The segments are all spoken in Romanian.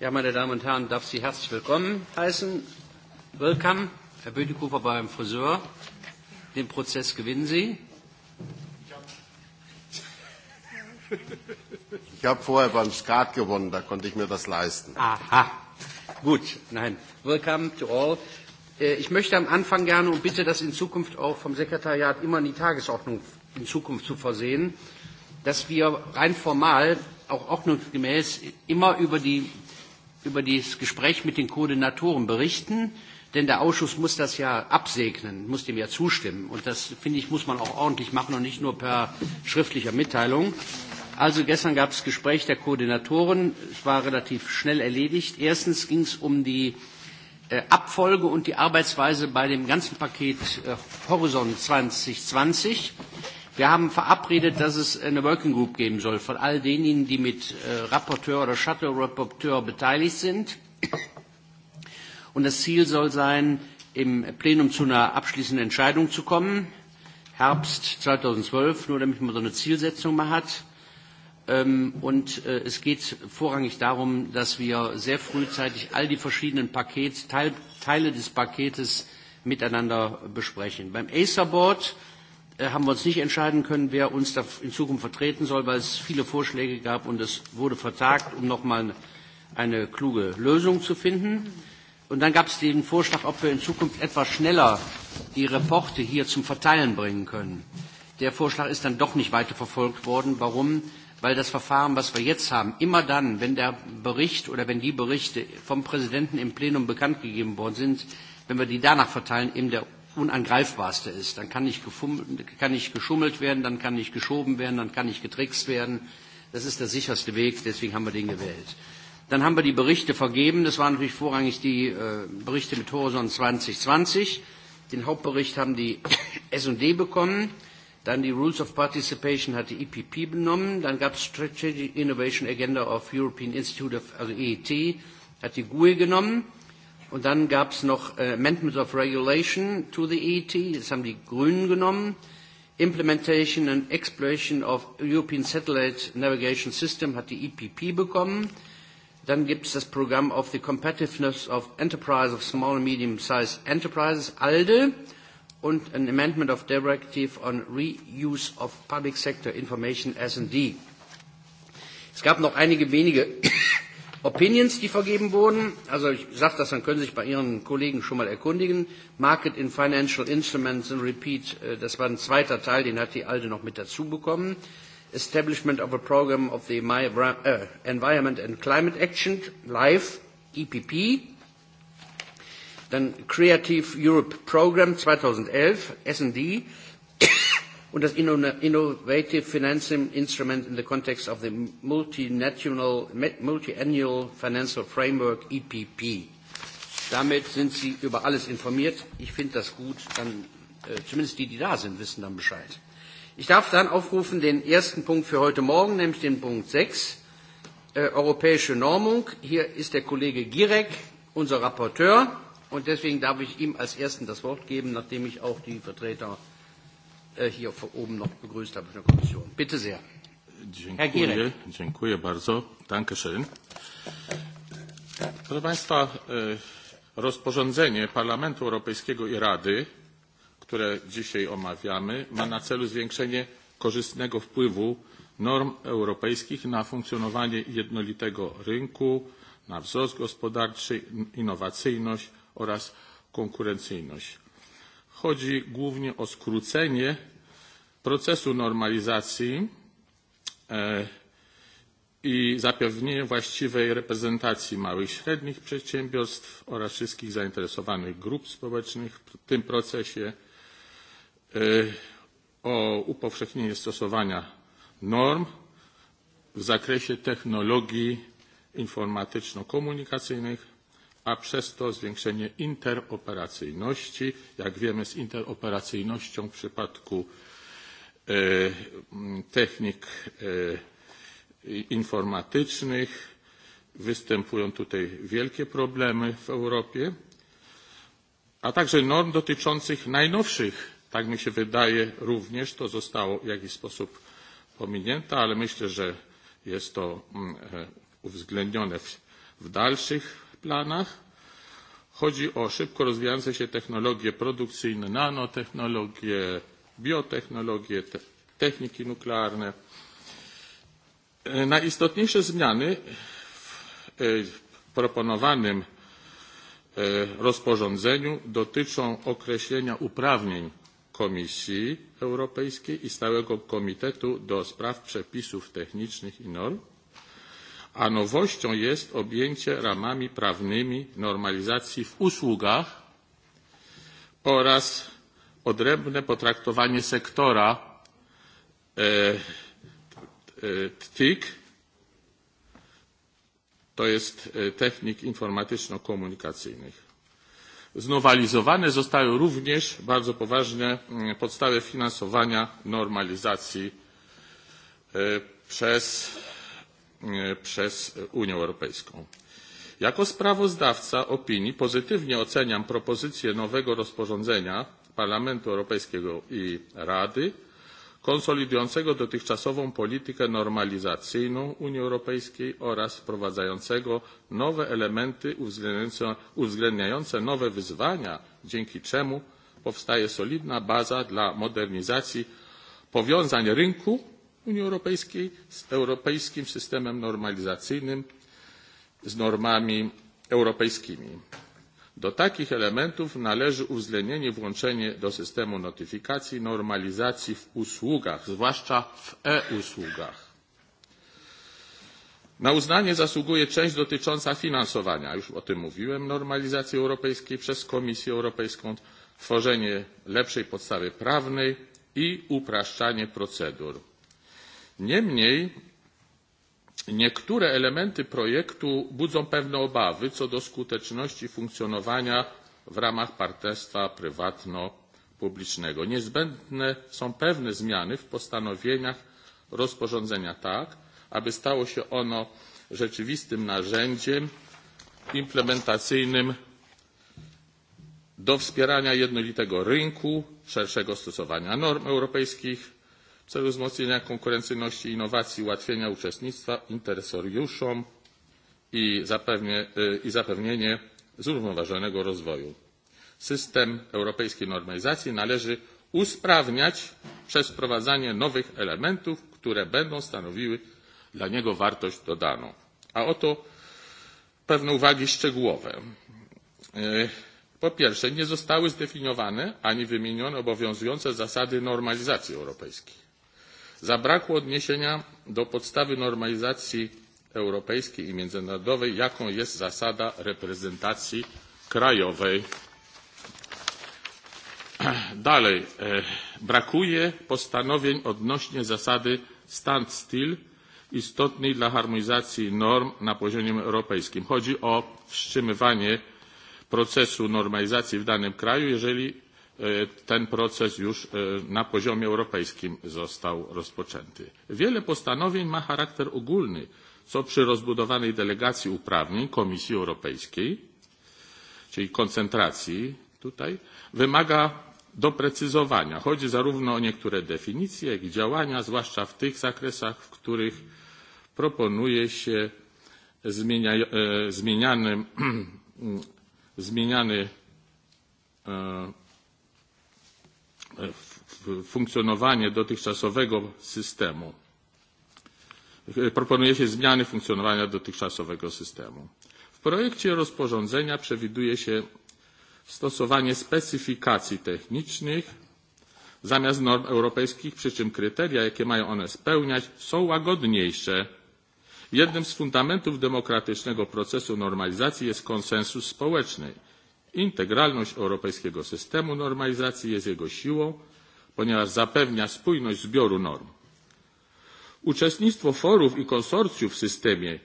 Ja, meine Damen und Herren, darf Sie herzlich willkommen heißen. Willkommen. Herr Bödekofer beim Friseur. Den Prozess gewinnen Sie. Ich habe vorher beim Skat gewonnen, da konnte ich mir das leisten. Aha. Gut, nein. Welcome to all. Äh, ich möchte am Anfang gerne und um bitte das in Zukunft auch vom Sekretariat immer in die Tagesordnung in Zukunft zu versehen, dass wir rein formal auch ordnungsgemäß immer über die über das Gespräch mit den Koordinatoren berichten, denn der Ausschuss muss das ja absegnen, muss dem ja zustimmen. Und das, finde ich, muss man auch ordentlich machen und nicht nur per schriftlicher Mitteilung. Also gestern gab es Gespräch der Koordinatoren. Es war relativ schnell erledigt. Erstens ging es um die äh, Abfolge und die Arbeitsweise bei dem ganzen Paket äh, Horizont 2020. Wir haben verabredet, dass es eine Working Group geben soll von all denjenigen, die mit äh, Rapporteur oder Shuttle Rapporteur beteiligt sind. Und das Ziel soll sein, im Plenum zu einer abschließenden Entscheidung zu kommen. Herbst 2012, nur damit man so eine Zielsetzung mal hat. Ähm, und äh, es geht vorrangig darum, dass wir sehr frühzeitig all die verschiedenen Pakete, Teil, Teile des Paketes miteinander besprechen. Beim Acer Board Äh, haben wir uns nicht entscheiden können, wer uns da in Zukunft vertreten soll, weil es viele Vorschläge gab und es wurde vertagt, um nochmal eine kluge Lösung zu finden. Und dann gab es den Vorschlag, ob wir in Zukunft etwas schneller die Reporte hier zum Verteilen bringen können. Der Vorschlag ist dann doch nicht weiter verfolgt worden. Warum? Weil das Verfahren, was wir jetzt haben, immer dann, wenn der Bericht oder wenn die Berichte vom Präsidenten im Plenum bekannt gegeben worden sind, wenn wir die danach verteilen, eben der unangreifbarste ist. Dann kann nicht, kann nicht geschummelt werden, dann kann nicht geschoben werden, dann kann nicht getrickst werden. Das ist der sicherste Weg, deswegen haben wir den gewählt. Dann haben wir die Berichte vergeben. Das waren natürlich vorrangig die äh, Berichte mit Horizon 2020. Den Hauptbericht haben die S&D bekommen. Dann die Rules of Participation hat die EPP benommen. Dann gab es Strategic Innovation Agenda of European Institute of, also EET, hat die GUE genommen. Und dann gab es noch äh, Amendments of Regulation to the EET, das haben die Grünen genommen. Implementation and Exploration of European Satellite Navigation System hat die EPP bekommen. Dann gibt es das Programm of the Competitiveness of Enterprise of Small and Medium-Sized Enterprises, ALDE, und an Amendment of Directive on Reuse of Public Sector Information, S&D. Es gab noch einige wenige Opinions, die vergeben wurden, also ich sage das, dann können Sie sich bei Ihren Kollegen schon mal erkundigen. Market in Financial Instruments and Repeat, äh, das war ein zweiter Teil, den hat die ALDE noch mit dazu bekommen. Establishment of a Program of the äh, Environment and Climate Action, LIFE, EPP. Dann Creative Europe Program 2011, S&D und das Innovative Financing Instrument in the context of the Multiannual Financial Framework EPP. Damit sind Sie über alles informiert. Ich finde das gut. Dann, äh, zumindest die, die da sind, wissen dann Bescheid. Ich darf dann aufrufen den ersten Punkt für heute Morgen, nämlich den Punkt 6, äh, europäische Normung. Hier ist der Kollege Girek, unser Rapporteur. Und deswegen darf ich ihm als Ersten das Wort geben, nachdem ich auch die Vertreter Äh, hier oben noch begrüßt habe von der Kommission. Bitte sehr. Herr Dziękuję bardzo. Dankeschön. Proszę Państwa, rozporządzenie Parlamentu Europejskiego i Rady, które dzisiaj omawiamy, ma na celu zwiększenie korzystnego wpływu norm europejskich na funkcjonowanie jednolitego rynku, na wzrost gospodarczy, innowacyjność oraz konkurencyjność. Chodzi głównie o skrócenie procesu normalizacji eh, i zapewnienie właściwej reprezentacji małych i średnich przedsiębiorstw oraz wszystkich zainteresowanych grup społecznych w tym procesie eh, o upowszechnienie stosowania norm w zakresie technologii informatyczno-komunikacyjnych, a przez to zwiększenie interoperacyjności. Jak wiemy, z interoperacyjnością w przypadku technik informatycznych. Występują tutaj wielkie problemy w Europie, a także norm dotyczących najnowszych, tak mi się wydaje, również to zostało w jakiś sposób pominięte, ale myślę, że jest to mm, uwzględnione w, w dalszych planach. Chodzi o szybko rozwijające się technologie produkcyjne, nanotechnologie, biotechnologie, te techniki nuklearne. Najistotniejsze zmiany w proponowanym rozporządzeniu dotyczą określenia uprawnień Komisji Europejskiej i Stałego Komitetu do Spraw Przepisów Technicznych i Norm, a nowością jest objęcie ramami prawnymi normalizacji w usługach oraz odrębne potraktowanie sektora TIC, to jest technik informatyczno-komunikacyjnych. Znowelizowane zostały również bardzo poważnie mm, podstawy finansowania normalizacji przez, przez Unię Europejską. Jako sprawozdawca opinii pozytywnie oceniam propozycję nowego rozporządzenia Parlamentu Europejskiego i Rady konsolidującego dotychczasową politykę normalizacyjną Unii Europejskiej oraz wprowadzającego nowe elementy uwzględniające, uwzględniające nowe wyzwania, dzięki czemu powstaje solidna baza dla modernizacji powiązań rynku Unii Europejskiej z europejskim systemem normalizacyjnym, z normami europejskimi. Do takich elementów należy uwzględnienie włączenie do systemu notyfikacji normalizacji w usługach, zwłaszcza w e-usługach. Na uznanie zasługuje część dotycząca finansowania, już o tym mówiłem, normalizacji europejskiej przez Komisję Europejską, tworzenie lepszej podstawy prawnej i upraszczanie procedur. Niemniej niektóre elementy projektu budzą pewne obawy co do skuteczności funkcjonowania w ramach partnerstwa prywatno publicznego. niezbędne są pewne zmiany w postanowieniach rozporządzenia tak aby stało się ono rzeczywistym narzędziem implementacyjnym do wspierania jednolitego rynku szerszego stosowania norm europejskich celu wzmocnienia konkurencyjności i innowacji, ułatwienia uczestnictwa interesariuszom i, zapewnie, i zapewnienie zrównoważonego rozwoju. System europejskiej normalizacji należy usprawniać przez wprowadzanie nowych elementów, które będą stanowiły dla niego wartość dodaną. A oto pewne uwagi szczegółowe. Po pierwsze, nie zostały zdefiniowane ani wymienione obowiązujące zasady normalizacji europejskiej. Zabrakło odniesienia do podstawy normalizacji europejskiej i międzynarodowej, jaką jest zasada reprezentacji krajowej. Dalej, brakuje postanowień odnośnie zasady standstill istotnej dla harmonizacji norm na poziomie europejskim. Chodzi o wstrzymywanie procesu normalizacji w danym kraju, jeżeli ten proces już na poziomie europejskim został rozpoczęty. Wiele postanowień ma charakter ogólny, co przy rozbudowanej delegacji uprawnień Komisji Europejskiej, czyli koncentracji tutaj, wymaga doprecyzowania. Chodzi zarówno o niektóre definicje, jak i działania, zwłaszcza w tych zakresach, w których proponuje się zmienia, zmieniany, zmieniany funkcjonowanie dotychczasowego systemu. Proponuje się zmiany funkcjonowania dotychczasowego systemu. W projekcie rozporządzenia przewiduje się stosowanie specyfikacji technicznych zamiast norm europejskich, przy czym kryteria, jakie mają one spełniać, są łagodniejsze. Jednym z fundamentów demokratycznego procesu normalizacji jest konsensus społeczny Integralność europejskiego systemu normalizacji jest jego siłą, ponieważ zapewnia spójność zbioru norm. Uczestnictwo forów i konsorcjów w systemie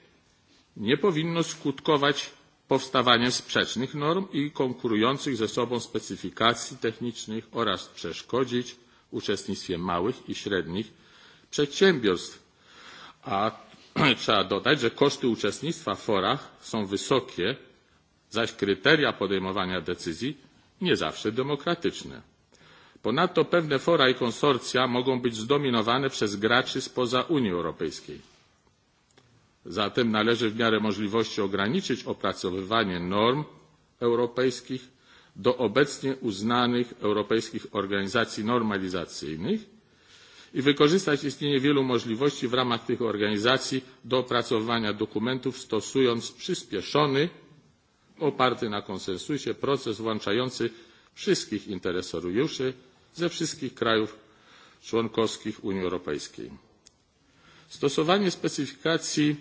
nie powinno skutkować powstawaniem sprzecznych norm i konkurujących ze sobą specyfikacji technicznych oraz przeszkodzić uczestnictwie małych i średnich przedsiębiorstw. A trzeba dodać, że koszty uczestnictwa w forach są wysokie zaś kryteria podejmowania decyzji nie zawsze demokratyczne. Ponadto pewne fora i konsorcja mogą być zdominowane przez graczy spoza Unii Europejskiej. Zatem należy w miarę możliwości ograniczyć opracowywanie norm europejskich do obecnie uznanych europejskich organizacji normalizacyjnych i wykorzystać istnienie wielu możliwości w ramach tych organizacji do opracowywania dokumentów stosując przyspieszony oparty na konsensusie proces włączający wszystkich interesariuszy ze wszystkich krajów członkowskich Unii Europejskiej. Stosowanie specyfikacji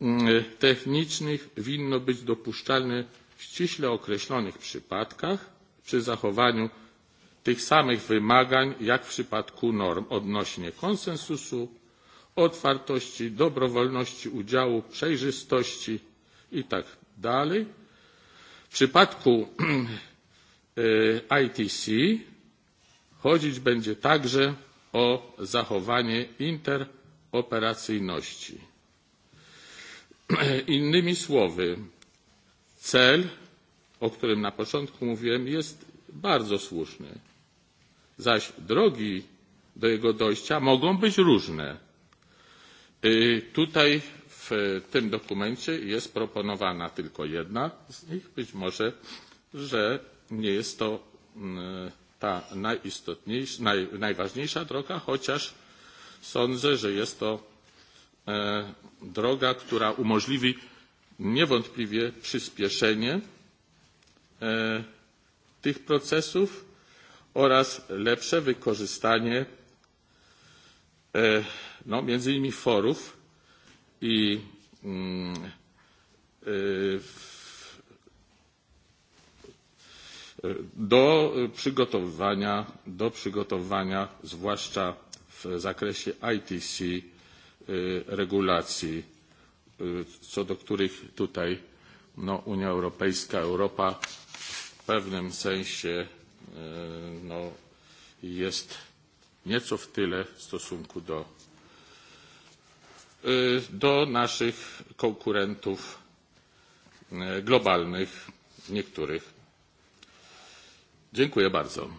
mm, technicznych winno być dopuszczalne w ściśle określonych przypadkach przy zachowaniu tych samych wymagań jak w przypadku norm odnośnie konsensusu, otwartości, dobrowolności udziału, przejrzystości itd. W przypadku ITC chodzić będzie także o zachowanie interoperacyjności. Innymi słowy, cel, o którym na początku mówiłem, jest bardzo słuszny, zaś drogi do jego dojścia mogą być różne. Tutaj tym dokumencie jest proponowana tylko jedna z nich. Być może, że nie jest to mm, ta najistotniejsza, naj, najważniejsza droga, chociaż sądzę, że jest to droga, która umożliwi niewątpliwie przyspieszenie tych procesów oraz lepsze wykorzystanie no, między innymi forów, Mm, y do przygotowywania, do przygotowywania zwłaszcza w zakresie ITC regulacji, co do których tutaj no, Unia Europejska, Europa w pewnym sensie no, jest nieco w tyle w stosunku do do naszych konkurentów globalnych niektórych. Dziękuję bardzo.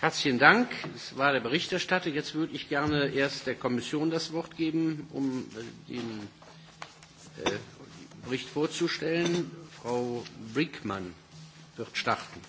Herzlichen Dank. Es war der Berichterstatter. Jetzt würde ich gerne erst der Kommission das Wort geben, um äh, den äh, Bericht vorzustellen. Frau Brickmann wird starten.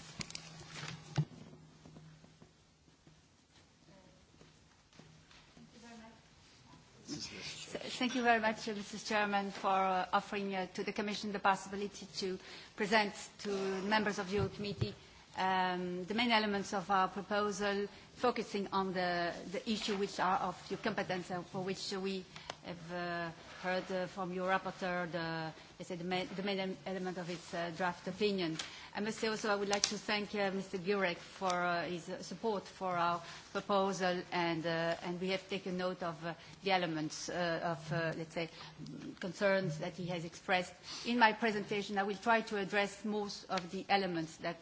Thank you very much, uh, Mrs. Chairman, for uh, offering uh, to the Commission the possibility to present to members of your committee um, the main elements of our proposal, focusing on the, the issue which are of your competence and for which we have uh, heard uh, from your rapporteur the, let's say, the, main, the main element of his uh, draft opinion. I must say also I would like to thank Mr. Gurek for his support for our proposal, and, and we have taken note of the elements of, let's say, concerns that he has expressed. In my presentation, I will try to address most of the elements that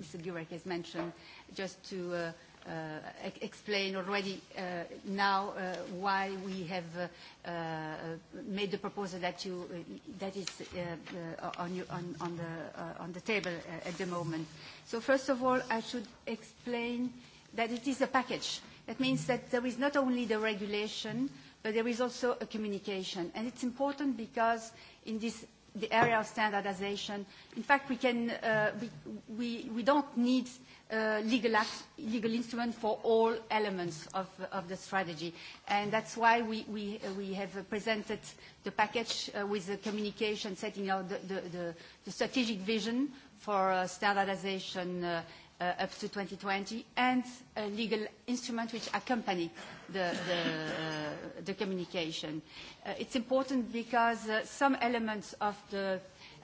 Mr. Gurek has mentioned, just to uh, already uh, now uh, why we have uh, uh, made the proposal that you uh, that is uh, uh, on, you, on, on the uh, on the table uh, at the moment. So first of all, I should explain that it is a package. That means that there is not only the regulation, but there is also a communication, and it's important because in this the area of standardization, in fact, we can uh, we, we we don't need uh, Uh, legal, act, legal instrument for all elements of, of the strategy. And that's why we, we, uh, we have presented the package uh, with the communication setting out the, the, the, the strategic vision for uh, standardization uh, uh, up to 2020 and a legal instrument which accompany the, the, uh, the communication. Uh, it's important because uh, some elements of the,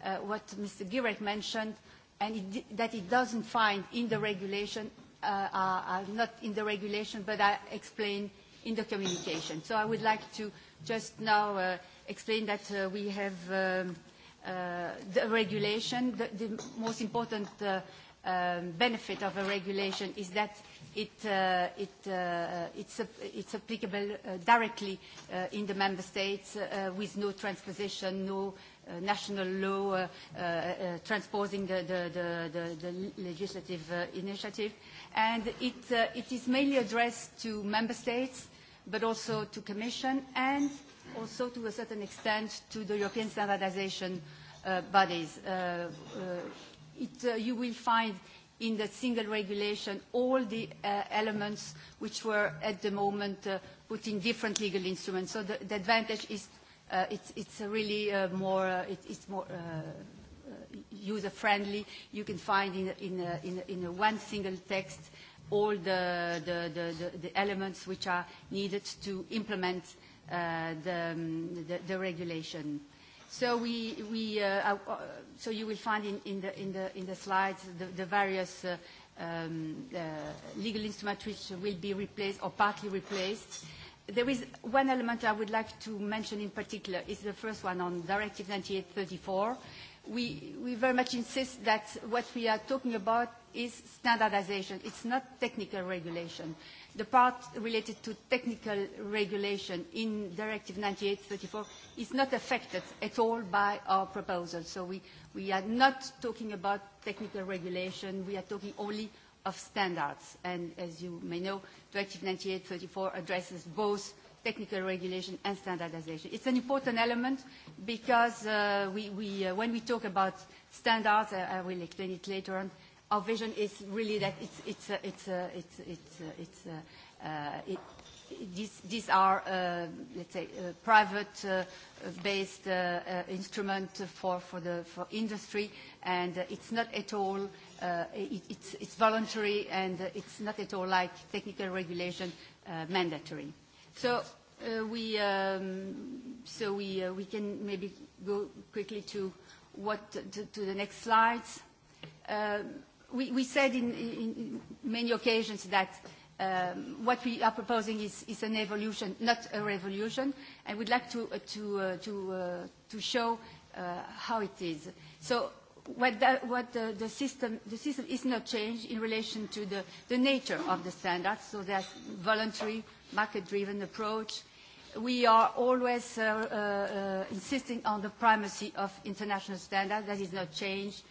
uh, what Mr. Girek mentioned and it, that it doesn't find in the regulation, uh, uh, uh, not in the regulation, but I explain in the communication. So I would like to just now uh, explain that uh, we have um, uh, the regulation. The, the most important uh, um, benefit of a regulation is that it, uh, it, uh, it's, it's applicable uh, directly uh, in the member states uh, with no transposition, no uh, Uh, national law uh, uh, uh, transposing the, the, the, the, the legislative uh, initiative. And it, uh, it is mainly addressed to member states, but also to commission and also to a certain extent to the European standardization uh, bodies. Uh, uh, it, uh, you will find in the single regulation all the uh, elements which were at the moment uh, put in different legal instruments. So the, the advantage is uh, it's, it's really uh, more, uh, it, it's more uh, uh user-friendly. You can find in, in, a, uh, in, a, in a one single text all the, the, the, the, the elements which are needed to implement uh, the, um, the, the regulation. So, we, we, uh, uh, uh, so you will find in, in, the, in, the, in the slides the, the various uh, um, uh, legal instruments which will be replaced or partly replaced. Uh, There is one element I would like to mention in particular is the first one on Directive 9834. We, we very much insist that what we are talking about is standardization. It's not technical regulation. The part related to technical regulation in Directive 9834 is not affected at all by our proposal. So we, we are not talking about technical regulation. We are talking only of standards. And as you may know, Directive 9834 addresses both technical regulation and standardization. It's an important element because uh, we, we, uh, when we talk about standards, uh, I will explain it later on, our vision is really that it's, it's, uh, it's, uh, it's, it's, uh, it's, uh, uh, it, these, these are, uh, let's say, uh, private-based uh, uh, uh, uh, instruments for, for, the, for industry, and uh, it's not at all uh, it, it's, it's voluntary and uh, it's not at all like technical regulation uh, mandatory. So uh, we, um, so we, uh, we can maybe go quickly to, what, to, to the next slides. Uh, we, we said in, in many occasions that um, what we are proposing is, is an evolution, not a revolution, and we'd like to, uh, to, uh, to, uh, to show uh, how it is. So what, the, what the, the, system, the system is not changed in relation to the, the nature of the standards, so that voluntary, market-driven approach. We are always uh, uh, insisting on the primacy of international standards. That is not changed.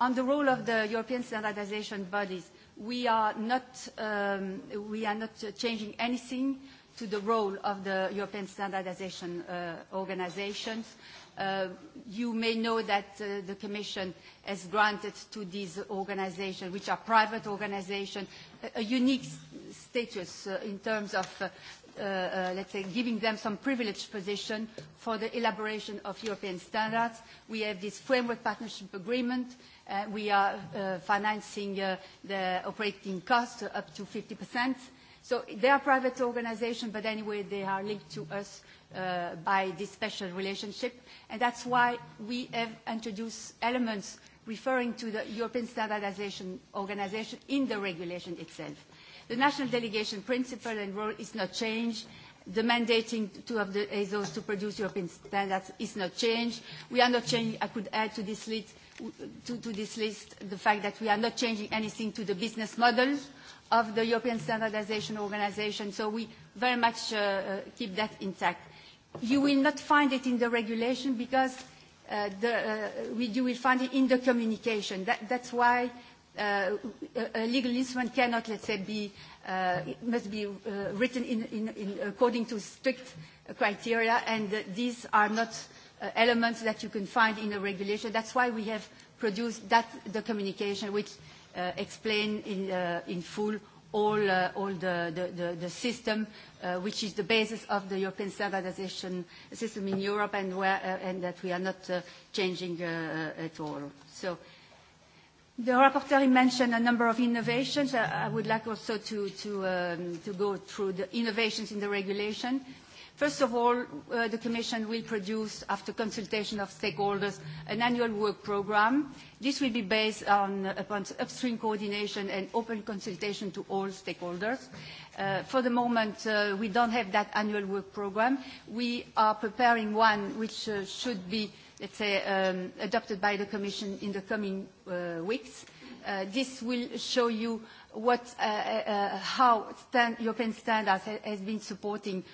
On the role of the European standardization bodies, we are not, um, we are not changing anything to the role of the European standardization uh, organizations. Uh, you may know that uh, the Commission has granted to these organizations, which are private organizations, a, a unique status uh, in terms of, uh, uh, uh, let's say, giving them some privileged position for the elaboration of European standards. We have this framework partnership agreement. Uh, we are uh, financing uh, the operating cost up to 50%. So they are private organizations, but anyway, they are linked to us uh, by this special relationship. And that's why we have introduced elements referring to the European Standardization Organization in the regulation itself. The national delegation principle and role is not changed. The mandating to of the ASOs to produce European standards is not changed. We are not changing, I could add to this list, to, to this list the fact that we are not changing anything to the business model of the European Standardization Organization, so we very much uh, uh, keep that intact. You will not find it in the regulation because uh, the, uh, you will find it in the communication. That, that's why uh, a, legal instrument cannot, let's say, be, uh, must be uh, written in, in, in according to strict criteria, and uh, these are not uh, elements that you can find in a regulation. That's why we have produced that, the communication, which uh, explain in, uh, in full all, uh, all the, the, the, the system uh, which is the basis of the European standardization system in Europe and, where, uh, and that we are not uh, changing uh, uh at all. So the rapporteur mentioned a number of innovations. I, I would like also to, to, um, to go through the innovations in the regulation. First of all, uh, the Commission will produce, after consultation of stakeholders, an annual work programme. This will be based on, upon upstream coordination and open consultation to all stakeholders. Uh, for the moment, uh, we don't have that annual work programme. We are preparing one which should be, let's say, um, adopted by the Commission in the coming weeks. this will show you how European standards has been supporting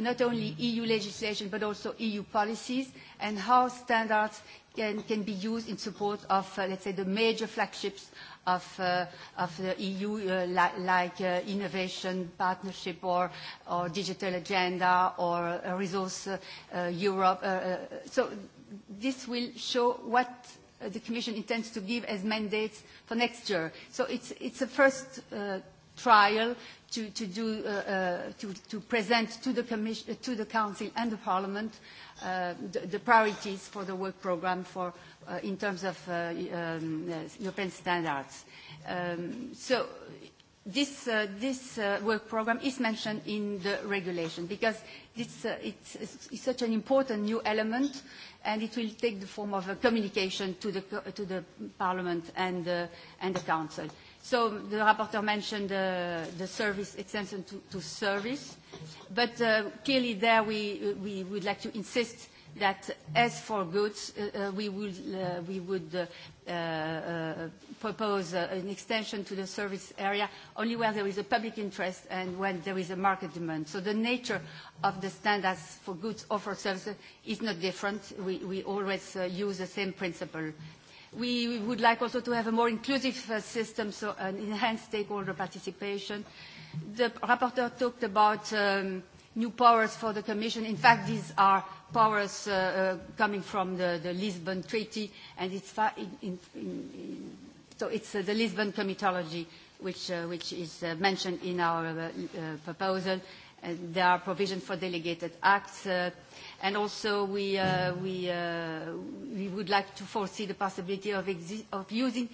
not only EU legislation but also EU policies and how standards can, can be used in support of, uh, let's say, the major flagships of, uh, of the EU, uh, li like uh, innovation partnership or, or digital agenda or uh, resource uh, uh, Europe. Uh, uh, so this will show what the Commission intends to give as mandates for next year. So it's, it's a first uh, trial to, to, do, uh, uh, to, to present to the, commission, uh, to the Council and the Parliament uh, the, the priorities for the work programme for, uh, in terms of uh, um, uh, European standards. Um, so this, uh, this uh, work programme is mentioned in the regulation because it's, uh, it's, it's such an important new element and it will take the form of a communication to the, to the Parliament and, uh, and the Council. So the rapporteur mentioned the service extension to, service, but uh, clearly there we, would like to insist that as for goods, uh, uh, we would, propose an extension to the service area only where there is a public interest and when there is a market demand. So the nature of the standards for goods offered services is not different. We, always use the same principle We would like also to have a more inclusive uh, system, so an enhanced stakeholder participation. The rapporteur talked about um, new powers for the Commission. In fact, these are powers uh, uh, coming from the, the Lisbon Treaty, and it's in, in, in, so it's uh, the Lisbon Comitology which, uh, which is uh, mentioned in our uh, uh, proposal, there are provisions for delegated acts, uh, and also we, uh, we, uh, we would like to foresee the possibility of, exi of using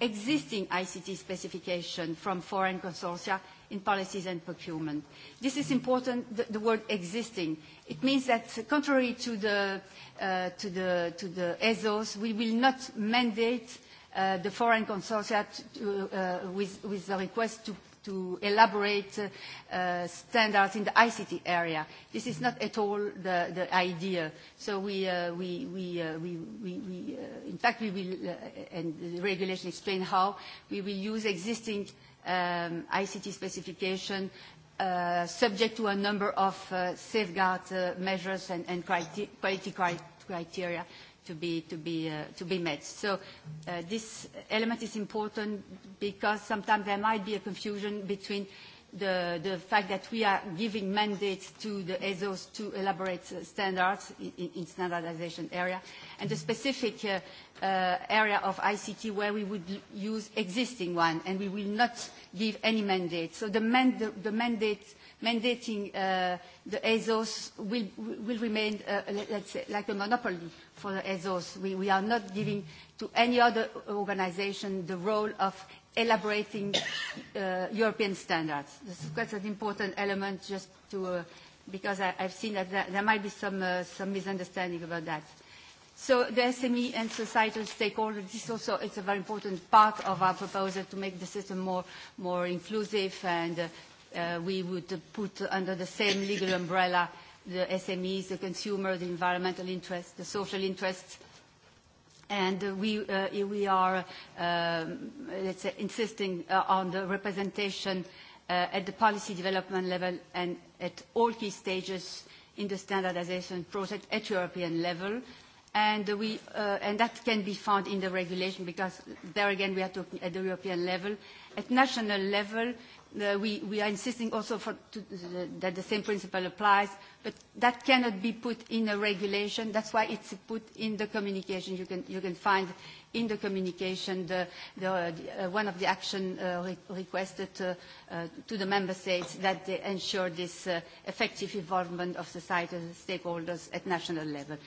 existing ICT specification from foreign consortia in policies and procurement. This is important, the, the word existing. It means that contrary to the, uh, to the, to the ESOs, we will not mandate uh, the foreign consortia to, uh, with, with the request to to elaborate uh, standards in the ICT area. This is not at all the, the idea. So we, uh, we, we, uh, we, we, we uh, in fact, we will, uh, and the regulation explain how, we will use existing um, ICT specification uh, subject to a number of uh, safeguard uh, measures and, and quality criteria to be, to be, uh, to be met. So uh, this element is important because sometimes there might be a confusion between the, the fact that we are giving mandates to the ESOs to elaborate standards in, in standardization area and the specific uh, uh, area of ICT where we would use existing one and we will not give any mandate. So the, man the, the mandate mandating uh, the ESOs will, will remain, uh, let's say, like a monopoly for the ESOs. We, we are not giving to any other organization the role of elaborating uh, European standards. This is quite an important element just to, uh, because I, I've seen that there, there might be some, uh, some misunderstanding about that. So the SME and societal stakeholders, this also is a very important part of our proposal to make the system more, more inclusive and uh, uh, we would put under the same legal umbrella the SMEs, the consumer, the environmental interests, the social interests. And uh, we, uh, we are, um, let's say, insisting uh, on the representation uh, at the policy development level and at all key stages in the standardization project at European level. And, we, uh, and that can be found in the regulation because there again we are talking at the European level. At national level, Uh, we, are insisting also for to, uh, that the same principle applies, but that cannot be put in a regulation. That's why it's put in the communication. You can, you can find in the communication the, the, uh, one of the action uh, re requested uh, uh to the member states that they ensure this uh, effective involvement of societal stakeholders at national level.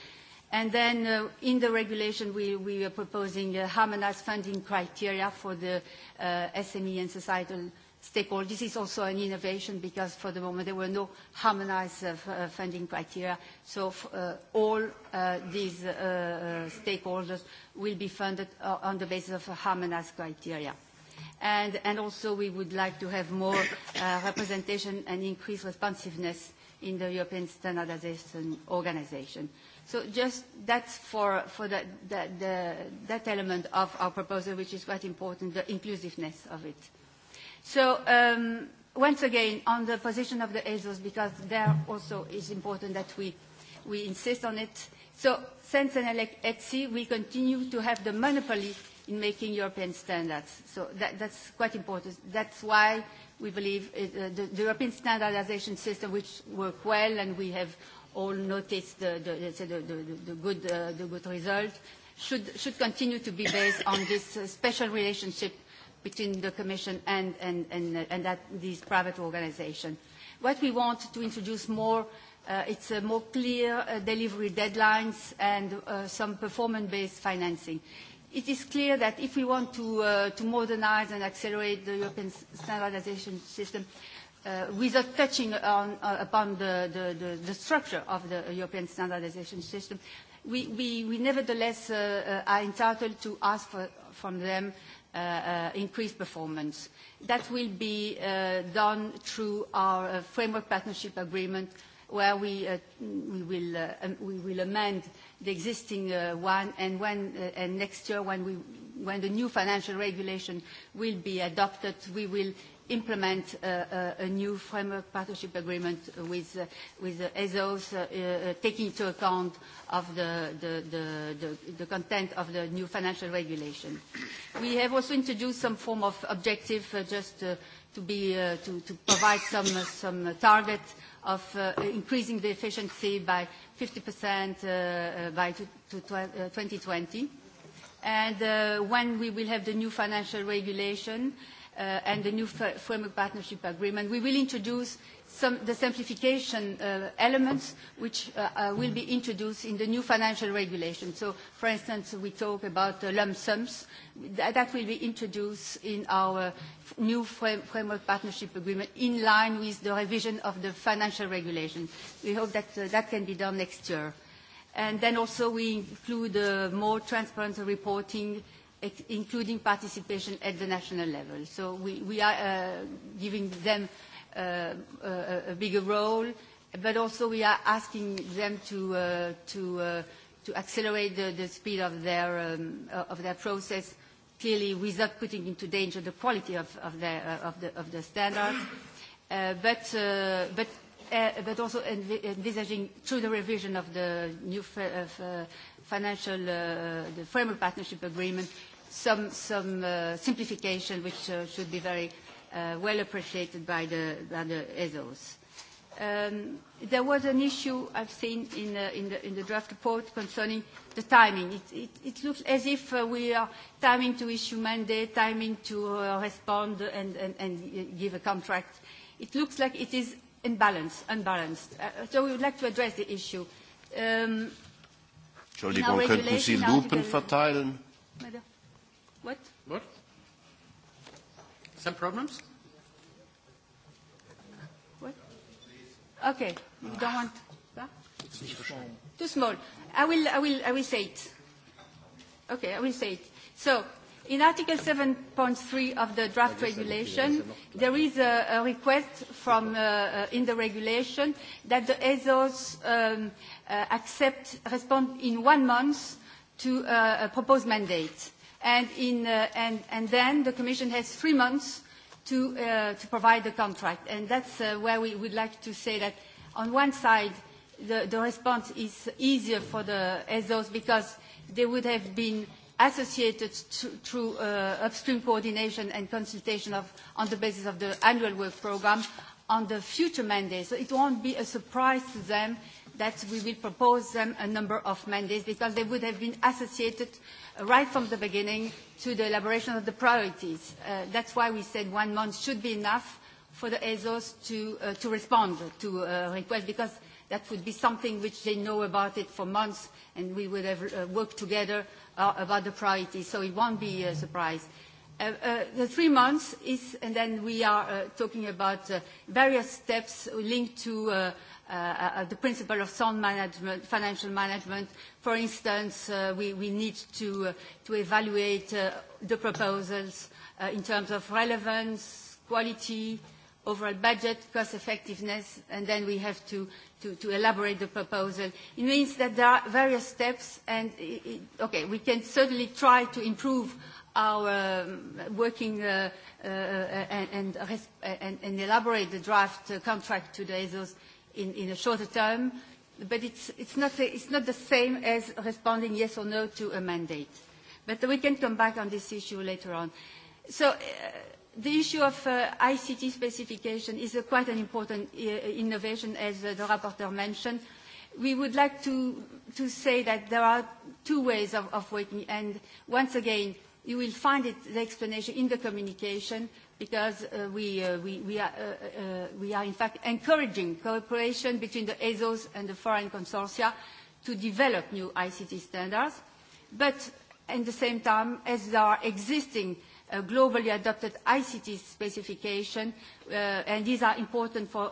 And then uh, in the regulation, we, we are proposing uh, harmonized funding criteria for the uh, SME and societal stakeholders This is also an innovation because for the moment there were no harmonized uh, uh, funding criteria. So uh, all these stakeholders will be funded on the basis of harmonized criteria. And, also we would like to have more representation and increased responsiveness in the European Standardization Organization. So just that's for, that element of our proposal, which is quite important, the inclusiveness of it. So um, once again, on the position of the ASOS, because there also is important that we, we insist on it. So since and Etsy, we continue to have the monopoly in making European standards. So that, that's quite important. That's why we believe it, uh, the, the European standardization system, which work well, and we have all noticed the, the, the, the, the, good, uh, the good result, should, should continue to be based on this uh, special relationship between the Commission and, and, and, and that, these private organizations. What we want to introduce more, uh, it's a more clear uh, delivery deadlines and uh, some performance-based financing. It is clear that if we want to, uh, to modernize and accelerate the European standardization system, uh, without touching on, uh, upon the, the, the, the structure of the European standardization system, we, we, we nevertheless uh, uh, are entitled to ask for, from them Uh, uh, increased performance. That will be uh, done through our framework partnership agreement where we, will, amend the existing one and, when, next year when the new financial regulation will be adopted, we will implement a new framework partnership agreement with, uh, ESOS, uh, uh, taking into account of the, content of the new financial regulation. We have also introduced some form of objective uh, just to, be, to, provide some, target of increasing the efficiency by 50% by 2020. when we will have the new financial regulation, Uh, and the new framework partnership agreement. We will introduce some, the simplification uh, elements which uh, will be introduced in the new financial regulation. So, for instance, we talk about lump sums. That will be introduced in our new framework partnership agreement in line with the revision of the financial regulation. We hope that that can be done next year. And then also we include uh, more transparent reporting including participation at the national level. So we, we are uh, giving them uh, a, uh, a bigger role, but also we are asking them to, uh, to, uh, to accelerate the, the speed of their, um, uh, of their process, clearly without putting into danger the quality of, of, their, uh, of, the, of the standard, uh, but, uh, but, uh, but also env envisaging through the revision of the new f uh, financial uh, the framework partnership agreement some, some uh, simplification which uh, should be very uh, well appreciated by the, by the ESOs. Um, there was an issue I've seen in, the, in, the, in the draft report concerning the timing. It, it, it looks as if uh, we are timing to issue mandate, timing to uh, respond and, and, and give a contract. It looks like it is imbalanced, unbalanced. Uh, so we would like to address the issue. Um, Entschuldigung, könnten Sie Lupen verteilen? Madame. What? What? Some problems? What? Okay, you don't want... that? Too small. I will, I, will, I will say it. Okay, I will say it. So, in Article 7.3 of the draft regulation, there is a, a request from, uh, uh, in the regulation that the ESOs um, uh, accept, respond in one month to uh, a proposed mandate and, in, uh, and, and then the Commission has three months to, uh, to provide the contract. And that's uh, where we would like to say that on one side, the, the response is easier for the ESOs because they would have been associated to, through uh, upstream coordination and consultation of, on the basis of the annual work programme on the future mandates. So it won't be a surprise to them that we will propose them a number of mandates because they would have been associated right from the beginning to the elaboration of the priorities. Uh, that's why we said one month should be enough for the ESOs to, uh, to respond to uh, requests, because that would be something which they know about it for months, and we would have uh, worked together uh, about the priorities, so it won't be a surprise. Uh, uh, the three months is, and then we are uh, talking about uh, various steps linked to uh, uh, uh, the principle of sound management, financial management, For instance, uh, we, we need to, uh, to evaluate uh, the proposals uh, in terms of relevance, quality, overall budget, cost effectiveness, and then we have to, to, to elaborate the proposal. It means that there are various steps, and it, it, okay, we can certainly try to improve our um, working uh, uh, and, and, and, and elaborate the draft uh, contract to the ESOs in, in a shorter term, but it's, it's, not, it's not the same as responding yes or no to a mandate. But we can come back on this issue later on. So uh, the issue of uh, ICT specification is a quite an important uh, innovation, as uh, the rapporteur mentioned. We would like to, to say that there are two ways of, of working, and once again, you will find it, the explanation in the communication because uh, we, uh, we, we, are, uh, uh, we are in fact encouraging cooperation between the ESOs and the foreign consortia to develop new ICT standards. But at the same time, as there are existing uh, globally adopted ICT specification, uh, and these are important for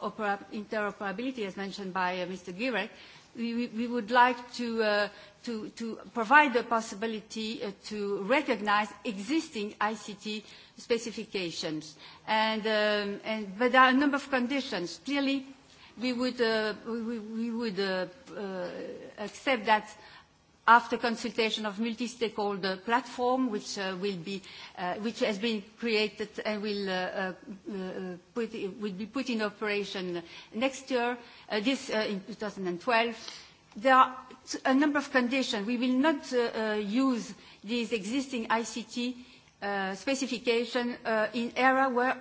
interoperability, as mentioned by uh, Mr. Girek, we, we would like to, uh, to, to provide the possibility uh, to recognize existing ICT specifications. And, um, and, but there are a number of conditions. Clearly, we would, uh, we, we would uh, uh, accept that after consultation of multi-stakeholder platform, which uh, will be, uh, which has been created and will, uh, uh, uh put, will be put in operation next year, uh, this uh, in 2012. There are a number of conditions. We will not uh, uh, use these existing ICT Uh, specification uh, in era where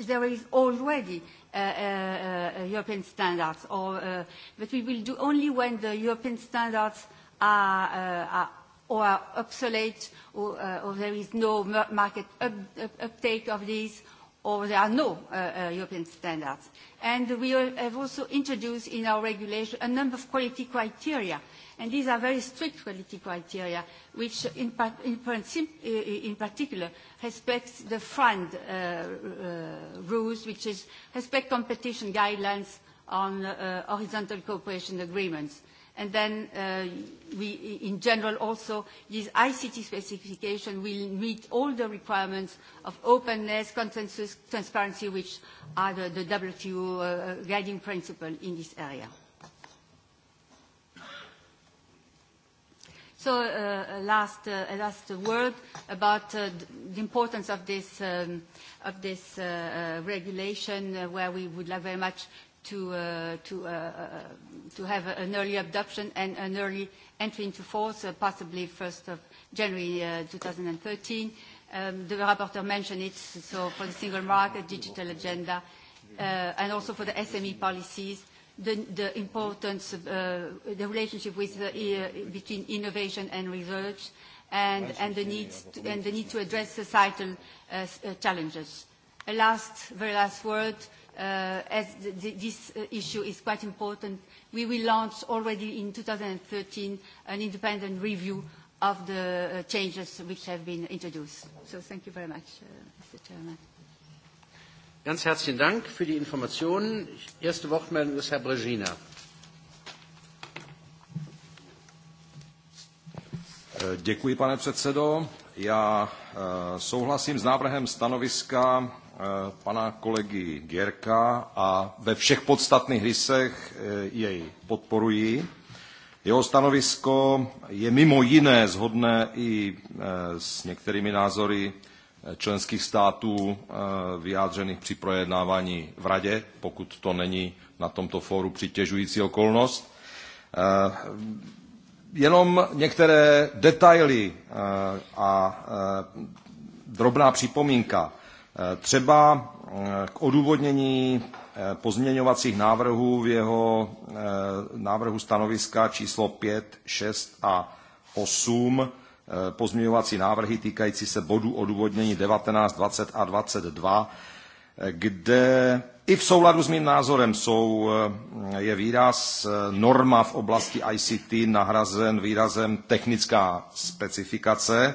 there is already uh, uh, uh, European standards, or, uh, but we will do only when the European standards are, uh, are or are obsolete, or, uh, or there is no market up, up, uptake of these, or there are no uh, uh, European standards. And we have also introduced in our regulation a number of quality criteria uh, And these are very strict quality criteria, which in, in, in particular respects the fund uh, uh, rules, which is respect competition guidelines on uh, horizontal cooperation agreements. And then uh, we, in general also, this ICT specification will meet all the requirements of openness, consensus, transparency, which are the, the WTO uh, guiding principle in this area. So uh, last, uh, last word about uh, the importance of this, um, of this uh, uh, regulation uh, where we would like very much to, uh, to, uh, uh, to have an early adoption and an early entry into force, uh, possibly 1st of January uh, 2013. Um, the rapporteur mentioned it, so for the single market, digital agenda, uh, and also for the SME policies the, the importance of uh, the relationship with the, uh, between innovation and research and, and, the need to, and the need to address societal uh, uh, challenges. A last, very last word, uh, as the, the, this uh, issue is quite important, we will launch already in 2013 an independent review of the uh, changes which have been introduced. So thank you very much, uh, Mr. Chairman. Ganz herzlichen Dank für die Informationen. Erste Wortmeldung ist Herr Brezina. Äh, děkuji, pane předsedo. Já äh, souhlasím s návrhem stanoviska äh, pana kolegy Gierka a ve všech podstatných rysech jej podporuji. Jeho stanovisko je mimo jiné zhodné i s některými názory členských států eh, vyjádřených při projednávání v Radě, pokud to není na tomto fóru přitěžující okolnost. Eh, jenom některé detaily eh, a drobná připomínka. Třeba k odůvodnění pozměňovacích návrhů v jeho návrhu stanoviska číslo 5, 6 a 8 Eh, pozměňovací návrhy týkající se bodů odůvodnění 19, 20 a 22, eh, kde i v souladu s mým názorem jsou, eh, je výraz norma v oblasti ICT nahrazen výrazem technická specifikace.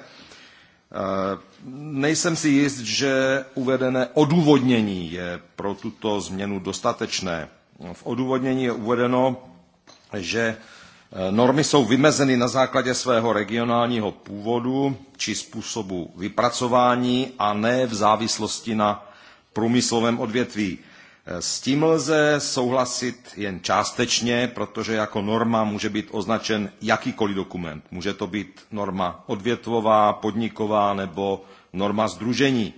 Nejsem si jist, že uvedené odůvodnění je pro tuto změnu dostatečné. V odůvodnění je uvedeno, že Eh, normy jsou vymezeny na základě svého regionálního původu či způsobu vypracování a ne v závislosti na průmyslovém odvětví. Eh, s tím lze souhlasit jen částečně, protože jako norma může být označen jakýkoliv dokument. Může to být norma odvětvová, podniková nebo norma združení.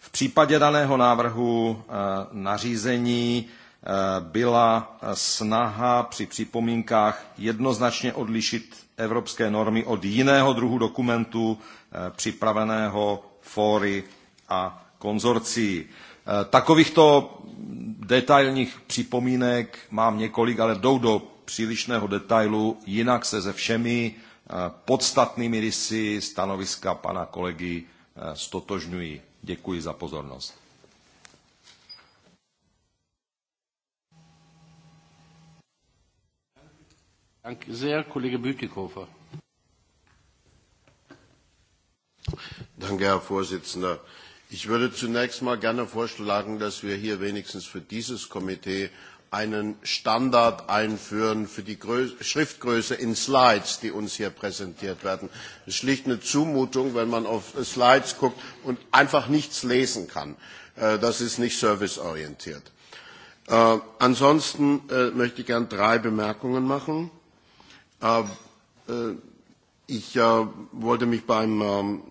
V případě daného návrhu eh, nařízení Eh, byla eh, snaha při připomínkách jednoznačně odlišit evropské normy od jiného druhu dokumentu eh, připraveného fóry a konzorcií. Takovýchto detailních připomínek mám několik, ale jdou do přílišného detailu, jinak se se všemi podstatnými rysy stanoviska pana kolegy stotožňují. Děkuji za pozornost. Danke sehr, Kollege Bütikofer. Danke, Herr Vorsitzender. Ich würde zunächst mal gerne vorschlagen, dass wir hier wenigstens für dieses Komitee einen Standard einführen für die Grö Schriftgröße in Slides, die uns hier präsentiert werden. Es ist schlicht eine Zumutung, wenn man auf Slides guckt und einfach nichts lesen kann. Äh, das ist nicht serviceorientiert. Äh, ansonsten äh, möchte ich gerne drei Bemerkungen machen. Ähm, äh, ich äh, wollte mich beim ähm,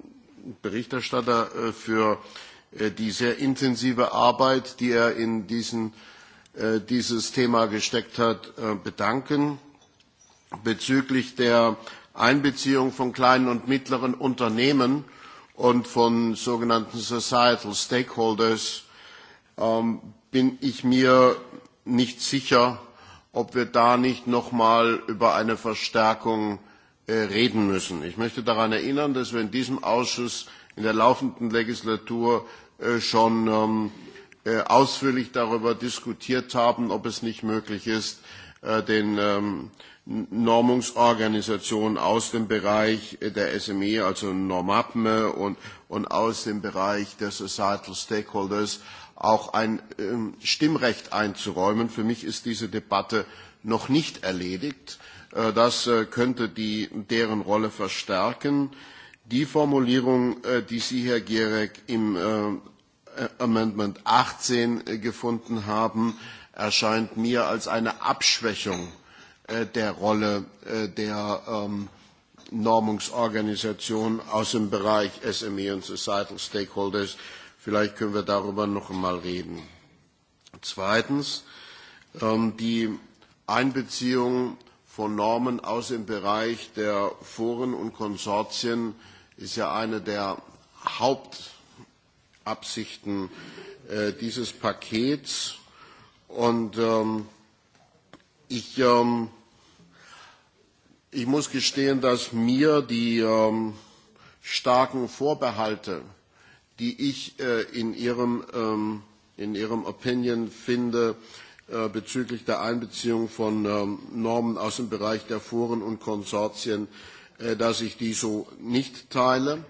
Berichterstatter äh, für die sehr intensive Arbeit, die er in diesen, dieses Thema gesteckt hat, bedanken. Bezüglich der Einbeziehung von kleinen und mittleren Unternehmen und von sogenannten Societal Stakeholders ähm, bin ich mir nicht sicher, ob wir da nicht noch mal über eine Verstärkung äh, reden müssen. Ich möchte daran erinnern, dass wir in diesem Ausschuss in der laufenden Legislatur äh, schon ähm, äh, ausführlich darüber diskutiert haben, ob es nicht möglich ist, den ähm, Normungsorganisationen aus dem Bereich der SME, also NORMAPME und aus dem Bereich der Societal Stakeholders auch ein ähm, Stimmrecht einzuräumen. Für mich ist diese Debatte noch nicht erledigt. Äh, das äh, könnte die, deren Rolle verstärken. Die Formulierung, äh, die Sie, Herr Gierek, im äh, äh Amendment 18 äh, gefunden haben, erscheint mir als eine Abschwächung äh, der Rolle äh, der ähm, Normungsorganisationen aus dem Bereich SME und Societal Stakeholders. Vielleicht können wir darüber noch einmal reden. Zweitens ähm, die Einbeziehung von Normen aus dem Bereich der Foren und Konsortien ist ja eine der Hauptabsichten äh, dieses Pakets. Und ähm, ich, ähm, ich muss gestehen, dass mir die starken Vorbehalte die ich äh, in Ihrem, ähm, in Ihrem Opinion finde äh, bezüglich der Einbeziehung von ähm, Normen aus dem Bereich der Foren und Konsortien, äh, dass ich die so nicht teile.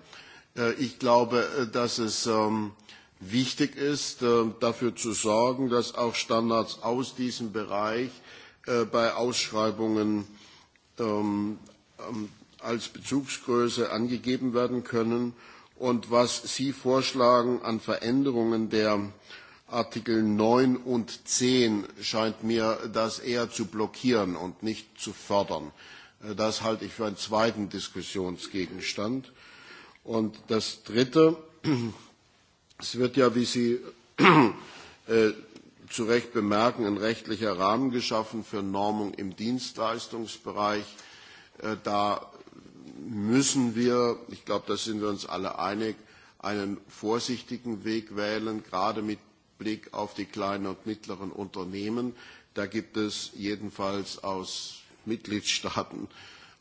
Ich glaube, dass es ähm, wichtig ist, dafür zu sorgen, dass auch Standards aus diesem Bereich bei Ausschreibungen als Bezugsgröße angegeben werden können und was Sie vorschlagen an Veränderungen der Artikel 9 und 10 scheint mir das eher zu blockieren und nicht zu fördern. Äh, das halte ich für einen zweiten Diskussionsgegenstand. Und das Dritte, es wird ja, wie Sie äh, zu Recht bemerken, ein rechtlicher Rahmen geschaffen für Normung im Dienstleistungsbereich. Äh, da müssen wir, ich glaube, da sind wir uns alle einig, einen vorsichtigen Weg wählen, gerade mit Blick auf die kleinen und mittleren Unternehmen. Da gibt es jedenfalls aus Mitgliedstaaten,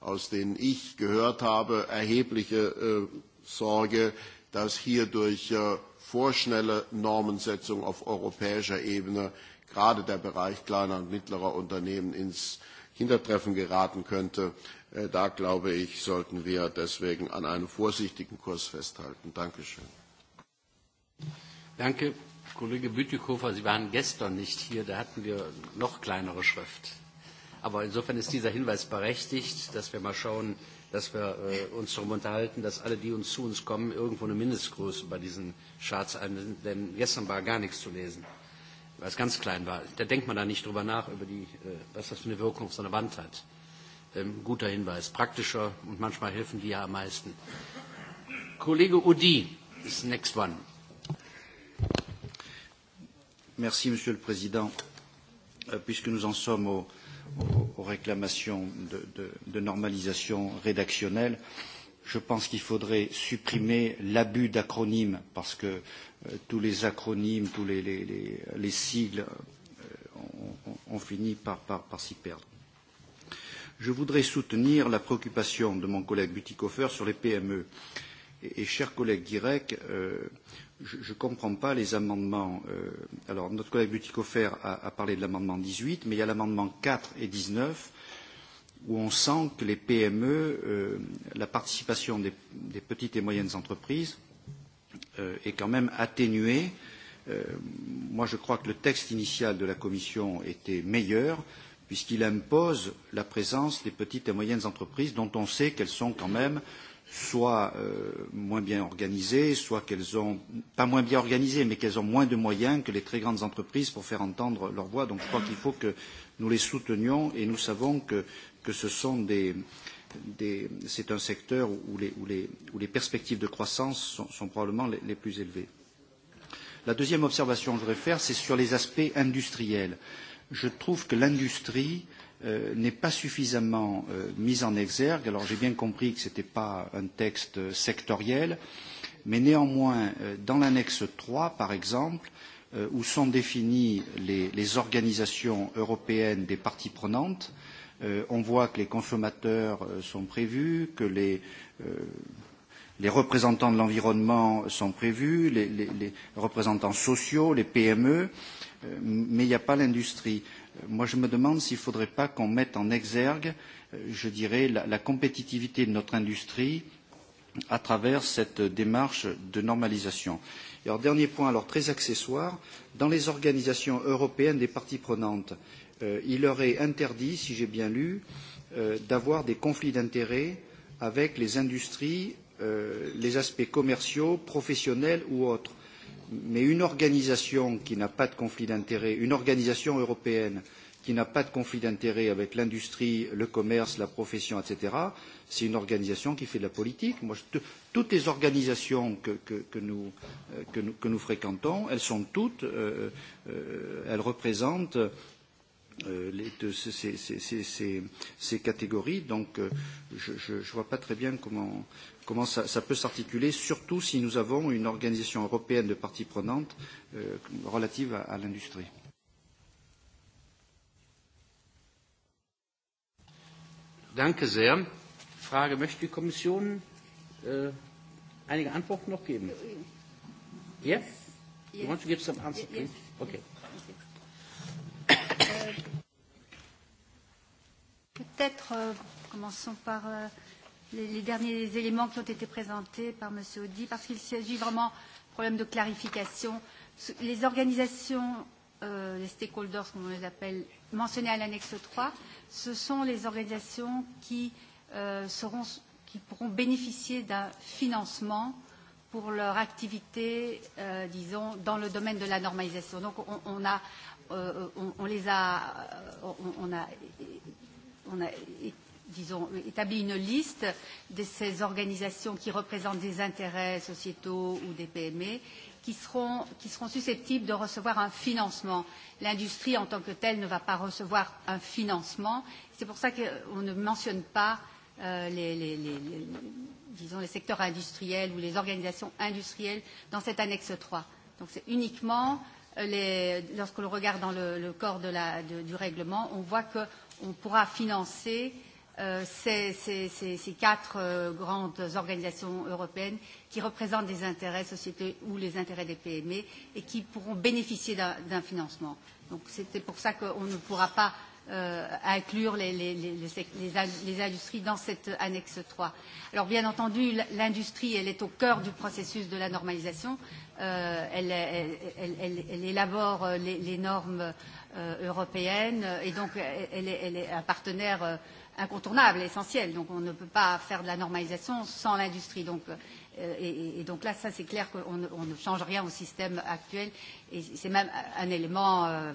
aus denen ich gehört habe, erhebliche äh, Sorge, dass hier durch äh, vorschnelle Normensetzung auf europäischer Ebene gerade der Bereich kleiner und mittlerer Unternehmen ins Hintertreffen geraten könnte. Äh, da, glaube ich, sollten wir deswegen an einem vorsichtigen Kurs festhalten. Dankeschön. Danke. Kollege Bütikofer, Sie waren gestern nicht hier, da hatten wir noch kleinere Schrift. Aber insofern ist dieser Hinweis berechtigt, dass wir mal schauen, dass wir äh, uns darum unterhalten, dass alle, die uns zu uns kommen, irgendwo eine Mindestgröße bei diesen Charts einnehmen. Denn gestern war gar nichts zu lesen, weil es ganz klein war. Da denkt man da nicht drüber nach, über die, äh, was das für eine Wirkung auf so eine Wand hat. Ähm, guter Hinweis, praktischer und manchmal helfen die ja am meisten. Kollege Odi ist next one. Merci, Monsieur le Président. Euh, puisque nous en sommes au, aux réclamations de, de, de normalisation rédactionnelle, je pense qu'il faudrait supprimer l'abus d'acronymes parce que euh, tous les acronymes, tous les, les, les, les sigles euh, on, on, on finit par, par, par s'y perdre je voudrais soutenir la préoccupation de mon collègue Butikofer sur les PME. Et, et cher collègue Guirec, euh, je ne comprends pas les amendements. Euh, alors, notre collègue Butikofer a, a parlé de l'amendement 18, mais il y a l'amendement 4 et 19 où on sent que les PME, euh, la participation des, des petites et moyennes entreprises euh, est quand même atténuée. Euh, moi, je crois que le texte initial de la Commission était meilleur. Euh, puisqu'il impose la présence des petites et moyennes entreprises dont on sait qu'elles sont quand même soit euh, moins bien organisées, soit qu'elles ont pas moins bien organisées, mais qu'elles ont moins de moyens que les très grandes entreprises pour faire entendre leur voix. Donc je crois qu'il faut que nous les soutenions et nous savons que, que ce sont des, des c'est un secteur où les, où, les, où les perspectives de croissance sont, sont probablement les, les plus élevées. La deuxième observation que je voudrais faire, c'est sur les aspects industriels. Euh, je trouve que l'industrie euh, n'est pas suffisamment euh, mise en exergue. Alors j'ai bien compris que ce n'était pas un texte euh, sectoriel, mais néanmoins, dans l'annexe 3, par exemple, où sont définies les, les organisations européennes des parties prenantes, euh, on voit que les consommateurs euh, sont prévus, que les, euh, les représentants de l'environnement sont prévus, les, les, les représentants sociaux, les PME. Euh, Euh, mais il n'y a pas l'industrie. Euh, moi, je me demande s'il ne faudrait pas qu'on mette en exergue, euh, je dirais, la, la compétitivité de notre industrie à travers cette démarche de normalisation. Et alors, dernier point, alors très accessoire, dans les organisations européennes des parties prenantes, euh, il leur est interdit, si j'ai bien lu, euh, d'avoir des conflits d'intérêts avec les industries, euh, les aspects commerciaux, professionnels ou autres mais une organisation qui n'a pas de conflit d'intérêts, une organisation européenne qui n'a pas de conflit d'intérêts avec l'industrie, le commerce, la profession, etc., c'est une organisation qui fait de la politique. Moi, je, toutes les organisations que, que, que, nous, euh, que, nous, que nous fréquentons, elles sont toutes, euh, euh, elles représentent euh, les, de, ces, ces, ces, ces, ces catégories, donc euh, je ne vois pas très bien comment. Euh, comment ça, ça peut s'articuler, surtout si nous avons une organisation européenne de parties prenantes euh, relative à, à l'industrie. Danke sehr. Frage, möchte die Kommission äh, einige Antworten noch geben? Yes? yes. You want to give some answer, please? Yes. Okay. Euh, peut-être euh, commençons par euh, les, les derniers éléments qui ont été présentés par M. Audi, parce qu'il s'agit vraiment de problèmes de clarification. Les organisations, euh, les stakeholders, comme on les appelle, mentionnées à l'annexe 3, ce sont les organisations qui, euh, seront, qui pourront bénéficier d'un financement pour leur activité, euh, disons, dans le domaine de la normalisation. Donc on, on, a, euh, on, on les a, euh, on, on a on a disons, établi une liste de ces organisations qui représentent des intérêts sociétaux ou des PME qui seront, qui seront susceptibles de recevoir un financement. L'industrie en tant que telle ne va pas recevoir un financement. C'est pour ça qu'on ne mentionne pas euh, les, les, les, les, disons, les secteurs industriels ou les organisations industrielles dans cette annexe 3. Donc c'est uniquement euh, les, lorsque l'on regarde dans le, le corps de la, de, du règlement, on voit qu'on pourra financer euh, ces, euh, ces, ces, ces quatre euh, grandes organisations européennes qui représentent des intérêts sociétés ou les intérêts des PME et qui pourront bénéficier d'un financement. Donc c'était pour ça qu'on ne pourra pas euh, inclure les, les, les, les, les industries dans cette annexe 3. Alors bien entendu, l'industrie, elle est au cœur du processus de la normalisation. Euh, elle, elle, elle, elle, elle élabore euh, les, les normes euh, européennes et donc elle, elle, elle est un partenaire euh, incontournable, essentiel. Donc on ne peut pas faire de la normalisation sans l'industrie. Donc, euh, et, et donc là, ça c'est clair qu'on on ne change rien au système actuel et c'est même un élément, euh,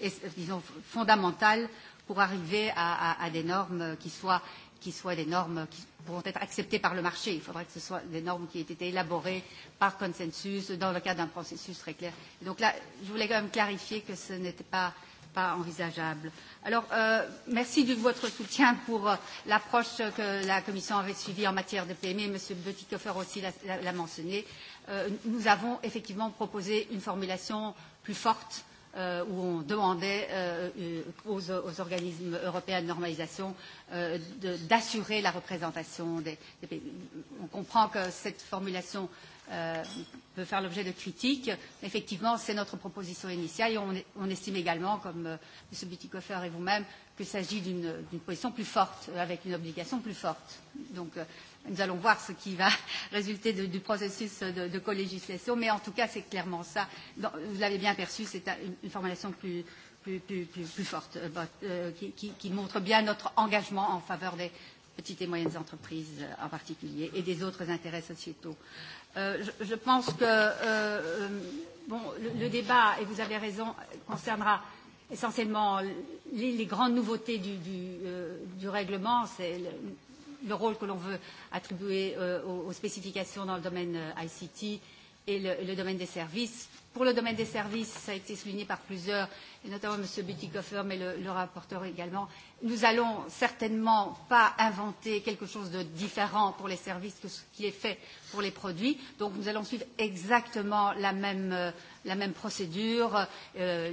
est, disons, fondamental pour arriver à, à, à des normes qui soient qui soient des normes qui pourront être acceptées par le marché. Il faudrait que ce soit des normes qui aient été élaborées par consensus dans le cadre d'un processus très clair. Et donc là, je voulais quand même clarifier que ce n'était pas pas envisageable. Alors, euh, merci de votre soutien pour euh, l'approche que la Commission avait suivie en matière de PME. Monsieur Butikofer aussi l'a mentionné. Euh, nous avons effectivement proposé une formulation plus forte euh, où on demandait euh, euh aux, aux organismes européens de normalisation euh, d'assurer la représentation des, des pays. On comprend que cette formulation euh, peut faire l'objet de critiques. Effectivement, c'est notre proposition initiale et on, on estime également, comme euh, M. Bütikofer et vous-même, qu'il s'agit d'une position plus forte, avec une obligation plus forte. Donc, euh, nous allons voir ce qui va résulter de, du processus de, de co-législation, mais en tout cas, c'est clairement ça. Dans, vous l'avez bien perçu, c'est une, une formulation plus, plus, plus, plus, plus forte, euh, euh, qui, qui, qui montre bien notre engagement en faveur des petites et moyennes entreprises euh, en particulier et des autres intérêts sociétaux. Euh, Euh, je, je pense que euh, bon, le, le débat, et vous avez raison, concernera essentiellement les, les grandes nouveautés du, du, euh, du règlement, c'est le, le rôle que l'on veut attribuer euh, aux, aux spécifications dans le domaine euh, ICT et le, le domaine des services. Pour le domaine des services, ça a été souligné par plusieurs, et notamment M. Bütikofer, mais le, le rapporteur également, nous allons certainement pas inventer quelque chose de différent pour les services que ce qui est fait pour les produits. Donc nous allons suivre exactement la même, euh, la même procédure euh,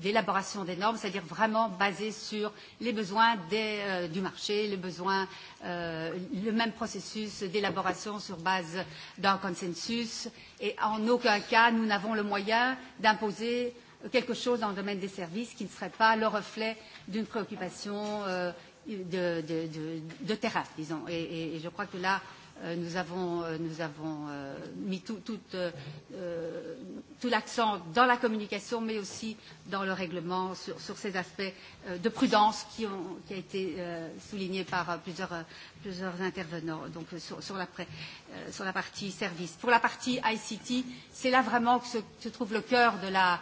d'élaboration de, des normes, c'est-à-dire vraiment basée sur les besoins des, euh, du marché, les besoins, euh, le même processus d'élaboration sur base d'un consensus. Et en aucun cas, nous n'avons le moyen d'imposer euh, quelque chose dans le domaine des services qui ne serait pas le reflet d'une préoccupation euh, de, de, de, de terrain, disons. Et, et, et je crois que là, euh, nous avons, euh, nous avons euh, mis tout, tout, euh, euh, tout l'accent dans la communication, mais aussi dans le règlement sur, sur ces aspects euh, de prudence qui, ont, qui a été euh, soulignés par euh, plusieurs, euh, plusieurs intervenants donc, euh, sur, sur, la pré, euh, sur la partie service. Pour la partie ICT, c'est là vraiment que se, se trouve le cœur de la euh,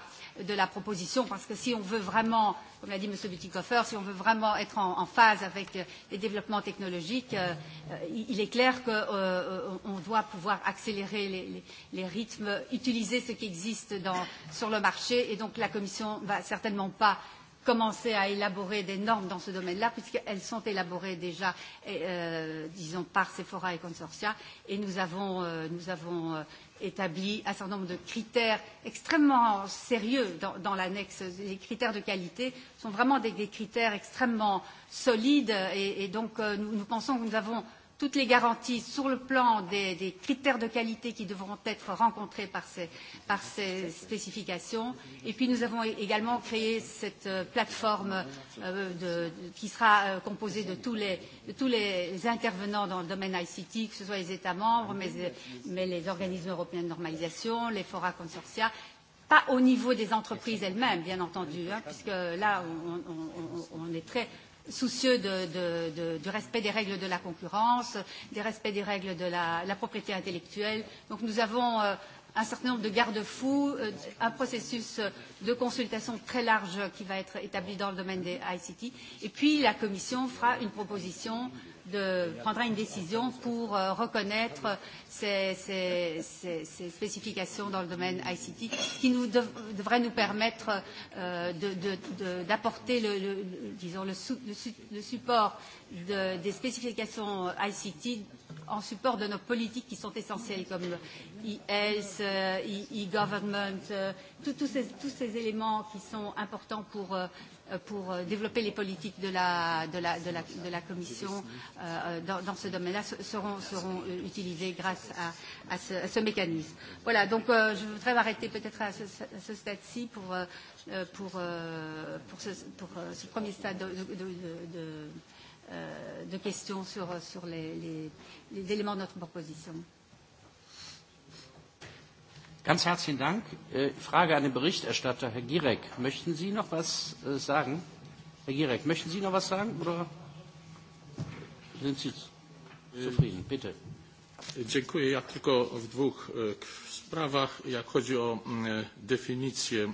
de la proposition, parce que si on veut vraiment, comme l'a dit M. Butikoffer, si on veut vraiment être en, en phase avec euh, les développements technologiques, euh, euh il est clair qu'on euh, euh doit pouvoir accélérer les, les, les rythmes, utiliser ce qui existe dans, sur le marché, et donc la Commission ne va certainement pas commencer à élaborer des normes dans ce domaine-là, puisqu'elles sont élaborées déjà, euh, disons, par Sephora et consortia, et nous avons, euh, nous avons euh, établi un certain nombre de critères extrêmement sérieux dans, dans l'annexe. Les critères de qualité sont vraiment des, des critères extrêmement solides et, et donc euh, nous, nous pensons que nous avons toutes les garanties sur le plan des, des critères de qualité qui devront être rencontrés par ces, par ces spécifications. Et puis nous avons également créé cette euh, plateforme euh, de, qui sera euh, composée de tous, les, de tous les intervenants dans le domaine ICT, que ce soit les États membres, mais, mais les organismes européens de normalisation, les fora consortia, pas au niveau des entreprises elles-mêmes, bien entendu, hein, puisque là, on, on, on, on est très soucieux de, de, de, du respect des règles de la concurrence, des respects des règles de la, la propriété intellectuelle. Donc nous avons euh, un certain nombre de garde-fous, euh, un processus euh, de consultation très large qui va être établi dans le domaine des ICT. Et puis la Commission fera une proposition de, prendra une décision pour euh, reconnaître ces, ces, ces, ces spécifications dans le domaine ICT, ce qui nous dev, devrait nous permettre euh, d'apporter le, le, le, le, sou, le, su, le support de, des spécifications ICT en support de nos politiques qui sont essentielles comme e-health, euh, e-government, euh, tous ces, tous ces éléments qui sont importants pour euh, Euh, pour euh, développer les politiques de la, de la, de la, de la Commission euh, euh, dans, dans ce domaine-là seront, seront utilisées grâce à, à, ce, à ce mécanisme. Voilà, donc euh, je voudrais m'arrêter peut-être à ce, ce stade-ci pour, euh, pour, pour, ce, pour ce premier stade de, de, de, de, de questions sur, sur les, les, les éléments de notre proposition. Ganz herzlichen Dank. Äh, Frage an den Berichterstatter, Herr Gierek. Möchten Sie noch was äh, sagen? Herr Gierek, möchten Sie noch was sagen oder sind Sie äh, zufrieden? Bitte. Dziękuję. Ja tylko w dwóch sprawach. Jak chodzi o mm, definicję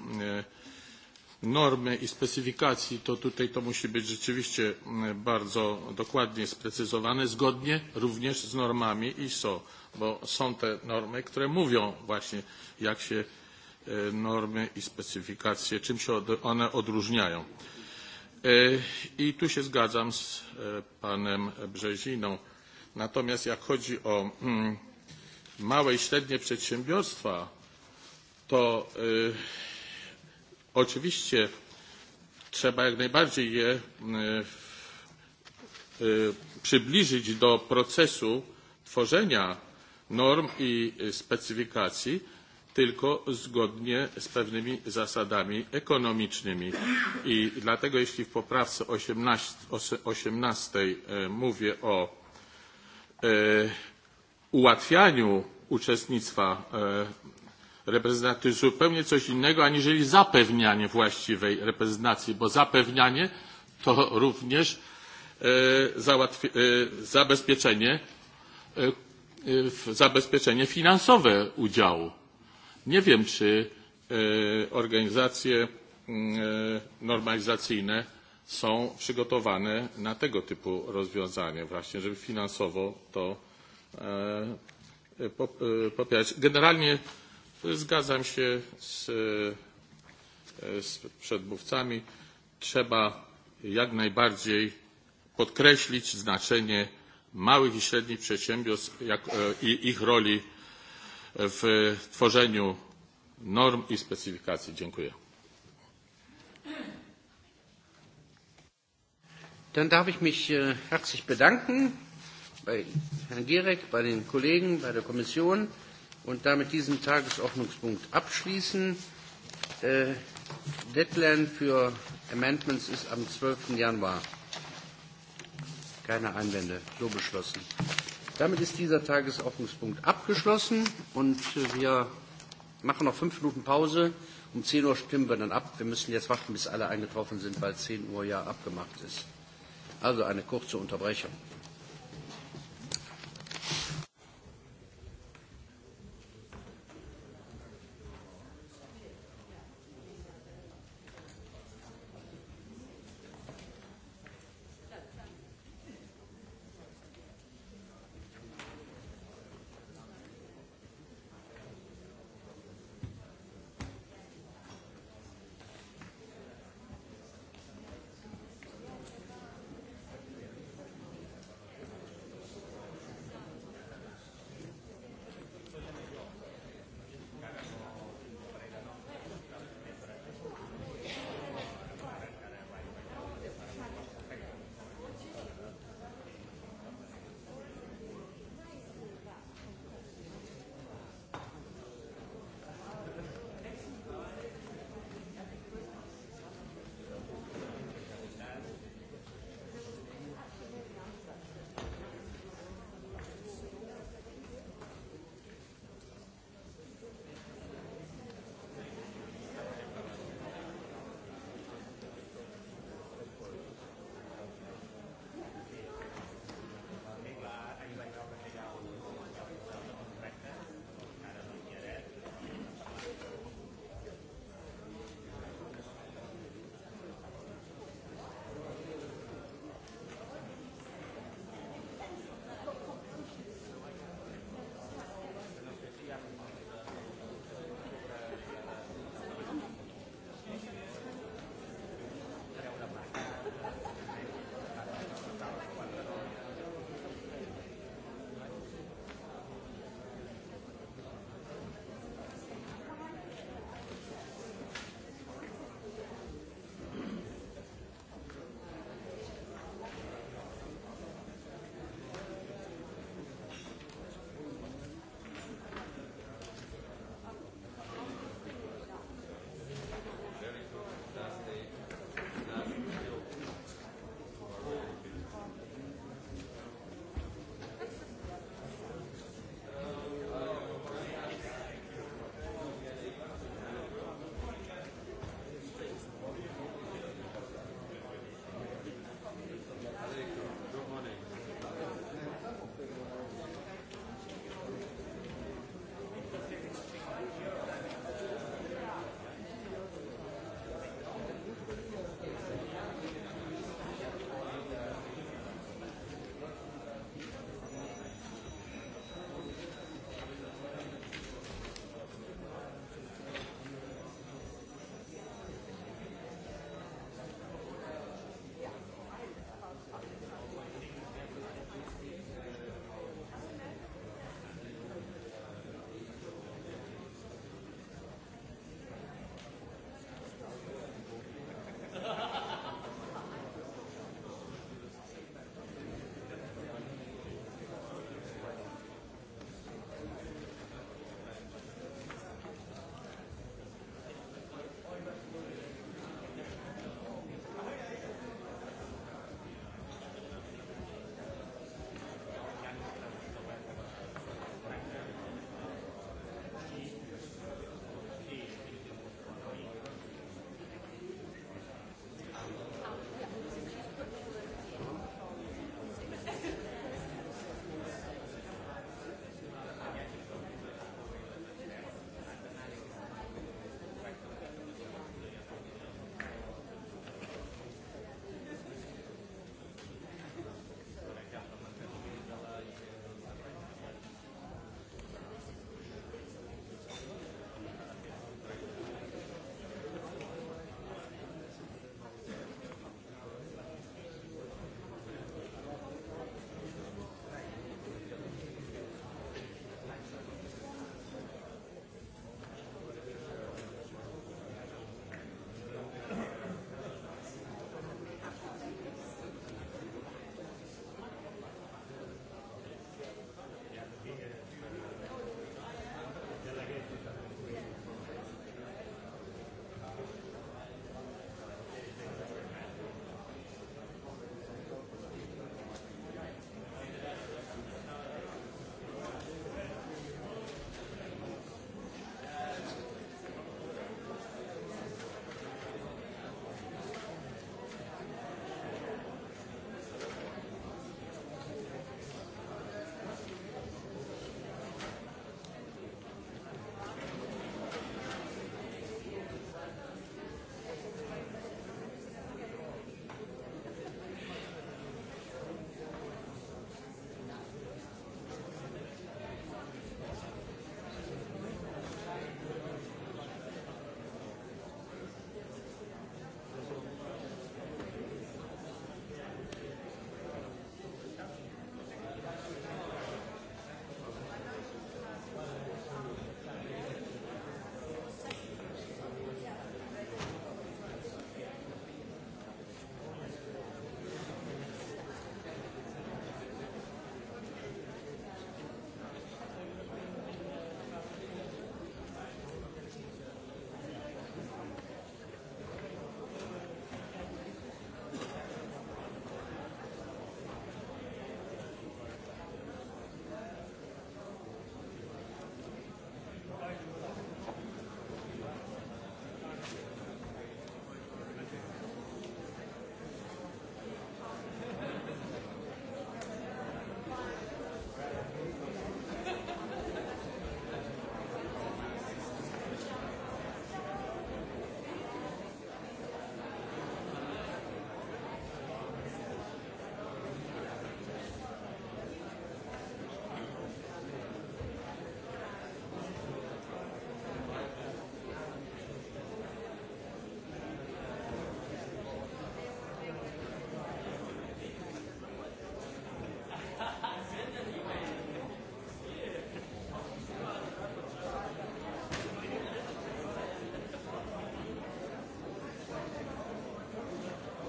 normy i specyfikacji, to tutaj to musi być rzeczywiście mm, bardzo dokładnie sprecyzowane, zgodnie również z normami ISO, bo są te normy, które mówią właśnie, jak się normy i specyfikacje, czym się one odróżniają. I tu się zgadzam z panem Brzeziną. Natomiast jak chodzi o mm, małe i średnie przedsiębiorstwa, to Oczywiście trzeba jak najbardziej je przybliżyć do procesu tworzenia norm i specyfikacji, tylko zgodnie z pewnymi zasadami ekonomicznymi. I dlatego jeśli w poprawce 18, 18 mówię o ułatwianiu uczestnictwa reprezentacji zupełnie coś innego aniżeli zapewnianie właściwej reprezentacji, bo zapewnianie to również zabezpieczenie, zabezpieczenie finansowe udziału. Nie wiem, czy organizacje mm, normalizacyjne są przygotowane na tego typu rozwiązanie właśnie, żeby finansowo to popierać. Generalnie Zgadzam się z, z przedmówcami. Trzeba jak najbardziej podkreślić znaczenie małych i średnich przedsiębiorstw jak, i ich roli w tworzeniu norm i specyfikacji. Dziękuję. Dann darf ich mich äh, herzlich bedanken bei Herrn Gierek, bei den Kollegen, bei der Kommission und damit diesen Tagesordnungspunkt abschließen. Äh, Deadline für Amendments ist am 12. Januar. Keine Einwände. So beschlossen. Damit ist dieser Tagesordnungspunkt abgeschlossen und äh, wir machen noch fünf Minuten Pause. Um 10 Uhr stimmen wir dann ab. Wir müssen jetzt warten, bis alle eingetroffen sind, weil 10 Uhr ja abgemacht ist. Also eine kurze Unterbrechung.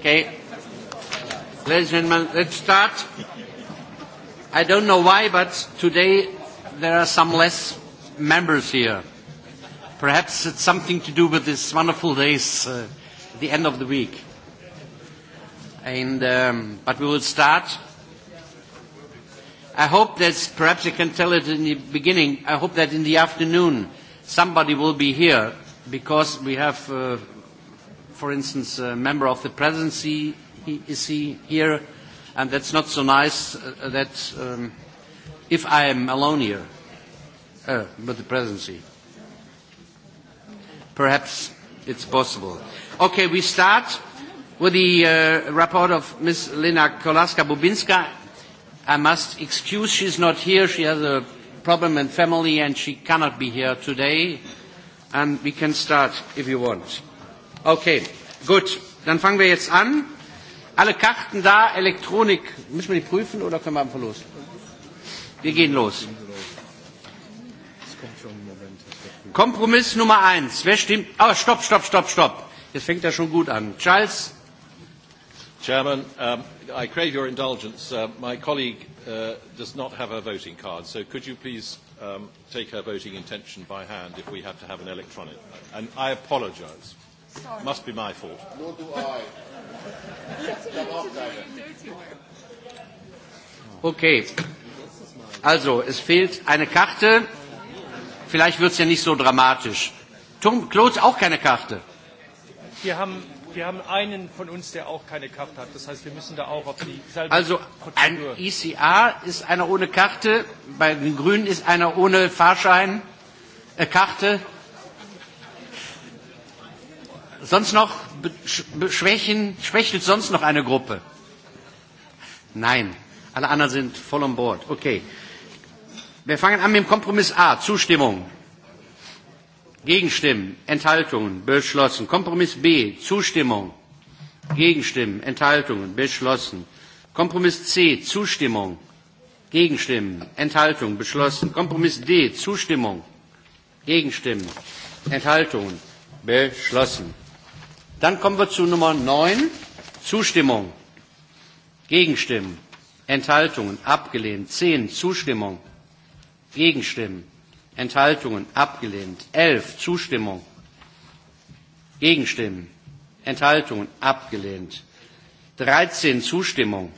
Okay. Ladies and gentlemen, let's start. I don't know why, but today there are some less members here. Perhaps it's something to do with this wonderful days, uh, at the end of the week. And, um, but we will start. I hope that perhaps you can tell it in the beginning. I hope that in the afternoon somebody will be here because we have uh, for instance, a member of the presidency he, is he here, and that's not so nice uh, that um, if I am alone here, uh, but the presidency. Perhaps it's possible. Okay, we start with the uh, report of Ms. Lena Kolaska-Bubinska. I must excuse she's not here. She has a problem in family and she cannot be here today. And we can start if you want. Okay, gut. Dann fangen wir jetzt an. Alle Karten da, Elektronik. Müssen wir die prüfen oder können wir einfach los? Wir gehen los. Kompromiss Nummer eins. Wer stimmt? Oh, stopp, stopp, stopp, stopp. Jetzt fängt er schon gut an. Charles. Chairman, um, I crave your indulgence. Uh, my colleague uh, does not have her voting card, so could you please um, take her voting intention by hand if we have to have an electronic? And I apologise. Sorry. Must be my fault. Nor do I. okay. Also, es fehlt eine Karte. Vielleicht wird es ja nicht so dramatisch. Tom Klotz auch keine Karte. Wir haben, wir haben einen von uns, der auch keine Karte hat. Das heißt, wir müssen da auch auf die selbe Also Prozedur. ein ICA ist einer ohne Karte, bei den Grünen ist einer ohne Fahrschein, äh, Karte Sonst noch schwächen, schwächelt sonst noch eine Gruppe? Nein, alle anderen sind voll on board. Okay. Wir fangen an mit dem Kompromiss A. Zustimmung. Gegenstimmen. Enthaltungen. Beschlossen. Kompromiss B. Zustimmung. Gegenstimmen. Enthaltungen. Beschlossen. Kompromiss C. Zustimmung. Gegenstimmen. Enthaltungen. Beschlossen. Kompromiss D. Zustimmung. Gegenstimmen. Enthaltungen. Beschlossen. Dann kommen wir zu Nummer 9. Zustimmung. Gegenstimmen. Enthaltungen. Abgelehnt. 10. Zustimmung. Gegenstimmen. Enthaltungen. Abgelehnt. 11. Zustimmung. Gegenstimmen. Enthaltungen. Abgelehnt. 13. Zustimmung.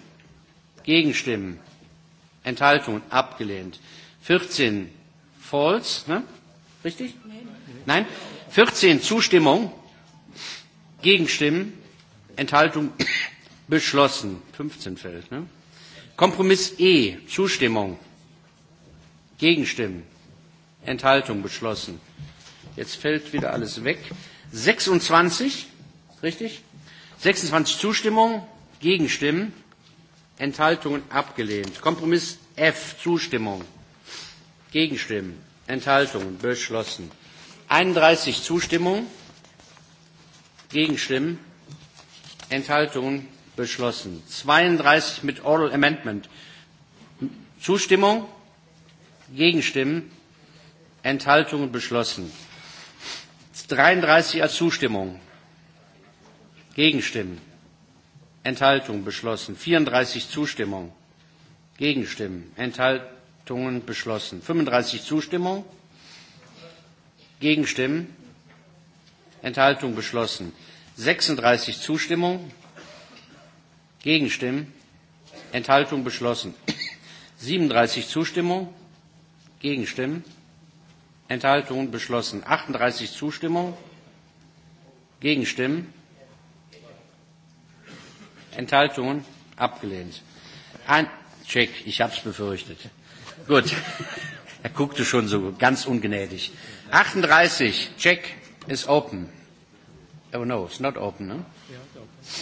Gegenstimmen. Enthaltungen. Abgelehnt. 14. False. Ne? Richtig? Nein. Nein? 14. Zustimmung. Gegenstimmen, Enthaltung beschlossen. 15 fällt. Ne? Kompromiss E, Zustimmung, Gegenstimmen, Enthaltung beschlossen. Jetzt fällt wieder alles weg. 26, richtig? 26 Zustimmung, Gegenstimmen, Enthaltungen abgelehnt. Kompromiss F, Zustimmung, Gegenstimmen, Enthaltungen beschlossen. 31 Zustimmung, Gegenstimmen? Enthaltungen? Beschlossen. 32 mit Oral Amendment. Zustimmung? Gegenstimmen? Enthaltungen? Beschlossen. 33 als Zustimmung. Gegenstimmen. Enthaltungen beschlossen. 34 Zustimmung. Gegenstimmen. Enthaltungen beschlossen. 35 Zustimmung. Gegenstimmen. Enthaltung beschlossen. 36 Zustimmung, Gegenstimmen, Enthaltung beschlossen. 37 Zustimmung, Gegenstimmen, Enthaltung beschlossen. 38 Zustimmung, Gegenstimmen, Enthaltungen abgelehnt. Ein Check, ich habe es befürchtet. Gut, er guckte schon so ganz ungnädig. 38, Check is open. Oh no, it's not open, no? Yeah, it's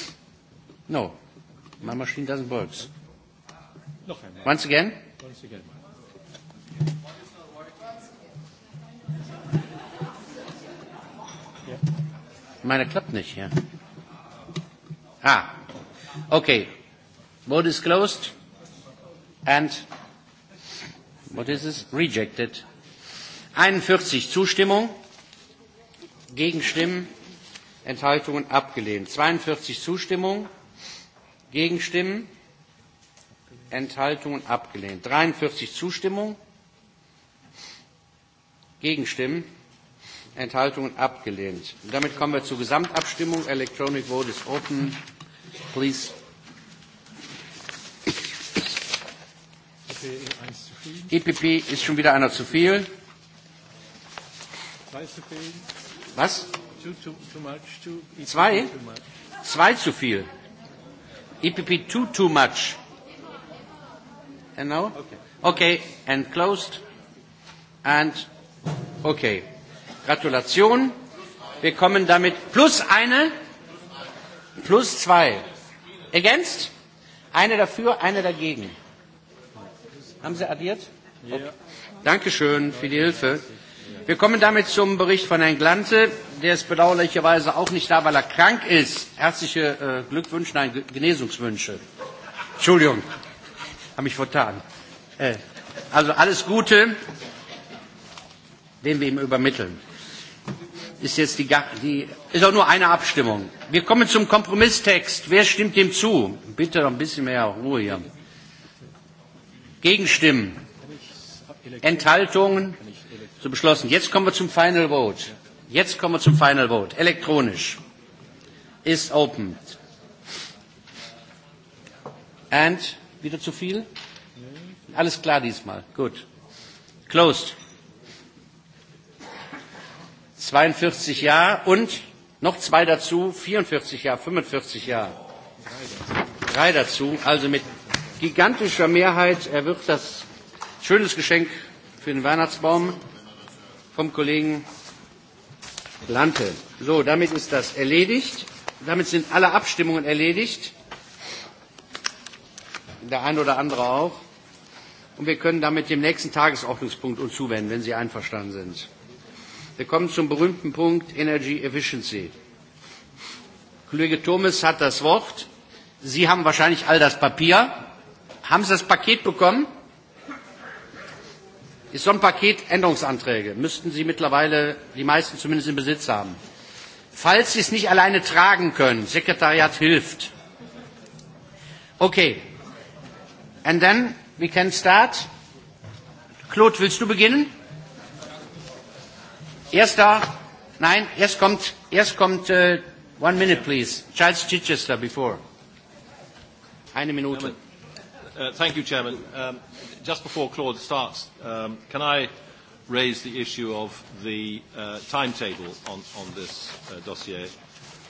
open. No, my machine doesn't work. Once again? Once again. Meine klappt nicht, ja. Ah, okay. Vote is closed and what is this? Rejected. 41 Zustimmung. Gegenstimmen, Enthaltungen abgelehnt. 42 Zustimmung, Gegenstimmen, Enthaltungen abgelehnt. 43 Zustimmung, Gegenstimmen, Enthaltungen abgelehnt. Und damit kommen wir zur Gesamtabstimmung. Electronic Vote is open. Please. EPP ist schon wieder einer zu viel. zu Was? Too, too, too much, too, zwei? Too much. Zwei zu viel. EPP too, too much. And now? Okay. okay, and closed. And okay. Gratulation. Wir kommen damit plus eine, plus zwei. Ergänzt? Eine dafür, eine dagegen. Haben Sie addiert? Okay. Dankeschön für die Hilfe. Wir kommen damit zum Bericht von Herrn Glanze. Der ist bedauerlicherweise auch nicht da, weil er krank ist. Herzliche äh, Glückwünsche, nein, Genesungswünsche. Entschuldigung, habe mich vertan. Äh, also alles Gute, den wir ihm übermitteln. Ist jetzt die, die, ist auch nur eine Abstimmung. Wir kommen zum Kompromisstext. Wer stimmt dem zu? Bitte noch ein bisschen mehr Ruhe hier. Gegenstimmen. Enthaltungen? so beschlossen. Jetzt kommen wir zum Final Vote. Jetzt kommen wir zum Final Vote. Elektronisch. Ist open. And? Wieder zu viel? Alles klar diesmal. Gut. Closed. 42 Ja und noch zwei dazu, 44 Ja, 45 Ja. Drei dazu. Also mit gigantischer Mehrheit erwirkt das schönes Geschenk für den Weihnachtsbaum vom Kollegen Lante. So, damit ist das erledigt. Damit sind alle Abstimmungen erledigt. Der ein oder andere auch. Und wir können damit dem nächsten Tagesordnungspunkt uns zuwenden, wenn Sie einverstanden sind. Wir kommen zum berühmten Punkt Energy Efficiency. Kollege Thomas hat das Wort. Sie haben wahrscheinlich all das Papier. Haben Sie das Paket bekommen? ist so ein Paket Änderungsanträge. Müssten Sie mittlerweile die meisten zumindest in Besitz haben. Falls Sie es nicht alleine tragen können, Sekretariat hilft. Okay. And then we can start. Claude, willst du beginnen? Erster, nein, erst kommt, erst kommt, uh, one minute please. Charles Chichester before. Eine Minute. uh, thank you, Chairman. Um, just before Claude starts, um, can I raise the issue of the uh, timetable on, on this uh, dossier?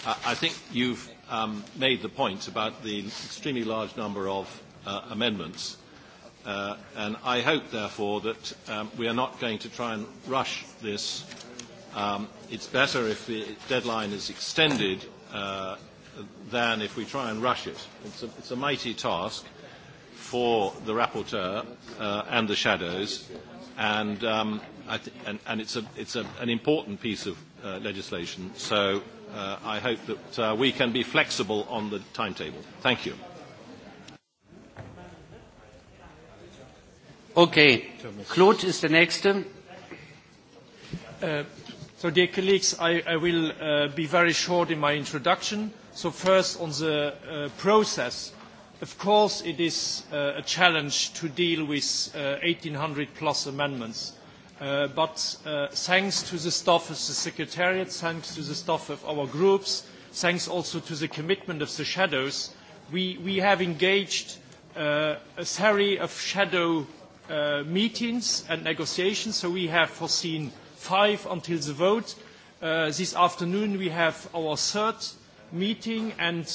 Uh, I think you've um, made the point about the extremely large number of uh, amendments. Uh, and I hope, therefore, that um, we are not going to try and rush this. Um, it's better if the deadline is extended uh, than if we try and rush it. It's a, it's a mighty task, for the rapporteur uh, and the shadows, and, um, I th- and, and it's, a, it's a, an important piece of uh, legislation. So uh, I hope that uh, we can be flexible on the timetable. Thank you. Okay, Claude is the next. Uh, so, dear colleagues, I, I will uh, be very short in my introduction. So, first on the uh, process Of course, it is uh, a challenge to deal with uh, 1,800 plus amendments. Uh, but uh, thanks to the staff of the Secretariat, thanks to the staff of our groups, thanks also to the commitment of the shadows, we, we have engaged uh, a series of shadow uh, meetings and negotiations. So we have foreseen five until the vote. Uh, this afternoon we have our third meeting and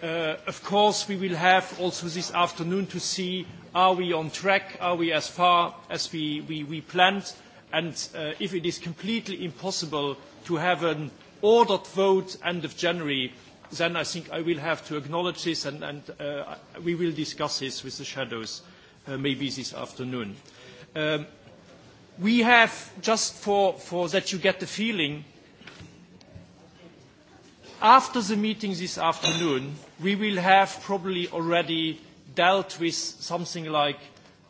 Uh, of course, we will have also this afternoon to see are we on track, are we as far as we, we, we planned, and uh, if it is completely impossible to have an ordered vote end of January, then I think I will have to acknowledge this and, and uh, we will discuss this with the shadows uh, maybe this afternoon. Um, we have, just for, for that you get the feeling, uh, after the meeting this afternoon, we will have probably already dealt with something like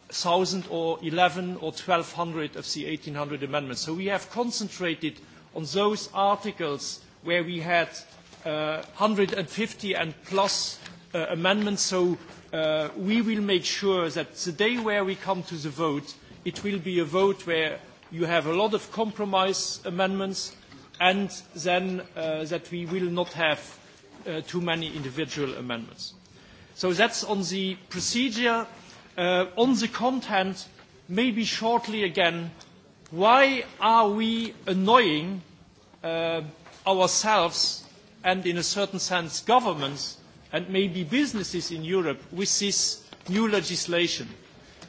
1,000 or 11 or 1,200 of the 1,800 amendments. So we have concentrated on those articles where we had uh, 150 and plus uh, amendments. So uh, we will make sure that the day where we come to the vote, it will be a vote where you have a lot of compromise amendments, and then uh, that we will not have uh, too many individual amendments. So that's on the procedure. Uh, on the content, maybe shortly again, why are we annoying uh, ourselves and in a certain sense governments and maybe businesses in Europe with this new legislation?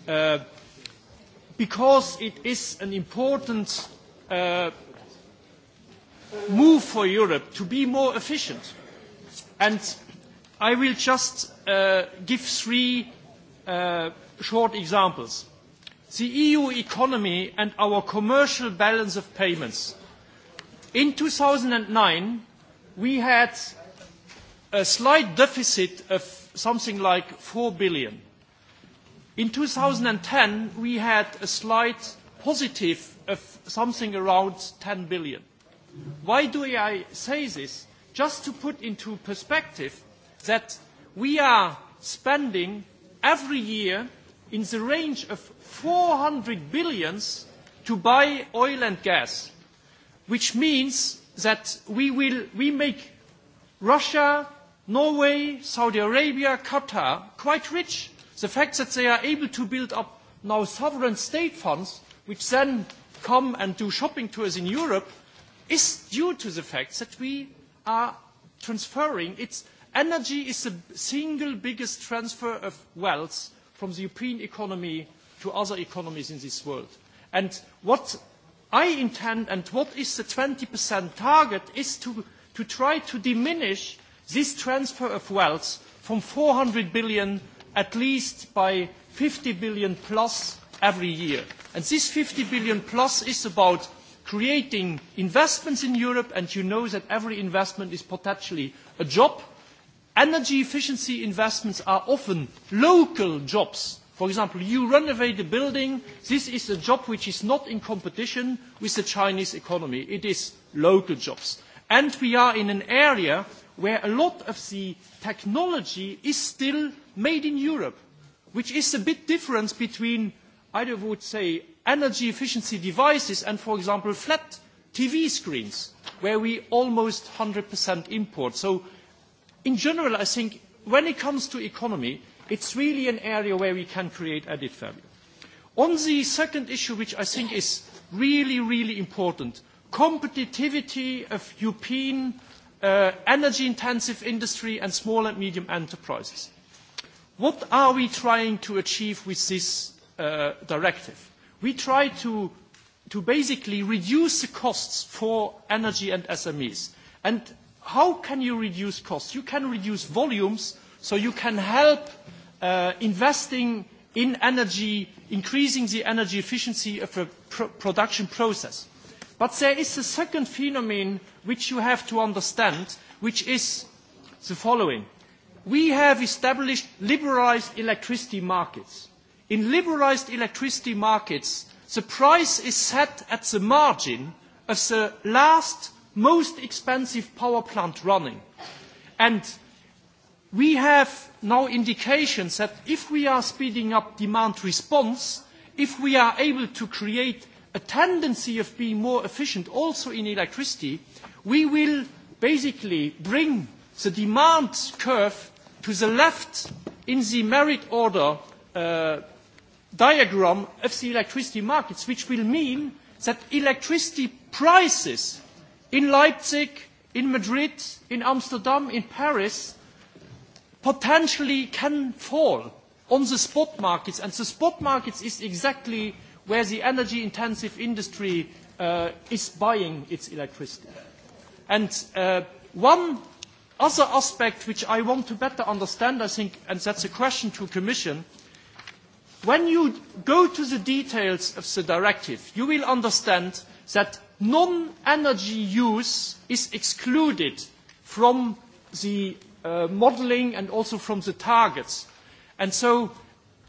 Uh, because it is an important uh, move for Europe to be more efficient. And I will just uh, give three uh, short examples. The EU economy and our commercial balance of payments. In 2009, we had a slight deficit of something like 4 billion. In 2010, we had a slight positive of something around 10 billion. Why do I say this? Just to put into perspective that we are spending every year in the range of 400 billions to buy oil and gas, which means that we, will, we make Russia, Norway, Saudi Arabia, Qatar quite rich. The fact that they are able to build up now sovereign state funds, which then come and do shopping tours in Europe, is due to the fact that we are transferring its energy is the single biggest transfer of wealth from the European economy to other economies in this world. And what I intend and what is the 20% target is to, to try to diminish this transfer of wealth from 400 billion at least by 50 billion plus every year. And this 50 billion plus is about creating investments in Europe, and you know that every investment is potentially a job. Energy efficiency investments are often local jobs. For example, you renovate a building, this is a job which is not in competition with the Chinese economy. It is local jobs. And we are in an area where a lot of the technology is still made in Europe, which is a bit different between, I would say, energy efficiency devices and, for example, flat TV screens, where we almost 100% import. So in general, I think when it comes to economy, it's really an area where we can create added value. On the second issue, which I think is really, really important, competitivity of European uh, energy-intensive industry and small and medium enterprises. What are we trying to achieve with this uh, directive? we try to, to basically reduce the costs for energy and SMEs. And how can you reduce costs? You can reduce volumes, so you can help uh, investing in energy, increasing the energy efficiency of a pr production process. But there is a second phenomenon which you have to understand, which is the following. We have established liberalized electricity markets. In liberalised electricity markets, the price is set at the margin of the last most expensive power plant running. And we have now indications that if we are speeding up demand response, if we are able to create a tendency of being more efficient also in electricity, we will basically bring the demand curve to the left in the merit order uh, diagram of the electricity markets, which will mean that electricity prices in Leipzig, in Madrid, in Amsterdam, in Paris, potentially can fall on the spot markets. And the spot markets is exactly where the energy intensive industry uh, is buying its electricity. And uh, one other aspect which I want to better understand, I think, and that's a question to Commission, When you go to the details of the directive, you will understand that non-energy use is excluded from the uh, modelling and also from the targets. And so,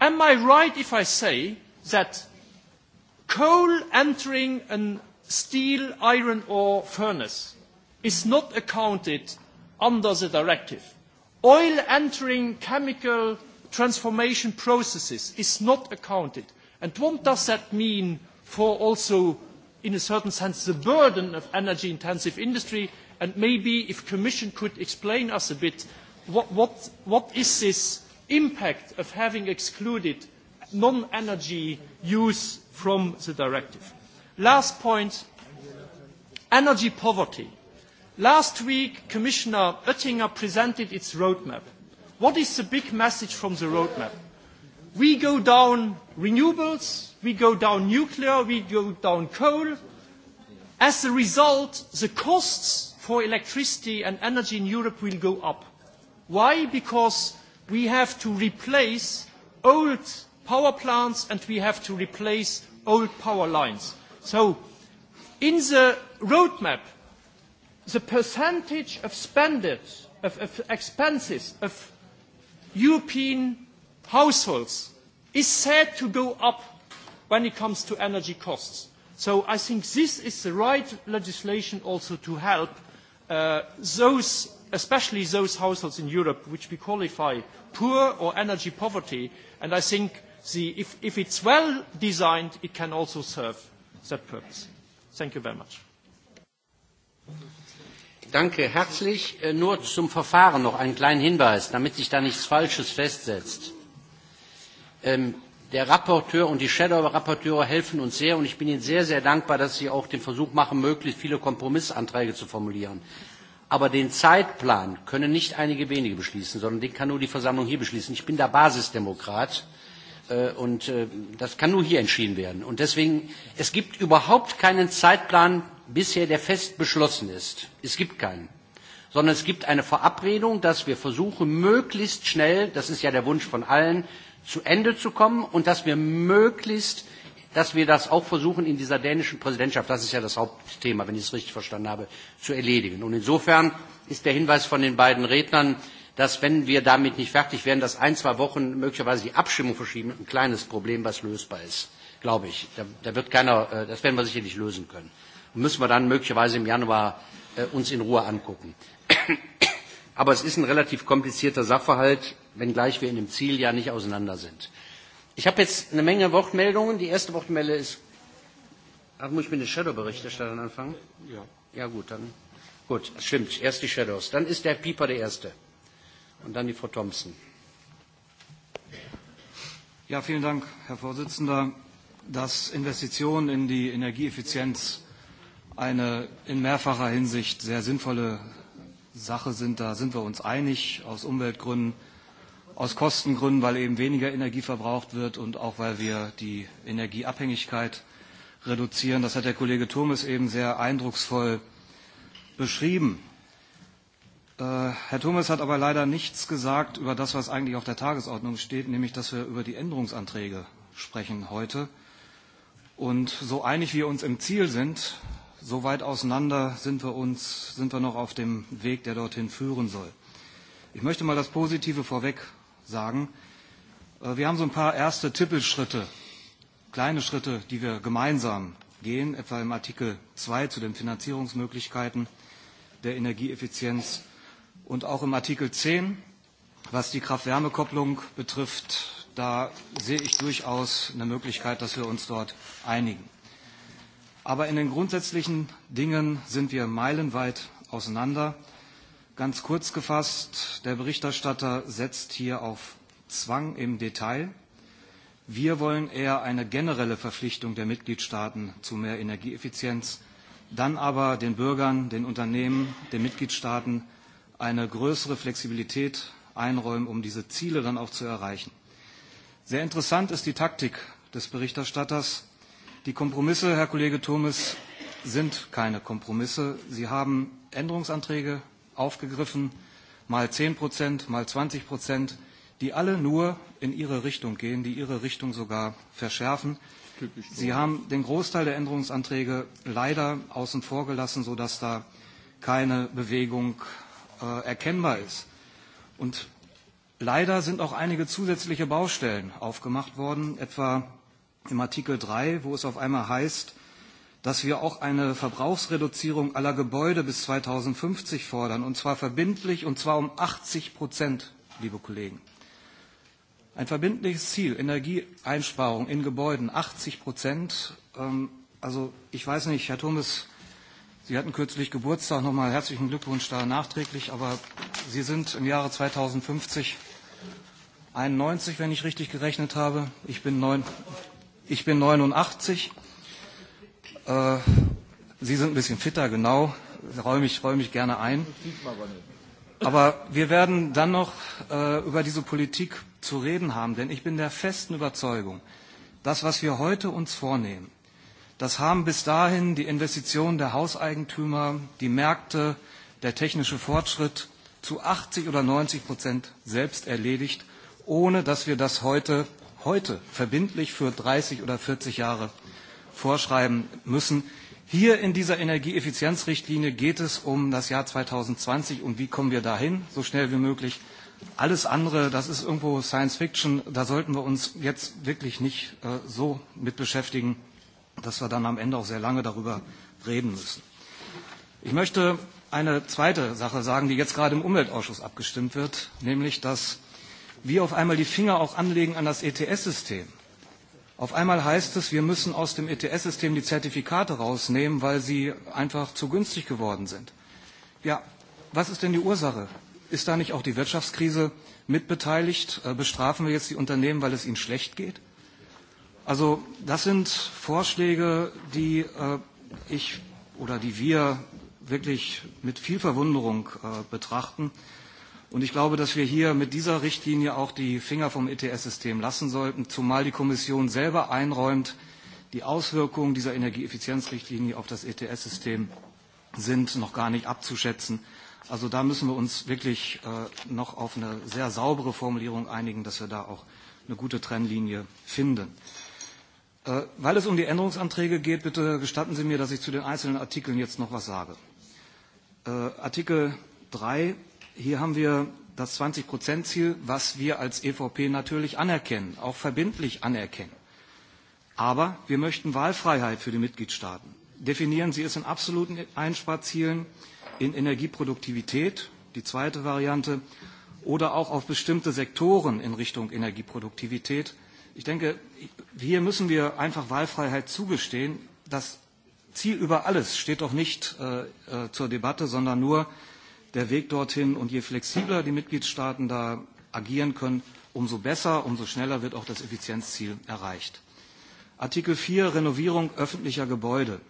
am I right if I say that coal entering a steel, iron ore furnace is not accounted under the directive? Oil entering chemical transformation processes is not accounted. And what does that mean for also, in a certain sense, the burden of energy-intensive industry? And maybe if Commission could explain us a bit, what, what, what is this impact of having excluded non-energy use from the directive? Last point, energy poverty. Last week, Commissioner Oettinger presented its roadmap. What is the big message from the roadmap? We go down renewables, we go down nuclear, we go down coal. As a result, the costs for electricity and energy in Europe will go up. Why? Because we have to replace old power plants and we have to replace old power lines. So in the roadmap, the percentage of spended, of, of expenses, of European households is said to go up when it comes to energy costs. So I think this is the right legislation also to help uh, those, especially those households in Europe which we qualify poor or energy poverty. And I think the, if, if it's well designed, it can also serve that purpose. Thank you very much danke herzlich. Äh, nur zum Verfahren noch einen kleinen Hinweis, damit sich da nichts Falsches festsetzt. Ähm, der Rapporteur und die Shadow-Rapporteure helfen uns sehr und ich bin Ihnen sehr, sehr dankbar, dass Sie auch den Versuch machen, möglichst viele Kompromissanträge zu formulieren. Aber den Zeitplan können nicht einige wenige beschließen, sondern den kann nur die Versammlung hier beschließen. Ich bin der Basisdemokrat äh, und äh, das kann nur hier entschieden werden. Und deswegen, es gibt überhaupt keinen Zeitplan bisher der fest beschlossen ist. Es gibt keinen. Sondern es gibt eine Verabredung, dass wir versuchen, möglichst schnell, das ist ja der Wunsch von allen, zu Ende zu kommen und dass wir möglichst, dass wir das auch versuchen, in dieser dänischen Präsidentschaft, das ist ja das Hauptthema, wenn ich es richtig verstanden habe, zu erledigen. Und insofern ist der Hinweis von den beiden Rednern, dass wenn wir damit nicht fertig werden, dass ein, zwei Wochen möglicherweise die Abstimmung verschieben, ein kleines Problem, was lösbar ist, glaube ich. Da, da wird keiner, äh, das werden wir sicherlich lösen können müssen wir dann möglicherweise im Januar äh, uns in Ruhe angucken. Aber es ist ein relativ komplizierter Sachverhalt, wenngleich wir in dem Ziel ja nicht auseinander sind. Ich habe jetzt eine Menge Wortmeldungen. Die erste Wortmeldung ist, ach, muss ich mit den Shadow-Berichterstattern anfangen? Ja. Ja gut, dann, gut, stimmt, erst die Shadows. Dann ist der Pieper der Erste und dann die Frau Thompson. Ja, vielen Dank, Herr Vorsitzender. Dass Investitionen in die Energieeffizienz eine in mehrfacher Hinsicht sehr sinnvolle Sache sind. Da sind wir uns einig, aus Umweltgründen, aus Kostengründen, weil eben weniger Energie verbraucht wird und auch weil wir die Energieabhängigkeit reduzieren. Das hat der Kollege Turmes eben sehr eindrucksvoll beschrieben. Äh, Herr Thomas hat aber leider nichts gesagt über das, was eigentlich auf der Tagesordnung steht, nämlich dass wir über die Änderungsanträge sprechen heute. Und so einig wir uns im Ziel sind, so weit auseinander sind wir uns, sind wir noch auf dem Weg, der dorthin führen soll. Ich möchte mal das Positive vorweg sagen. Äh, wir haben so ein paar erste Tippelschritte, kleine Schritte, die wir gemeinsam gehen, etwa im Artikel 2 zu den Finanzierungsmöglichkeiten der Energieeffizienz und auch im Artikel 10, was die Kraft-Wärme-Kopplung betrifft, da sehe ich durchaus eine Möglichkeit, dass wir uns dort einigen. Aber in den grundsätzlichen Dingen sind wir meilenweit auseinander. Ganz kurz gefasst, der Berichterstatter setzt hier auf Zwang im Detail. Wir wollen eher eine generelle Verpflichtung der Mitgliedstaaten zu mehr Energieeffizienz, dann aber den Bürgern, den Unternehmen, den Mitgliedstaaten eine größere Flexibilität einräumen, um diese Ziele dann auch zu erreichen. Sehr interessant ist die Taktik des Berichterstatters, Die Kompromisse, Herr Kollege Turmes, sind keine Kompromisse. Sie haben Änderungsanträge aufgegriffen, mal 10 Prozent, mal 20 Prozent, die alle nur in Ihre Richtung gehen, die Ihre Richtung sogar verschärfen. Sie haben den Großteil der Änderungsanträge leider außen vor gelassen, sodass da keine Bewegung äh, erkennbar ist. Und leider sind auch einige zusätzliche Baustellen aufgemacht worden, etwa im Artikel 3, wo es auf einmal heißt, dass wir auch eine Verbrauchsreduzierung aller Gebäude bis 2050 fordern, und zwar verbindlich, und zwar um 80 Prozent, liebe Kollegen. Ein verbindliches Ziel, Energieeinsparung in Gebäuden, 80 Prozent. Ähm, also ich weiß nicht, Herr Thomas, Sie hatten kürzlich Geburtstag, nochmal herzlichen Glückwunsch da nachträglich, aber Sie sind im Jahre 2050 91, wenn ich richtig gerechnet habe. Ich bin 9. Ich bin 89. Äh, Sie sind ein bisschen fitter, genau. Räume ich, räume ich gerne ein. Aber wir werden dann noch äh, über diese Politik zu reden haben, denn ich bin der festen Überzeugung, das, was wir heute uns vornehmen, das haben bis dahin die Investitionen der Hauseigentümer, die Märkte, der technische Fortschritt zu 80 oder 90 Prozent selbst erledigt, ohne dass wir das heute heute verbindlich für 30 oder 40 Jahre vorschreiben müssen. Hier in dieser Energieeffizienzrichtlinie geht es um das Jahr 2020 und wie kommen wir dahin, so schnell wie möglich. Alles andere, das ist irgendwo Science Fiction, da sollten wir uns jetzt wirklich nicht äh, so mit beschäftigen, dass wir dann am Ende auch sehr lange darüber reden müssen. Ich möchte eine zweite Sache sagen, die jetzt gerade im Umweltausschuss abgestimmt wird, nämlich dass wir auf einmal die Finger auch anlegen an das ETS-System. Auf einmal heißt es, wir müssen aus dem ETS-System die Zertifikate rausnehmen, weil sie einfach zu günstig geworden sind. Ja, was ist denn die Ursache? Ist da nicht auch die Wirtschaftskrise mitbeteiligt? Äh, bestrafen wir jetzt die Unternehmen, weil es ihnen schlecht geht? Also das sind Vorschläge, die äh, ich oder die wir wirklich mit viel Verwunderung äh, betrachten. Und ich glaube, dass wir hier mit dieser Richtlinie auch die Finger vom ETS-System lassen sollten, zumal die Kommission selber einräumt, die Auswirkungen dieser Energieeffizienzrichtlinie auf das ETS-System sind noch gar nicht abzuschätzen. Also da müssen wir uns wirklich äh, noch auf eine sehr saubere Formulierung einigen, dass wir da auch eine gute Trennlinie finden. Äh, weil es um die Änderungsanträge geht, bitte gestatten Sie mir, dass ich zu den einzelnen Artikeln jetzt noch was sage. Äh, Artikel 3 Hier haben wir das 20-Prozent-Ziel, was wir als EVP natürlich anerkennen, auch verbindlich anerkennen. Aber wir möchten Wahlfreiheit für die Mitgliedstaaten. Definieren Sie es in absoluten Einsparzielen, in Energieproduktivität, die zweite Variante, oder auch auf bestimmte Sektoren in Richtung Energieproduktivität. Ich denke, hier müssen wir einfach Wahlfreiheit zugestehen. Das Ziel über alles steht doch nicht äh, äh zur Debatte, sondern nur der Weg dorthin. Und je flexibler die Mitgliedstaaten da agieren können, umso besser, umso schneller wird auch das Effizienzziel erreicht. Artikel 4, Renovierung öffentlicher Gebäude.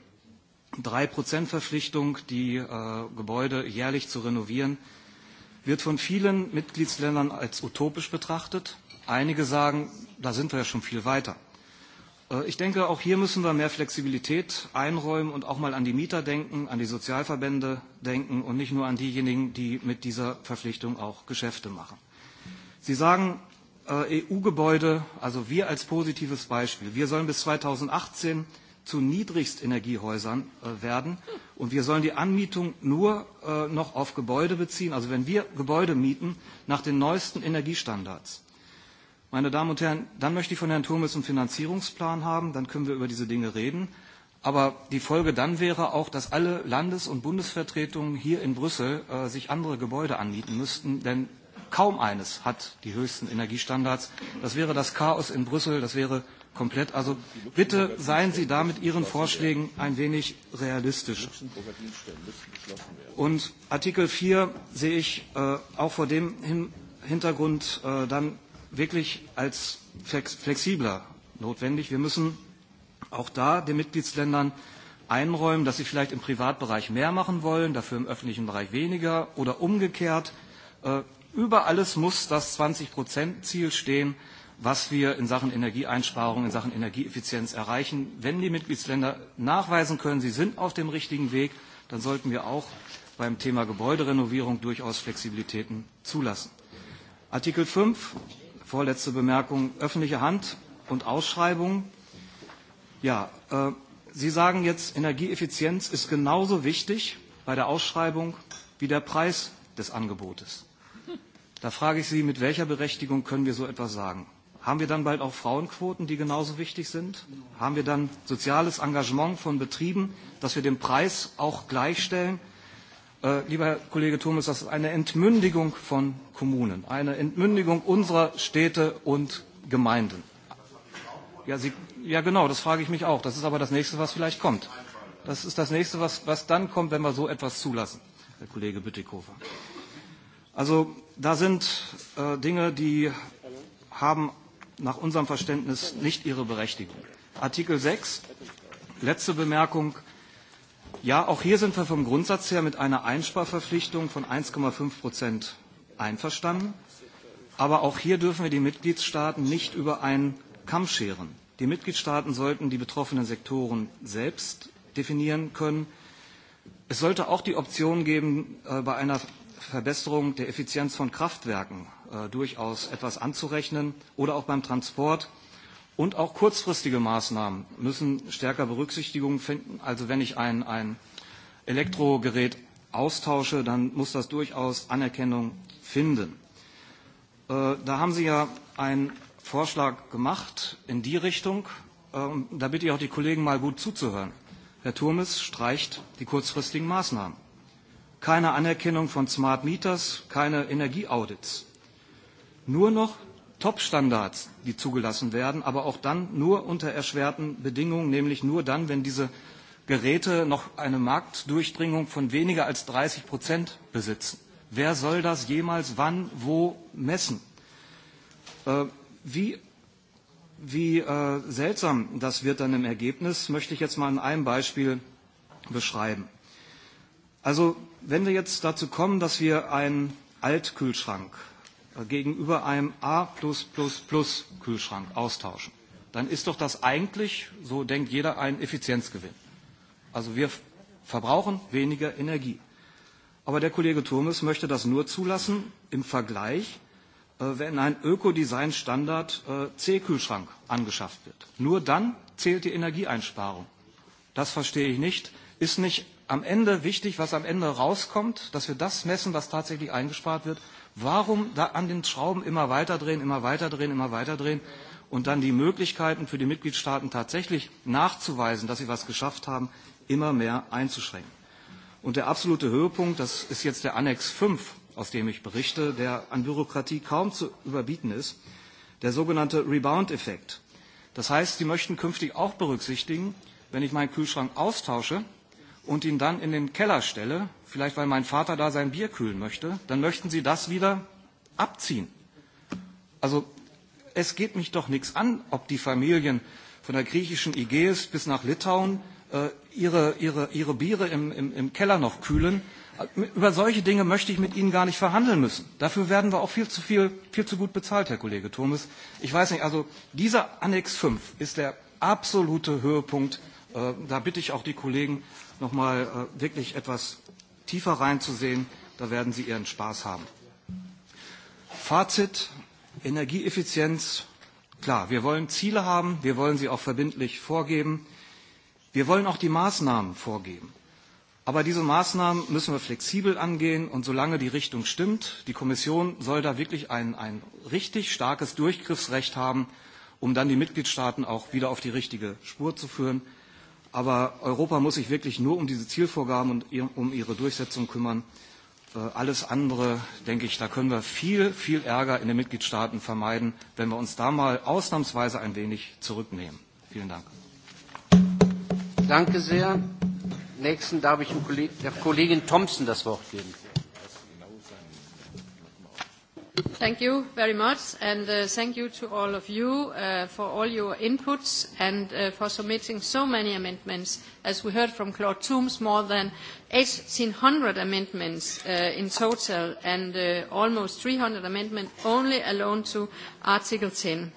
3% Verpflichtung, die äh, Gebäude jährlich zu renovieren, wird von vielen Mitgliedsländern als utopisch betrachtet. Einige sagen, da sind wir ja schon viel weiter. Äh, ich denke, auch hier müssen wir mehr Flexibilität einräumen und auch mal an die Mieter denken, an die Sozialverbände denken und nicht nur an diejenigen, die mit dieser Verpflichtung auch Geschäfte machen. Sie sagen, äh, EU-Gebäude, also wir als positives Beispiel, wir sollen bis 2018 zu Niedrigstenergiehäusern äh, werden und wir sollen die Anmietung nur noch auf Gebäude beziehen, also wenn wir Gebäude mieten, nach den neuesten Energiestandards. Meine Damen und Herren, dann möchte ich von Herrn Turmes einen Finanzierungsplan haben, dann können wir über diese Dinge reden. Aber die Folge dann wäre auch, dass alle Landes- und Bundesvertretungen hier in Brüssel äh, sich andere Gebäude anmieten müssten, denn kaum eines hat die höchsten Energiestandards. Das wäre das Chaos in Brüssel, das wäre komplett. Also bitte seien Sie da mit Ihren Vorschlägen ein wenig realistisch. Und Artikel 4 sehe ich äh, auch vor dem Hin Hintergrund äh, dann wirklich als flexibler notwendig. Wir müssen auch da den Mitgliedsländern einräumen, dass sie vielleicht im Privatbereich mehr machen wollen, dafür im öffentlichen Bereich weniger oder umgekehrt. Äh, über alles muss das 20-Prozent-Ziel stehen, was wir in Sachen Energieeinsparung, in Sachen Energieeffizienz erreichen. Wenn die Mitgliedsländer nachweisen können, sie sind auf dem richtigen Weg, dann sollten wir auch beim Thema Gebäuderenovierung durchaus Flexibilitäten zulassen. Artikel 5 vorletzte Bemerkung, öffentliche Hand und Ausschreibung. Ja, äh, Sie sagen jetzt, Energieeffizienz ist genauso wichtig bei der Ausschreibung wie der Preis des Angebotes. Da frage ich Sie, mit welcher Berechtigung können wir so etwas sagen? Haben wir dann bald auch Frauenquoten, die genauso wichtig sind? Haben wir dann soziales Engagement von Betrieben, dass wir den Preis auch gleichstellen Äh, lieber Kollege Thomas, das ist eine Entmündigung von Kommunen, eine Entmündigung unserer Städte und Gemeinden. Ja, Sie, ja genau, das frage ich mich auch. Das ist aber das Nächste, was vielleicht kommt. Das ist das Nächste, was, was dann kommt, wenn wir so etwas zulassen, Herr Kollege Bütikofer. Also da sind äh, Dinge, die haben nach unserem Verständnis nicht ihre Berechtigung. Artikel 6, letzte Bemerkung, Ja, auch hier sind wir vom Grundsatz her mit einer Einsparverpflichtung von 1,5 Prozent einverstanden. Aber auch hier dürfen wir die Mitgliedstaaten nicht über einen Kamm scheren. Die Mitgliedstaaten sollten die betroffenen Sektoren selbst definieren können. Es sollte auch die Option geben, äh, bei einer Verbesserung der Effizienz von Kraftwerken äh, durchaus etwas anzurechnen oder auch beim Transport Und auch kurzfristige Maßnahmen müssen stärker Berücksichtigung finden. Also wenn ich ein, ein Elektrogerät austausche, dann muss das durchaus Anerkennung finden. Äh, da haben Sie ja einen Vorschlag gemacht in die Richtung. Ähm, da bitte ich auch die Kollegen mal gut zuzuhören. Herr Turmes streicht die kurzfristigen Maßnahmen. Keine Anerkennung von Smart Meters, keine Energieaudits. Nur noch Top-Standards, die zugelassen werden, aber auch dann nur unter erschwerten Bedingungen, nämlich nur dann, wenn diese Geräte noch eine Marktdurchdringung von weniger als 30 Prozent besitzen. Wer soll das jemals wann wo messen? Äh, wie wie äh, seltsam das wird dann im Ergebnis, möchte ich jetzt mal in einem Beispiel beschreiben. Also wenn wir jetzt dazu kommen, dass wir einen Altkühlschrank gegenüber einem A Kühlschrank austauschen, dann ist doch das eigentlich, so denkt jeder, ein Effizienzgewinn. Also wir verbrauchen weniger Energie. Aber der Kollege Turmes möchte das nur zulassen im Vergleich, äh, wenn ein Ökodesign-Standard äh, C-Kühlschrank angeschafft wird. Nur dann zählt die Energieeinsparung. Das verstehe ich nicht. Ist nicht am Ende wichtig, was am Ende rauskommt, dass wir das messen, was tatsächlich eingespart wird, Warum da an den Schrauben immer weiter drehen, immer weiter drehen, immer weiter drehen und dann die Möglichkeiten für die Mitgliedstaaten tatsächlich nachzuweisen, dass sie was geschafft haben, immer mehr einzuschränken? Und der absolute Höhepunkt, das ist jetzt der Annex 5, aus dem ich berichte, der an Bürokratie kaum zu überbieten ist, der sogenannte Rebound-Effekt. Das heißt, Sie möchten künftig auch berücksichtigen, wenn ich meinen Kühlschrank austausche und ihn dann in den Keller stelle, vielleicht weil mein Vater da sein Bier kühlen möchte, dann möchten Sie das wieder abziehen. Also es geht mich doch nichts an, ob die Familien von der griechischen Ägäis bis nach Litauen äh, ihre, ihre, ihre Biere im, im, im Keller noch kühlen. Über solche Dinge möchte ich mit Ihnen gar nicht verhandeln müssen. Dafür werden wir auch viel zu, viel, viel zu gut bezahlt, Herr Kollege Thomas. Ich weiß nicht, also dieser Annex 5 ist der absolute Höhepunkt. Äh, da bitte ich auch die Kollegen, noch mal äh, wirklich etwas tiefer reinzusehen. Da werden Sie Ihren Spaß haben. Fazit, Energieeffizienz. Klar, wir wollen Ziele haben, wir wollen sie auch verbindlich vorgeben. Wir wollen auch die Maßnahmen vorgeben. Aber diese Maßnahmen müssen wir flexibel angehen und solange die Richtung stimmt, die Kommission soll da wirklich ein, ein richtig starkes Durchgriffsrecht haben, um dann die Mitgliedstaaten auch wieder auf die richtige Spur zu führen. Aber Europa muss sich wirklich nur um diese Zielvorgaben und um ihre Durchsetzung kümmern. Äh, alles andere, denke ich, da können wir viel, viel Ärger in den Mitgliedstaaten vermeiden, wenn wir uns da mal ausnahmsweise ein wenig zurücknehmen. Vielen Dank. Danke sehr. Nächsten darf ich der Kollegin Thompson das Wort geben. Thank you very much, and uh, thank you to all of you uh, for all your inputs and uh, for submitting so many amendments. As we heard from Claude Toombs, more than 1,800 amendments uh, in total and uh, almost 300 amendments only alone to Article 10.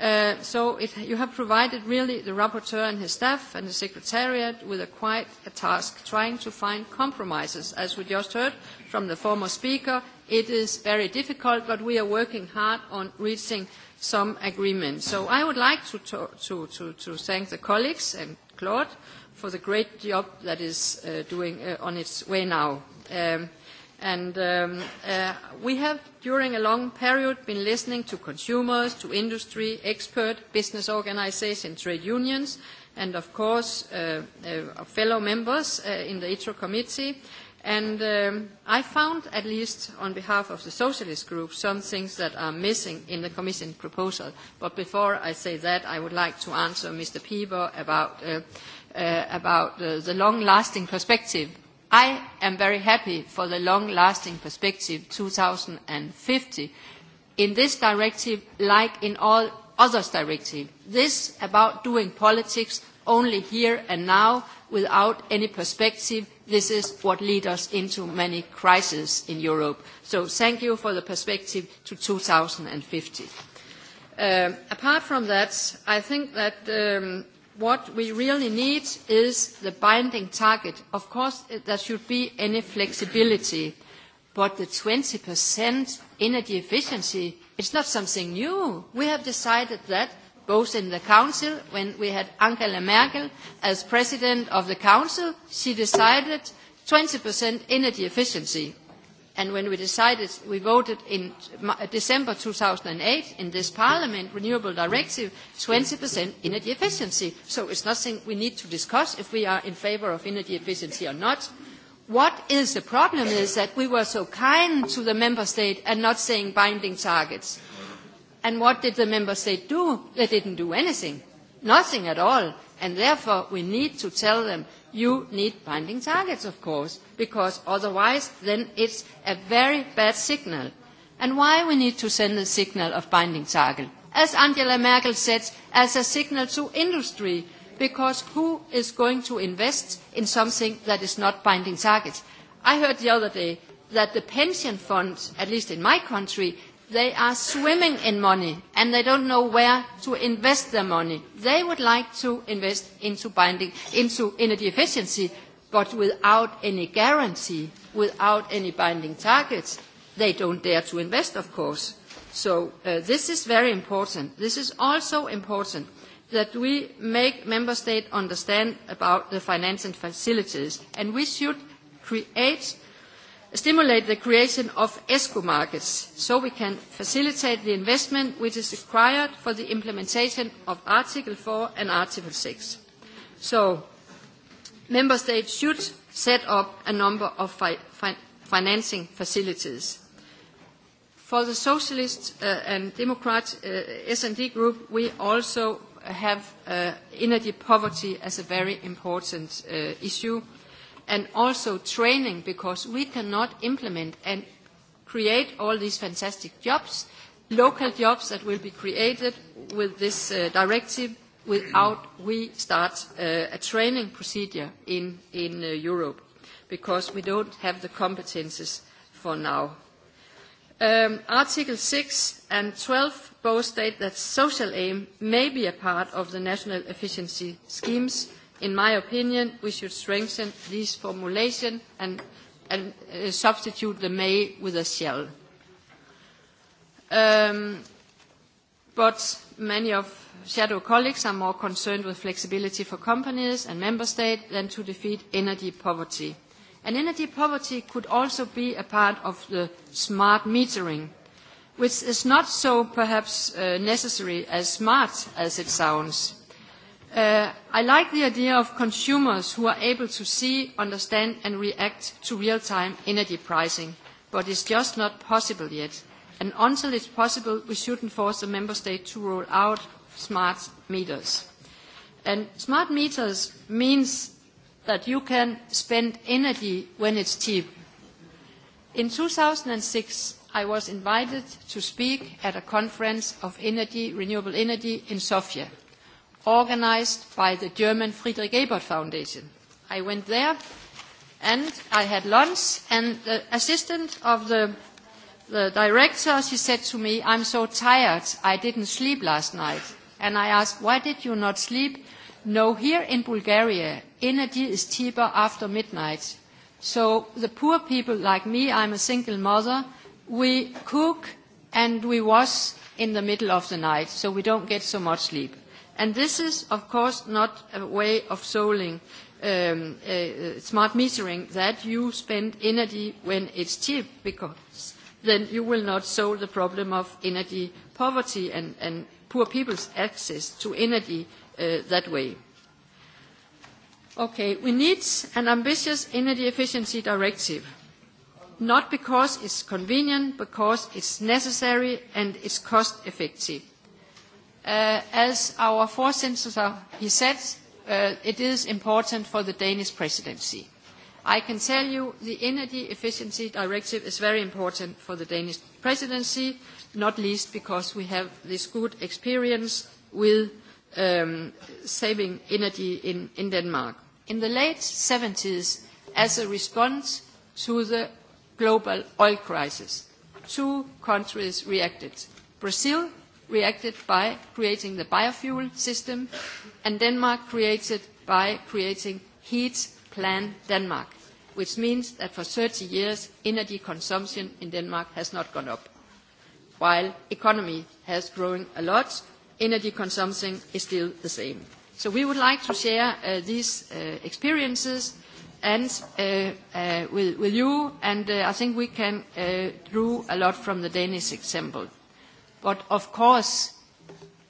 Uh, so it, you have provided really the rapporteur and his staff and the secretariat with a quite a task trying to find compromises, as we just heard from the former speaker It is very difficult, but we are working hard on reaching some agreement. So I would like to, to, to, to thank the colleagues and Claude for the great job that is uh, doing uh, on its way now. Um, and um, uh, we have, during a long period, been listening to consumers, to industry, expert, business organizations, trade unions, and of course, uh, uh, fellow members uh, in the ITRO committee. And um, I found, at least on behalf of the socialist group, some things that are missing in the Commission proposal. But before I say that, I would like to answer Mr. Pieber about, uh, uh, about uh, the long-lasting perspective. I am very happy for the long-lasting perspective 2050. In this directive, like in all others directive, this about doing politics only here and now without any perspective this is what leads us into many crises in Europe. So thank you for the perspective to 2050. Um, uh, apart from that, I think that um, what we really need is the binding target. Of course, there should be any flexibility, but the 20% energy efficiency, it's not something new. We have decided that both in the Council, when we had Angela Merkel as President of the Council, she decided 20% energy efficiency. And when we decided, we voted in December 2008 in this Parliament, Renewable Directive, 20% energy efficiency. So it's nothing we need to discuss if we are in favour of energy efficiency or not. What is the problem is that we were so kind to the member state and not saying binding targets And what did the member state do? They didn't do anything. Nothing at all. And therefore, we need to tell them, you need binding targets, of course, because otherwise then it's a very bad signal. And why we need to send a signal of binding target? As Angela Merkel said, as a signal to industry, because who is going to invest in something that is not binding targets? I heard the other day that the pension funds, at least in my country, They are swimming in money and they don't know where to invest their money. They would like to invest into binding, into energy efficiency, but without any guarantee, without any binding targets. They don't dare to invest, of course. So uh, this is very important. This is also important that we make member states understand about the financing facilities, and we should create stimulate the creation of escrow markets so we can facilitate the investment which is required for the implementation of Article four and Article six So, Member States should set up a number of fi fi financing facilities. For the Socialist uh, and Democrat uh, S&D group, we also have uh, energy poverty as a very important uh, issue and also training because we cannot implement and create all these fantastic jobs, local jobs that will be created with this uh, directive without we start uh, a training procedure in, in uh, Europe because we don't have the competences for now. Um, Article 6 and 12 both state that social aim may be a part of the national efficiency schemes In my opinion, we should strengthen this formulation and, and uh, substitute the may with a shall. Um, but many of shadow colleagues are more concerned with flexibility for companies and member states than to defeat energy poverty. And energy poverty could also be a part of the smart metering, which is not so perhaps uh, necessary as smart as it sounds. Uh, I like the idea of consumers who are able to see, understand and react to real-time energy pricing, but it's just not possible yet. And until it's possible, we shouldn't force the member state to roll out smart meters. And smart meters means that you can spend energy when it's cheap. In 2006, I was invited to speak at a conference of energy, renewable energy in Sofia organized by the German Friedrich Ebert Foundation. I went there and I had lunch and the assistant of the, the director, she said to me, I'm so tired, I didn't sleep last night. And I asked, why did you not sleep? No, here in Bulgaria, energy is cheaper after midnight. So the poor people like me, I'm a single mother, we cook and we wash in the middle of the night, so we don't get so much sleep. And this is, of course, not a way of solving um, uh, smart metering that you spend energy when it's cheap, because then you will not solve the problem of energy poverty and, and poor people's access to energy uh, that way. Okay, we need an ambitious energy efficiency directive, not because it's convenient, because it's necessary and it's cost effective. Uh, as our fourth senator, he said, uh, it is important for the Danish presidency. I can tell you the Energy Efficiency Directive is very important for the Danish presidency, not least because we have this good experience with um, saving energy in, in Denmark. In the late 70s, as a response to the global oil crisis, two countries reacted. Brazil reacted by creating the biofuel system, and Denmark created by creating Heat Plan Denmark, which means that for 30 years, energy consumption in Denmark has not gone up. While economy has grown a lot, energy consumption is still the same. So we would like to share uh, these uh, experiences and uh, uh with, with, you, and uh, I think we can uh, draw a lot from the Danish example. But of course,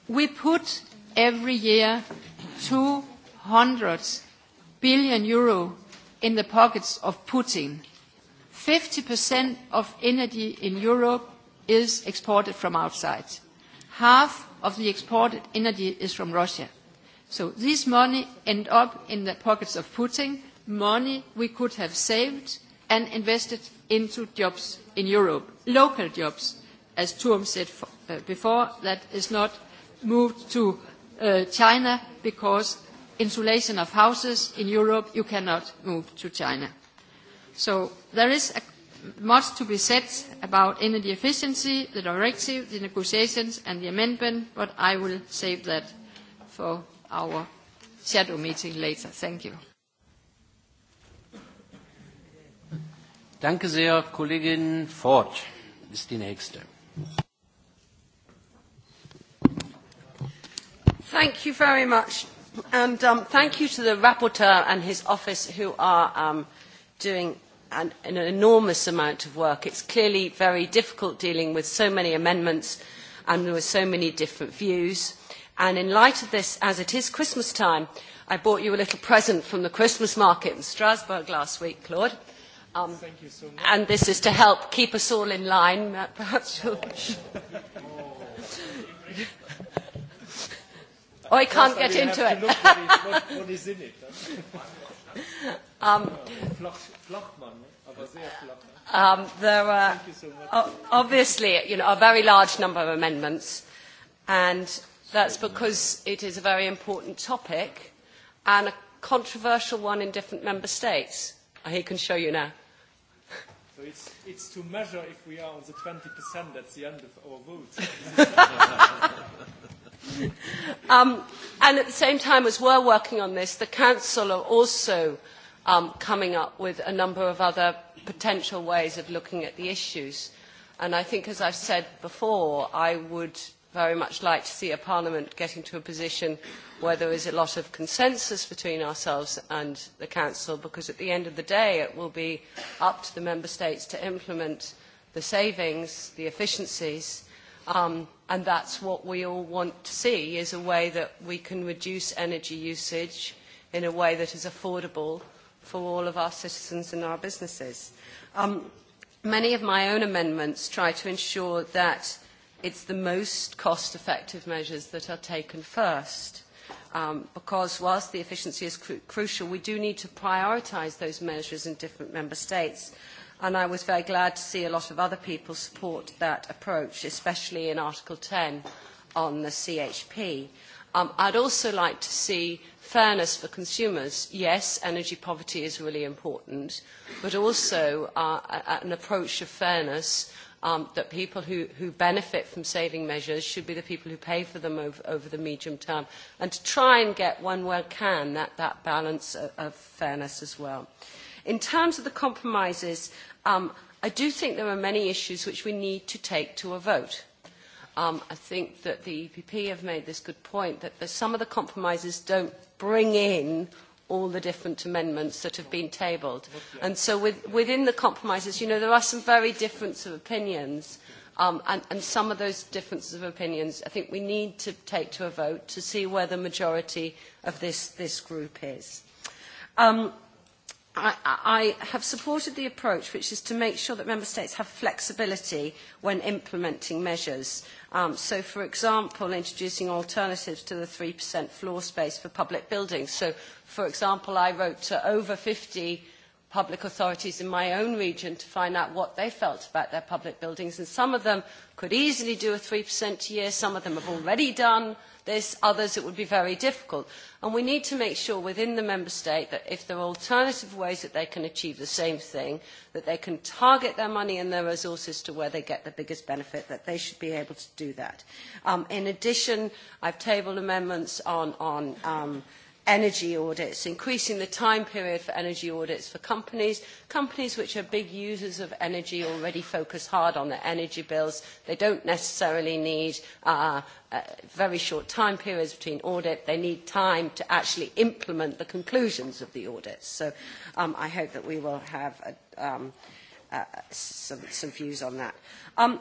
we put every year 200 billion euro in the pockets of Putin. 50% of energy in Europe is exported from outside. Half of the exported energy is from Russia. So this money end up in the pockets of Putin, money we could have saved and invested into jobs in Europe, local jobs, as Turm said uh, before, that is not moved to uh, China because insulation of houses in Europe you cannot move to China. So there is a, much to be said about energy efficiency, the directive, the negotiations and the amendment, but I will save that for our shadow meeting later. Thank you. Danke sehr, Kollegin Ford ist die nächste. Thank you very much. And um, thank you to the rapporteur and his office who are um, doing an, an enormous amount of work. It's clearly very difficult dealing with so many amendments and with so many different views. And in light of this, as it is Christmas time, I bought you a little present from the Christmas market in Strasbourg last week, Claude. Um, so and this is to help keep us all in line. Uh, perhaps you'll... Oh. oh, I can't get into it. um, um, there are so obviously, you know, a very large number of amendments, and that's because it is a very important topic and a controversial one in different member states. He can show you now. So it's, it's to measure if we are on the 20% at the end of our vote. um, and at the same time as we're working on this, the Council are also um, coming up with a number of other potential ways of looking at the issues. And I think, as I've said before, I would very much like to see a parliament getting to a position where there is a lot of consensus between ourselves and the council because at the end of the day it will be up to the member states to implement the savings, the efficiencies, um, and that's what we all want to see is a way that we can reduce energy usage in a way that is affordable for all of our citizens and our businesses. Um, many of my own amendments try to ensure that it's the most cost-effective measures that are taken first. Um, because whilst the efficiency is cru crucial, we do need to prioritise those measures in different member states. And I was very glad to see a lot of other people support that approach, especially in Article 10 on the CHP. Um, I'd also like to see fairness for consumers. Yes, energy poverty is really important, but also uh, an approach of fairness um, that people who, who benefit from saving measures should be the people who pay for them over, over the medium term, and to try and get, one one can, that, that balance of, of fairness as well. In terms of the compromises, um, I do think there are many issues which we need to take to a vote. Um, I think that the EPP have made this good point that the, some of the compromises don't bring in all the different amendments that have been tabled. And so with, within the compromises, you know, there are some very difference of opinions, um, and, and some of those differences of opinions I think we need to take to a vote to see where the majority of this, this group is. Um, I, I have supported the approach which is to make sure that member states have flexibility when implementing measures. Um, so, for example, introducing alternatives to the 3% floor space for public buildings. So, for example, I wrote to over 50 public authorities in my own region to find out what they felt about their public buildings. And some of them could easily do a 3% a year. Some of them have already done this, others it would be very difficult. And we need to make sure within the member state that if there are alternative ways that they can achieve the same thing, that they can target their money and their resources to where they get the biggest benefit, that they should be able to do that. Um, in addition, I've tabled amendments on, on um, energy audits, increasing the time period for energy audits for companies. Companies which are big users of energy already focus hard on their energy bills. They don't necessarily need uh, uh, very short time periods between audit. They need time to actually implement the conclusions of the audits. So um, I hope that we will have a, um, uh, some, some, views on that. Um,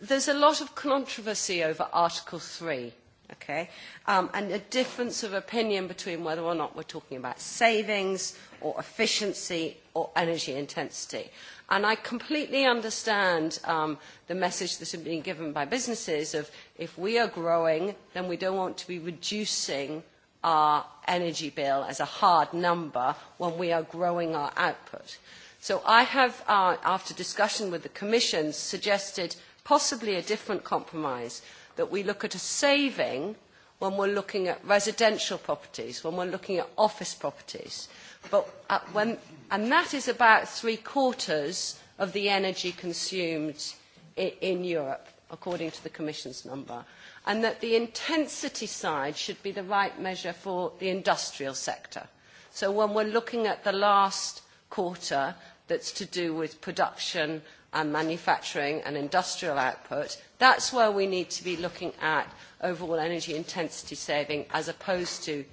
there's a lot of controversy over Article 3 okay? Um, and a difference of opinion between whether or not we're talking about savings or efficiency or energy intensity. And I completely understand um, the message that has been given by businesses of if we are growing, then we don't want to be reducing our energy bill as a hard number when we are growing our output. So I have, uh, after discussion with the Commission, suggested possibly a different compromise that we look at a saving when we're looking at residential properties, when we're looking at office properties. But at uh, when, and that is about three quarters of the energy consumed in, in Europe, according to the Commission's number. And that the intensity side should be the right measure for the industrial sector. So when we're looking at the last quarter that's to do with production and manufacturing and industrial output, that's where we need to be looking at overall energy intensity saving as opposed to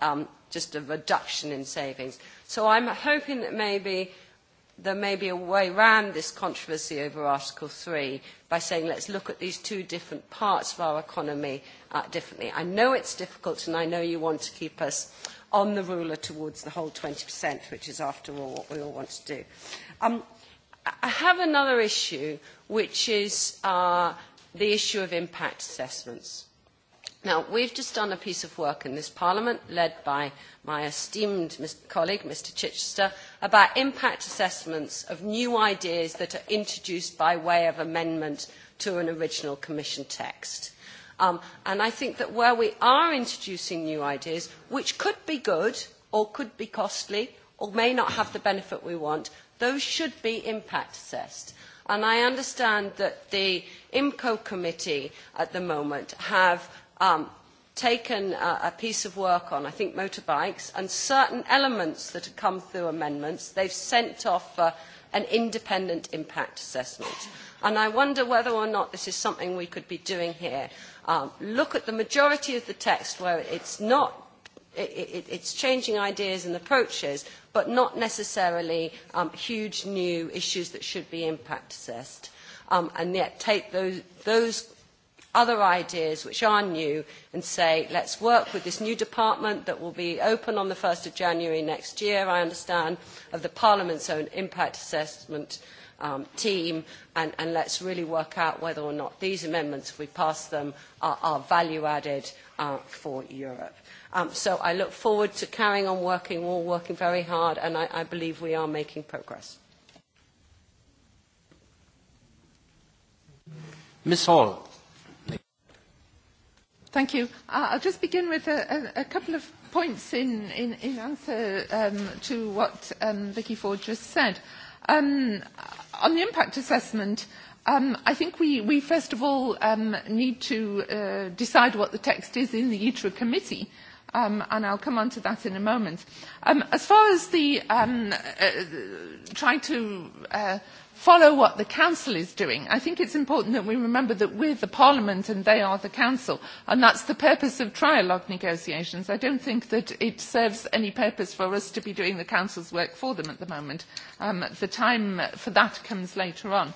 um, just a reduction in savings. So I'm hoping that maybe there may be a way around this controversy over Article 3 by saying let's look at these two different parts of our economy uh, differently. I know it's difficult and I know you want to keep us on the ruler towards the whole 20%, which is after all what we all want to do. Um, I have another issue, which is uh, the issue of impact assessments. Now, we've just done a piece of work in this Parliament, led by my esteemed colleague, Mr Chichester, about impact assessments of new ideas that are introduced by way of amendment to an original Commission text. Um, and I think that where we are introducing new ideas, which could be good or could be costly or may not have the benefit we want, those should be impact assessed. And I understand that the IMCO committee at the moment have um, taken a, a piece of work on, I think, motorbikes, and certain elements that have come through amendments, they've sent off for an independent impact assessment. And I wonder whether or not this is something we could be doing here. Um, look at the majority of the text where it's not it, it's changing ideas and approaches, but not necessarily um, huge new issues that should be impact assessed. Um, and yet take those, those other ideas which are new and say, let's work with this new department that will be open on the 1st of January next year, I understand, of the Parliament's own impact assessment um, team, and, and let's really work out whether or not these amendments, if we pass them, are, are value added uh, for Europe. Um, so I look forward to carrying on working. We're all working very hard, and I, I believe we are making progress. Ms. Hall. Thank you. I'll just begin with a, a, a couple of points in, in, in answer um, to what um, Vicky Ford just said. Um, on the impact assessment, um, I think we, we first of all um, need to uh, decide what the text is in the ITRA committee um, and I'll come on to that in a moment. Um, as far as the um, uh, trying to uh, follow what the council is doing i think it's important that we remember that we're the parliament and they are the council and that's the purpose of trialogue negotiations i don't think that it serves any purpose for us to be doing the council's work for them at the moment um, the time for that comes later on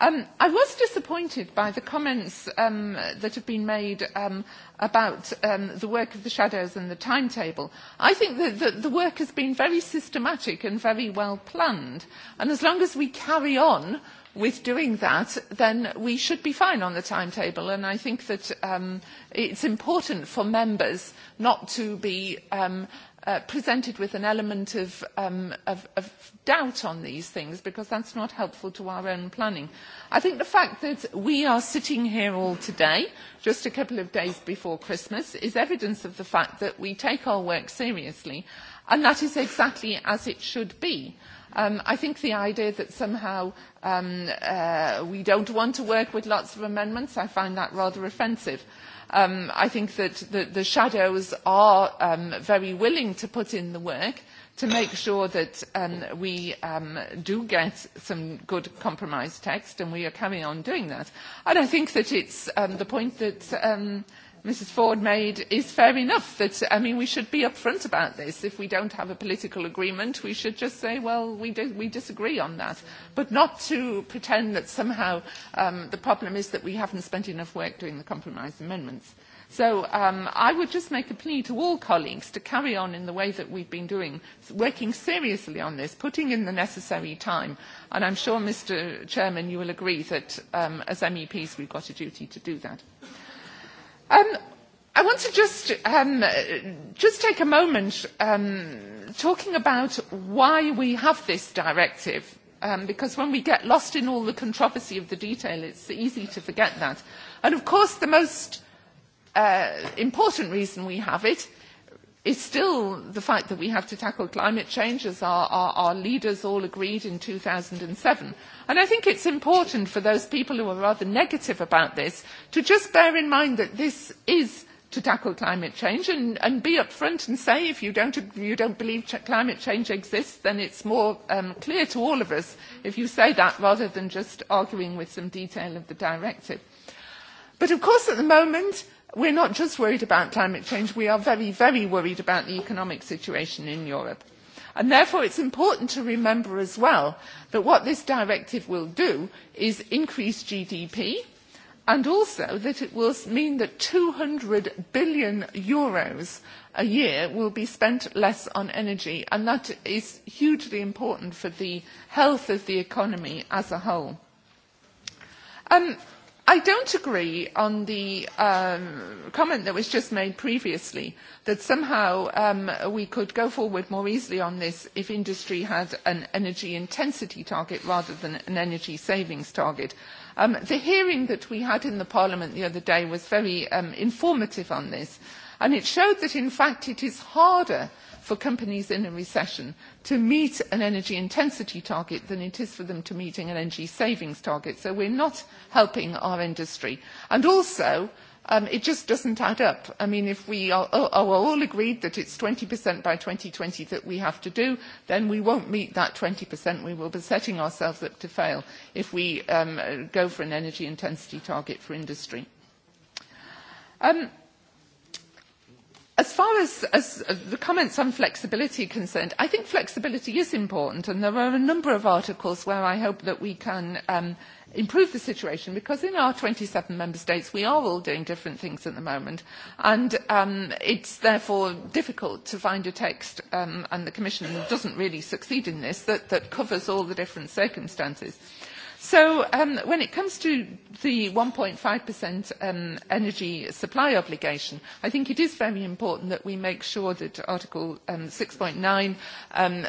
Um, I was disappointed by the comments um, that have been made um, about um, the work of the shadows and the timetable. I think that the, the work has been very systematic and very well planned. And as long as we carry on with doing that, then we should be fine on the timetable. And I think that um, it's important for members not to be um, Uh, presented with an element of, um, of, of doubt on these things because that's not helpful to our own planning. I think the fact that we are sitting here all today, just a couple of days before Christmas, is evidence of the fact that we take our work seriously and that is exactly as it should be. Um, I think the idea that somehow um, uh, we don't want to work with lots of amendments, I find that rather offensive um, I think that the, the shadows are um, very willing to put in the work to make sure that um, we um, do get some good compromise text, and we are carrying on doing that. And I think that it's um, the point that um, Mrs Ford made is fair enough. That I mean, we should be upfront about this. If we do not have a political agreement, we should just say, well, we, disagree on that, but not to pretend that somehow um, the problem is that we have not spent enough work doing the compromise amendments. So um, I would just make a plea to all colleagues to carry on in the way that we have been doing, working seriously on this, putting in the necessary time. And i am sure, Mr president you will agree that um, as MEPs we have got a duty to do that. Um, I want to just, um, uh, just take a moment um, talking about why we have this directive, um, because when we get lost in all the controversy of the detail, it's easy to forget that. And of course, the most uh, important reason we have it is still the fact that we have to tackle climate change as our, our, our leaders all agreed in 2007. And I think it's important for those people who are rather negative about this to just bear in mind that this is to tackle climate change and, and be upfront and say if you don't, you don't believe ch- climate change exists, then it's more um, clear to all of us if you say that rather than just arguing with some detail of the directive. But of course, at the moment, we're not just worried about climate change, we are very, very worried about the economic situation in Europe. And therefore, it's important to remember as well that what this directive will do is increase GDP and also that it will mean that 200 billion euros a year will be spent less on energy. And that is hugely important for the health of the economy as a whole. Um, I don't agree on the um, comment that was just made previously that somehow um, we could go forward more easily on this if industry had an energy intensity target rather than an energy savings target. Um, the hearing that we had in the Parliament the other day was very informative on this, and it showed that in fact it is harder for companies in a recession to meet an energy intensity target than it is for them to meet an energy savings target. So we're not helping our industry. And also, um, it just doesn't add up. I mean, if we are, are oh, oh, all agreed that it's 20% by 2020 that we have to do, then we won't meet that 20%. We will be setting ourselves up to fail if we um, go for an energy intensity target for industry. Um, As far as, as the comments on flexibility are concerned, I think flexibility is important, and there are a number of articles where I hope that we can um, improve the situation, because in our 27 member states, we are all doing different things at the moment, and um, it's therefore difficult to find a text, um, and the Commission doesn't really succeed in this, that, that covers all the different circumstances. So um, when it comes to the 1.5% um, energy supply obligation, I think it is very important that we make sure that Article um, 6.9 um,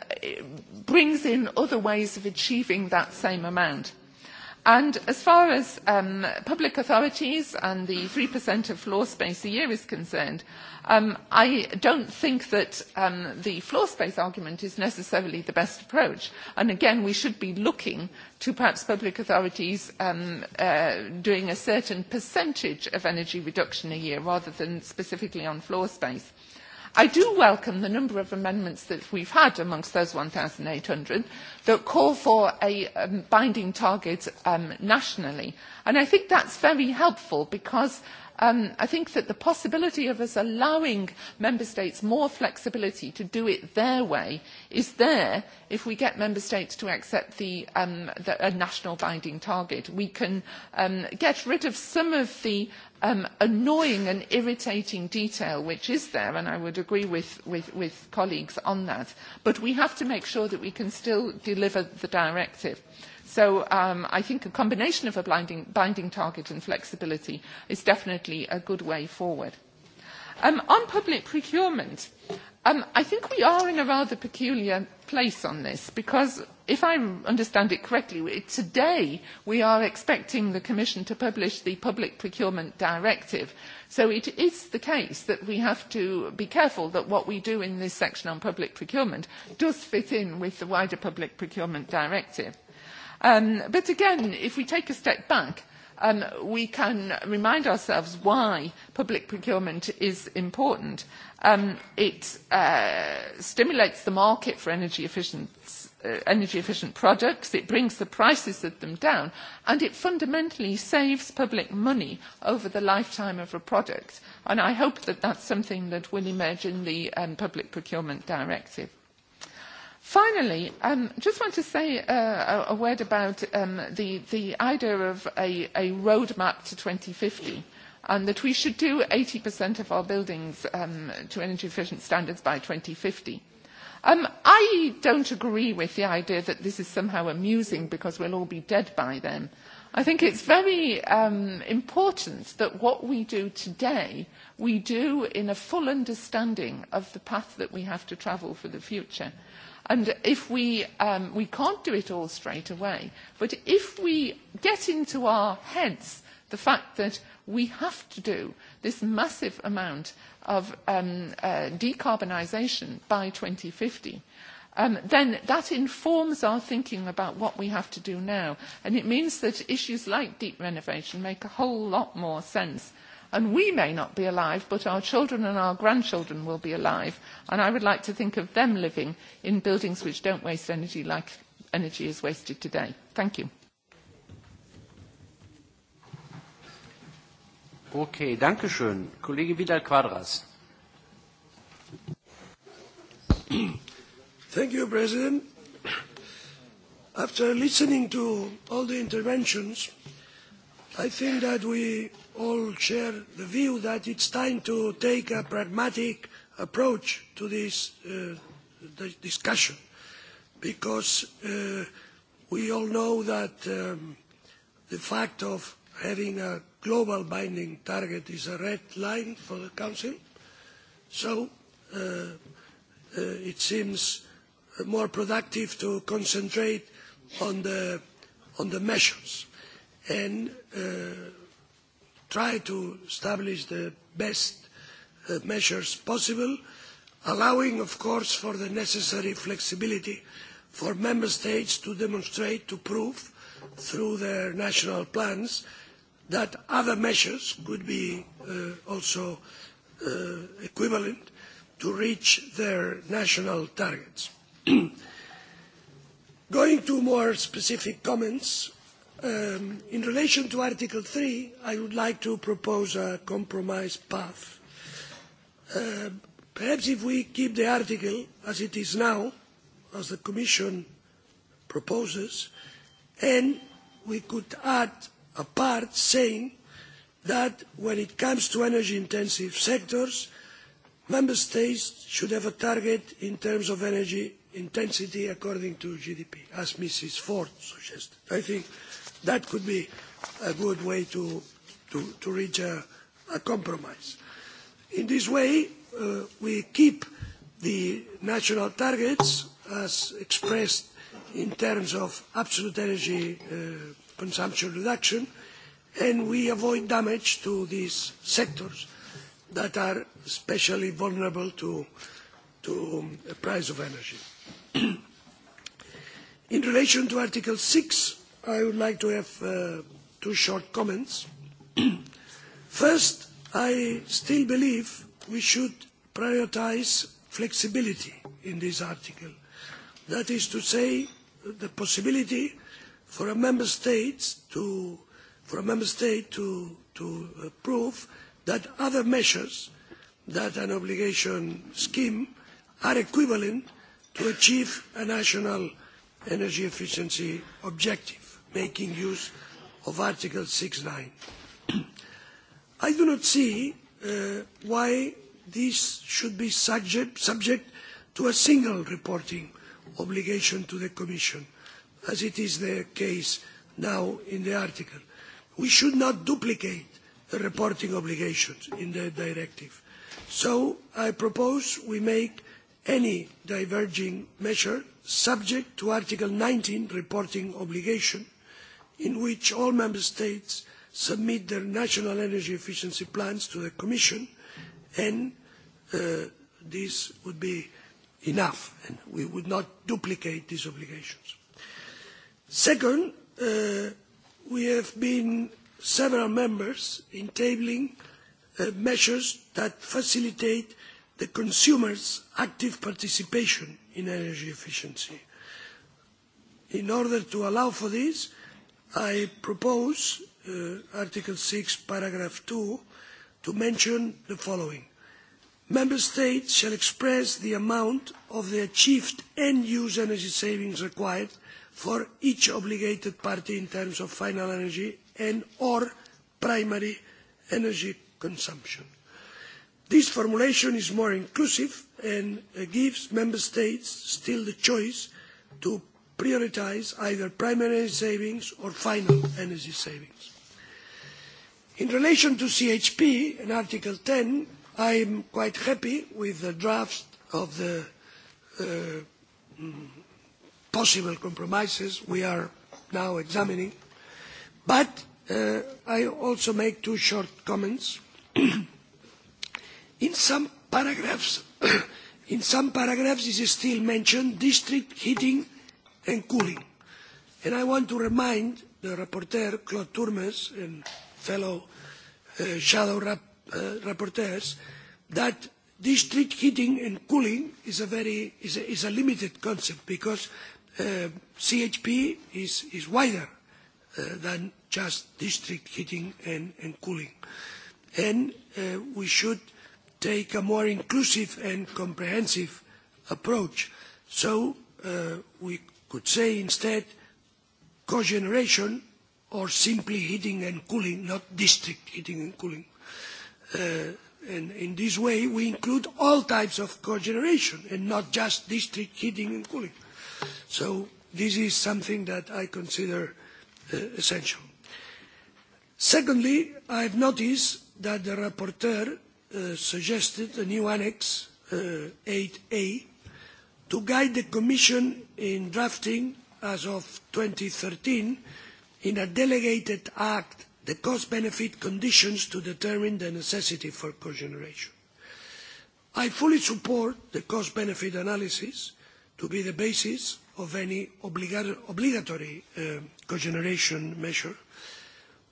brings in other ways of achieving that same amount And as far as um, public authorities and the 3% of floor space a year is concerned, um, I don't think that um, the floor space argument is necessarily the best approach. And again, we should be looking to perhaps public authorities um, uh, doing a certain percentage of energy reduction a year rather than specifically on floor space. I do welcome the number of amendments that we've had amongst those 1,800 that call for a um, binding target um, nationally. And I think that's very helpful because Um, I think that the possibility of us allowing member states more flexibility to do it their way is there if we get member states to accept the, um, the a national binding target. We can um, get rid of some of the um, annoying and irritating detail which is there, and I would agree with, with, with colleagues on that. But we have to make sure that we can still deliver the directive. So um, I think a combination of a blinding, binding target and flexibility is definitely a good way forward. Um, on public procurement, um, I think we are in a rather peculiar place on this because if I understand it correctly, today we are expecting the Commission to publish the Public Procurement Directive. So it is the case that we have to be careful that what we do in this section on public procurement does fit in with the wider Public Procurement Directive. Um, but again, if we take a step back, um, we can remind ourselves why public procurement is important. Um, it uh, stimulates the market for energy efficient, uh, energy efficient products, it brings the prices of them down, and it fundamentally saves public money over the lifetime of a product. And I hope that that's something that will emerge in the um, Public Procurement Directive. Finally, I um, just want to say uh, a, word about um, the, idea of a, road roadmap to 2050 and that we should do 80% of our buildings um, to energy efficient standards by 2050. fifty I don't agree with the idea that this is somehow amusing because we'll all be dead by then. I think it's very important that what we do today, we do in a full understanding of the path that we have to travel for the future. And if we, um, we can't do it all straight away, but if we get into our heads the fact that we have to do this massive amount of um, uh, decarbonisation by 2050, um, then that informs our thinking about what we have to do now. And it means that issues like deep renovation make a whole lot more sense And we may not be alive, but our children and our grandchildren will be alive. And I would like to think of them living in buildings which don't waste energy like energy is wasted today. Thank you. Okay, danke schön. Kollege Vidal Quadras. Thank you, President. After listening to all the interventions, I think that we all share the view that it is time to take a pragmatic approach to this uh, discussion because uh, we all know that um, the fact of having a global binding target is a red line for the Council. So uh, it seems more productive to concentrate on the, on the measures. And try to establish the best uh, measures possible allowing of course for the necessary flexibility for member states to demonstrate to prove through their national plans that other measures could be uh, also uh, equivalent to reach their national targets. going to more specific comments Um, in relation to article three i would like to propose a compromise path. Um, perhaps if we keep the article as it is now as the commission proposes and we could add a part saying that when it comes to energy intensive sectors member states should have a target in terms of energy intensity according to gdp as mrs ford suggested. i think that could be a good way to, to, to reach a, a compromise. In this way, uh, we keep the national targets as expressed in terms of absolute energy uh, consumption reduction, and we avoid damage to these sectors that are especially vulnerable to, to um, the price of energy. in relation to Article 6 I would like to have uh, two short comments. First, I still believe we should prioritise flexibility in this article. That is to say, the possibility for a member state to for a member state to to prove that other measures that an obligation scheme are equivalent to achieve a national energy efficiency objective making use of Article 6.9. I do not see uh, why this should be subject, subject to a single reporting obligation to the Commission, as it is the case now in the article. We should not duplicate the reporting obligations in the directive. So I propose we make any diverging measure subject to Article 19 reporting obligation in which all member states submit their national energy efficiency plans to the commission and uh, this would be enough and we would not duplicate these obligations. second uh, we have been several members in tabling uh, measures that facilitate the consumer's active participation in energy efficiency. in order to allow for this i propose uh, article six paragraph two to mention the following member states shall express the amount of the achieved end use energy savings required for each obligated party in terms of final energy and or primary energy consumption. this formulation is more inclusive and uh, gives member states still the choice to prioritise either primary energy savings or final energy savings. In relation to CHP and Article 10, I am quite happy with the draft of the uh, possible compromises we are now examining, but uh, I also make two short comments. in some paragraphs, in some paragraphs, this is still mentioned, district heating and cooling. And I want to remind the rapporteur, Claude Turmes, and fellow uh, shadow rapporteurs, uh, that district heating and cooling is a very is is a limited concept because uh, CHP is is wider than just district heating and, and cooling, and we should take a more inclusive and comprehensive approach so we could say instead cogeneration or simply heating and cooling, not district heating and cooling. Uh, and in this way, we include all types of cogeneration and not just district heating and cooling. So this is something that I consider uh, essential. Secondly, I have noticed that the rapporteur uh, suggested a new annex uh, 8A to guide the commission in drafting as of two thousand and thirteen in a delegated act the cost benefit conditions to determine the necessity for cogeneration. i fully support the cost benefit analysis to be the basis of any obligatory uh, cogeneration measure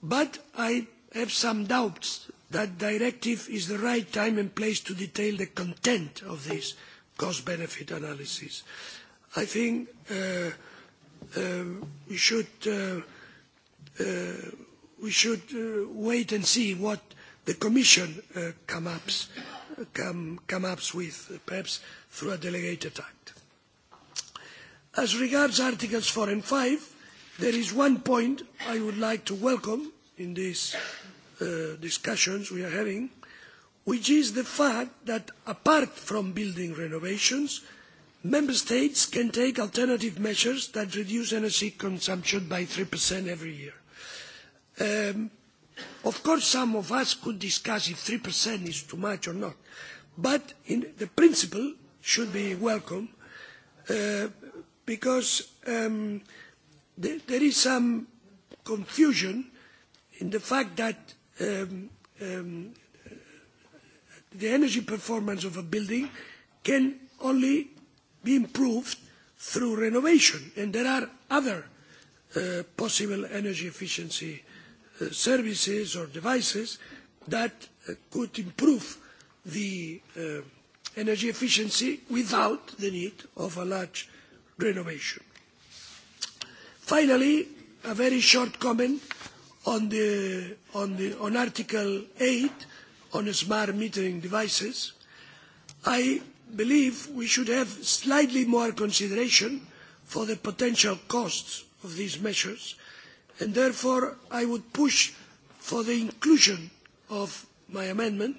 but i have some doubts that the directive is the right time and place to detail the content of this cost-benefit analysis. I think uh, uh, we should, uh, uh we should uh, wait and see what the Commission uh, come up come, come ups with, perhaps through a delegated act. As regards Articles 4 and 5, there is one point I would like to welcome in these discussions we are having, uh, which is the fact that apart from building renovations member states can take alternative measures that reduce energy consumption by three every year. Um, of course some of us could discuss if three is too much or not but the principle should be welcome uh, because um, there is some confusion in the fact that um, the energy performance of a building can only be improved through renovation and there are other uh, possible energy efficiency uh, services or devices that uh, could improve the energy efficiency without the need of a large renovation. Finally, a very short comment on, on Article 8 on smart metering devices, I believe we should have slightly more consideration for the potential costs of these measures and therefore I would push for the inclusion of my amendment,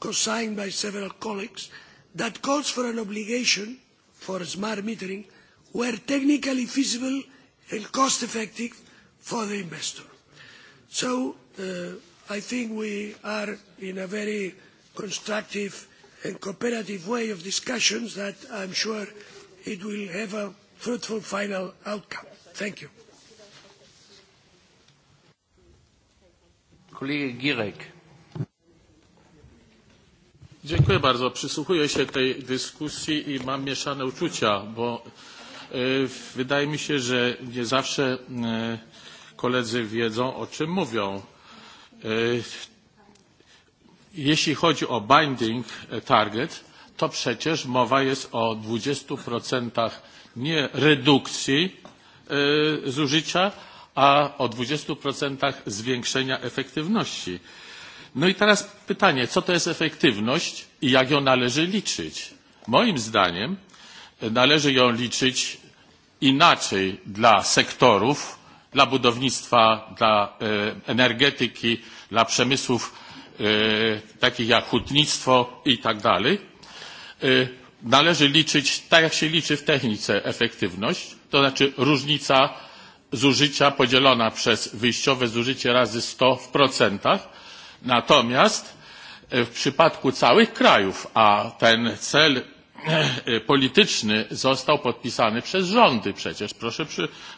co-signed by several colleagues, that calls for an obligation for smart metering where technically feasible and cost effective for the investor. So uh, i think we are in a very constructive and cooperative way of discussions that i am sure it will have a fruitful final outcome. thank you. Przysłuchuję się tej dyskusji i mam mieszane uczucia, bo wydaje mi się, że nie zawsze koledzy wiedzą, o czym mówią jeśli chodzi o binding target, to przecież mowa jest o 20% nie redukcji zużycia, a o 20% zwiększenia efektywności. No i teraz pytanie, co to jest efektywność i jak ją należy liczyć? Moim zdaniem należy ją liczyć inaczej dla sektorów, dla budownictwa, dla energetyki, dla przemysłów takich jak hutnictwo i tak dalej. Należy liczyć, tak jak się liczy w technice, efektywność, to znaczy różnica zużycia podzielona przez wyjściowe zużycie razy 100 w procentach. Natomiast w przypadku całych krajów, a ten cel polityczny został podpisany przez rządy. Przecież proszę,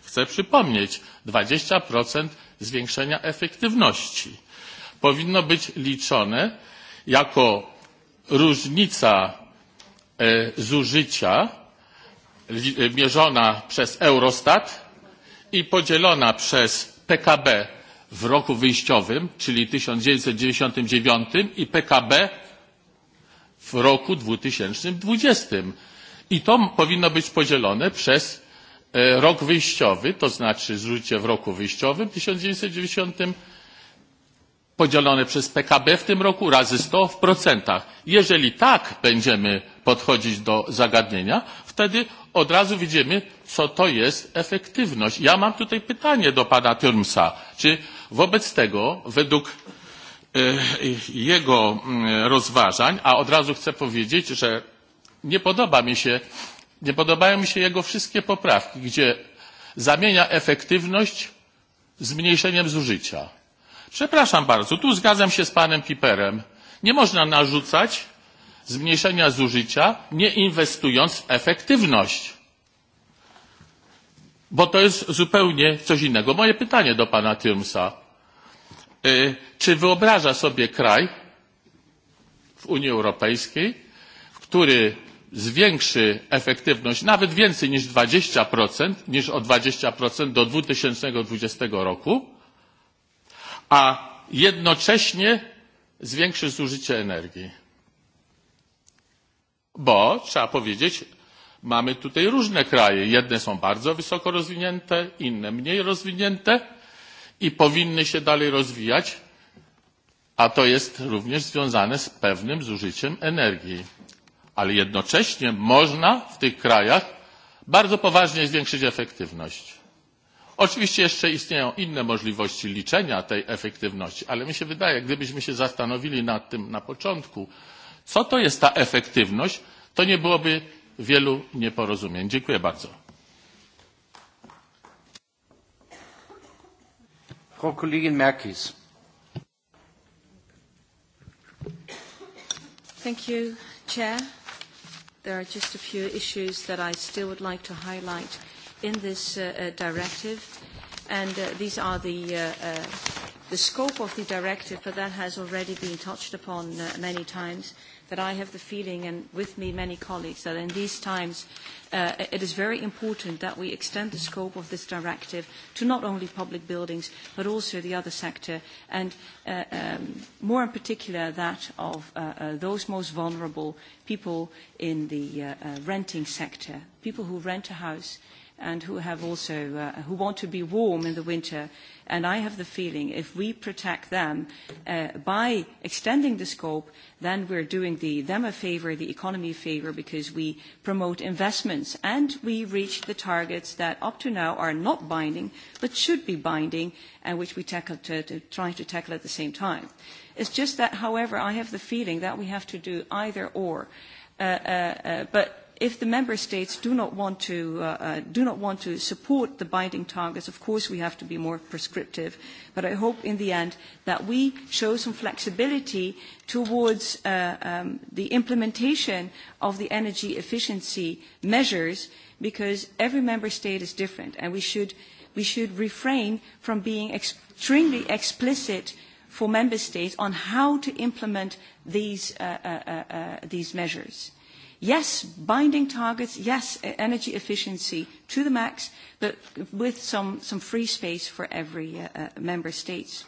chcę przypomnieć dwadzieścia zwiększenia efektywności powinno być liczone jako różnica zużycia mierzona przez Eurostat i podzielona przez PKB w roku wyjściowym, czyli tysiąc dziewięćset dziewięćdzisiąt dziewięć i PKB w roku 2020. I to powinno być podzielone przez rok wyjściowy, to znaczy zużycie w roku wyjściowym 1990 podzielone przez PKB w tym roku razy 100 w procentach. Jeżeli tak będziemy podchodzić do zagadnienia, wtedy od razu widzimy, co to jest efektywność. Ja mam tutaj pytanie do pana Tyrmsa. Czy wobec tego, według jego rozważań, a od razu chcę powiedzieć, że nie podoba mi się, nie podobają mi się jego wszystkie poprawki, gdzie zamienia efektywność zmniejszeniem zużycia. Przepraszam bardzo, tu zgadzam się z panem Piperem. Nie można narzucać zmniejszenia zużycia, nie inwestując w efektywność. Bo to jest zupełnie coś innego. Moje pytanie do pana Tymsa Czy wyobraża sobie kraj w Unii Europejskiej, który zwiększy efektywność nawet więcej niż 20%, niż o 20% do 2020 roku, a jednocześnie zwiększy zużycie energii. Bo trzeba powiedzieć, mamy tutaj różne kraje. Jedne są bardzo wysoko rozwinięte, inne mniej rozwinięte i powinny się dalej rozwijać, a to jest również związane z pewnym zużyciem energii. Ale jednocześnie można w tych krajach bardzo poważnie zwiększyć efektywność. Oczywiście jeszcze istnieją inne możliwości liczenia tej efektywności, ale mi się wydaje, gdybyśmy się zastanowili nad tym na początku, co to jest ta efektywność, to nie byłoby wielu nieporozumień. Dziękuję bardzo. Frau Kollegin Merkis. Thank you, Chair. There are just a few issues that I still would like to highlight in this uh, uh directive, and uh, these are the, uh, uh, the scope of the directive, but that has already been touched upon uh, many times that I have the feeling, and with me many colleagues, that in these times uh, it is very important that we extend the scope of this directive to not only public buildings, but also the other sector, and uh, um, more in particular that of uh, uh, those most vulnerable people in the uh, uh, renting sector, people who rent a house, and who have also uh, who want to be warm in the winter and I have the feeling if we protect them uh, by extending the scope then we're doing the, them a favour, the economy a favour because we promote investments and we reach the targets that up to now are not binding but should be binding and which we tackle to, to try to tackle at the same time. It's just that however I have the feeling that we have to do either or. Uh, uh, uh but if the member states do not want to uh, uh, do not want to support the binding targets, of course we have to be more prescriptive. But I hope in the end that we show some flexibility towards uh, um, the implementation of the energy efficiency measures, because every member state is different, and we should we should refrain from being extremely explicit for member states on how to implement these, uh, uh, uh, these measures. Yes, binding targets, yes, energy efficiency to the max, but with some, some free space for every uh, uh, member states.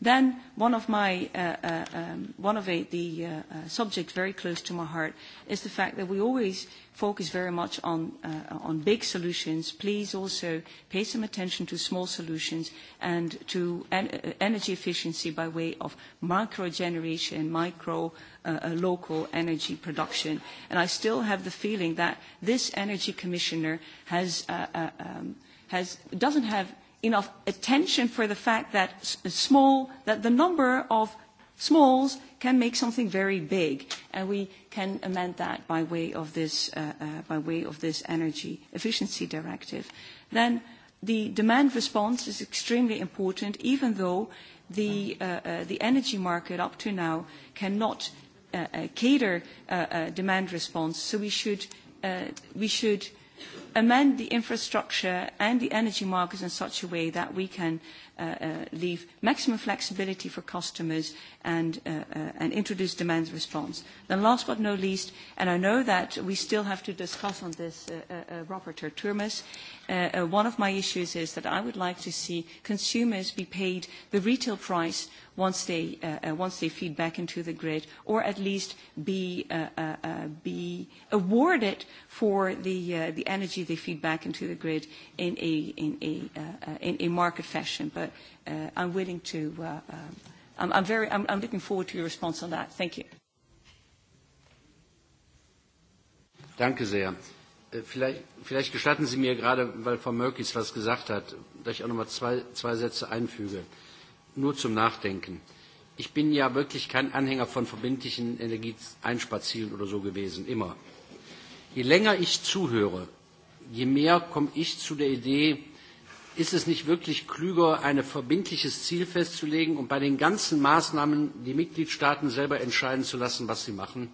Then one of, my, uh, uh, um, one of the, the uh, uh, subjects very close to my heart is the fact that we always focus very much on, uh, on big solutions. Please also pay some attention to small solutions and to en uh, energy efficiency by way of micro-generation, micro, uh, uh, local energy production. And I still have the feeling that this energy commissioner has, uh, uh, um, has, doesn't have – enough attention for the fact that small that the number of smalls can make something very big and we can amend that by way of this uh, uh, by way of this energy efficiency directive then the demand response is extremely important even though the uh, uh, the energy market up to now cannot uh, uh, cater uh, uh, demand response so we should uh, we should amend the infrastructure and the energy markets in such a way that we can uh, uh, leave maximum flexibility for customers and, uh, uh and, introduce demand response. Then last but not least, and I know that we still have to discuss on this, uh, uh, Robert Turmes, Uh, uh, one of my issues is that I would like to see consumers be paid the retail price once they, uh, uh once they feed back into the grid, or at least be, uh, uh, uh, be awarded for the, uh, the energy they feed back into the grid in a, in a, uh, in a market fashion. But uh, I'm willing to, uh, um, I'm, I'm, very, I'm, I'm looking forward to your response on that. Thank you. Danke sehr. Äh, vielleicht, vielleicht gestatten Sie mir gerade, weil Frau Mörkis was gesagt hat, dass ich auch noch mal zwei, zwei Sätze einfüge. Nur zum Nachdenken. Ich bin ja wirklich kein Anhänger von verbindlichen Energieeinsparzielen oder so gewesen, immer. Je länger ich zuhöre, je mehr komme ich zu der Idee, ist es nicht wirklich klüger, ein verbindliches Ziel festzulegen und bei den ganzen Maßnahmen die Mitgliedstaaten selber entscheiden zu lassen, was sie machen?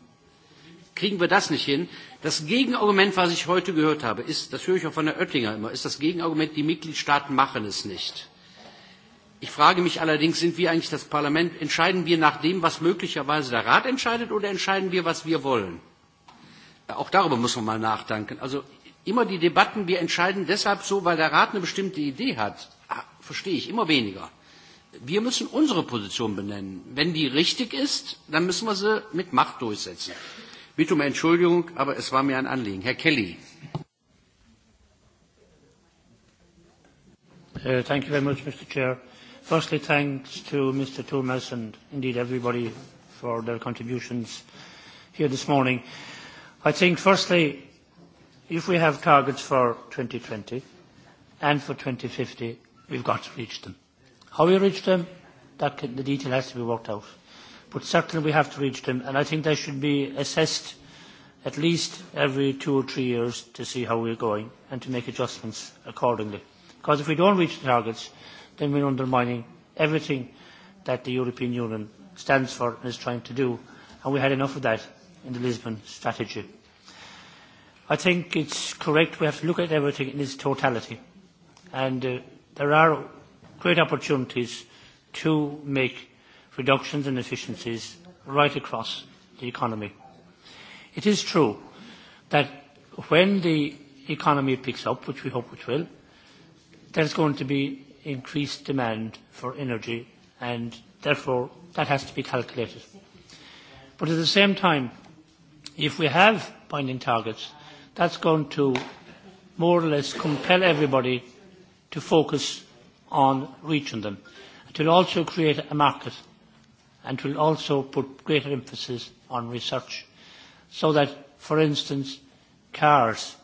kriegen wir das nicht hin. Das Gegenargument, was ich heute gehört habe, ist, das höre ich auch von der Oettinger immer, ist das Gegenargument, die Mitgliedstaaten machen es nicht. Ich frage mich allerdings, sind wir eigentlich das Parlament, entscheiden wir nach dem, was möglicherweise der Rat entscheidet, oder entscheiden wir, was wir wollen? Auch darüber muss man mal nachdenken. Also immer die Debatten, wir entscheiden deshalb so, weil der Rat eine bestimmte Idee hat, ah, verstehe ich immer weniger. Wir müssen unsere Position benennen. Wenn die richtig ist, dann müssen wir sie mit Macht durchsetzen. Bitte um Entschuldigung, aber es war mir ein Anliegen. Herr Kelly. Uh, thank you very much, Mr. Chair. Firstly, thanks to Mr. Turmes and indeed everybody for their contributions here this morning. I think, firstly, if we have targets for 2020 and for 2050, we've got to reach them. How we reach them, that can, the detail has to be worked out but certainly we have to reach them and I think they should be assessed at least every two or three years to see how we are going and to make adjustments accordingly. Because if we do not reach the targets, then we are undermining everything that the European Union stands for and is trying to do. And we had enough of that in the Lisbon strategy. I think it is correct we have to look at everything in its totality. And uh, there are great opportunities to make reductions and efficiencies right across the economy. It is true that when the economy picks up, which we hope it will, there is going to be increased demand for energy and therefore that has to be calculated. But at the same time, if we have binding targets, that's going to more or less compel everybody to focus on reaching them. It will also create a market and will also put greater emphasis on research so that, for instance, cars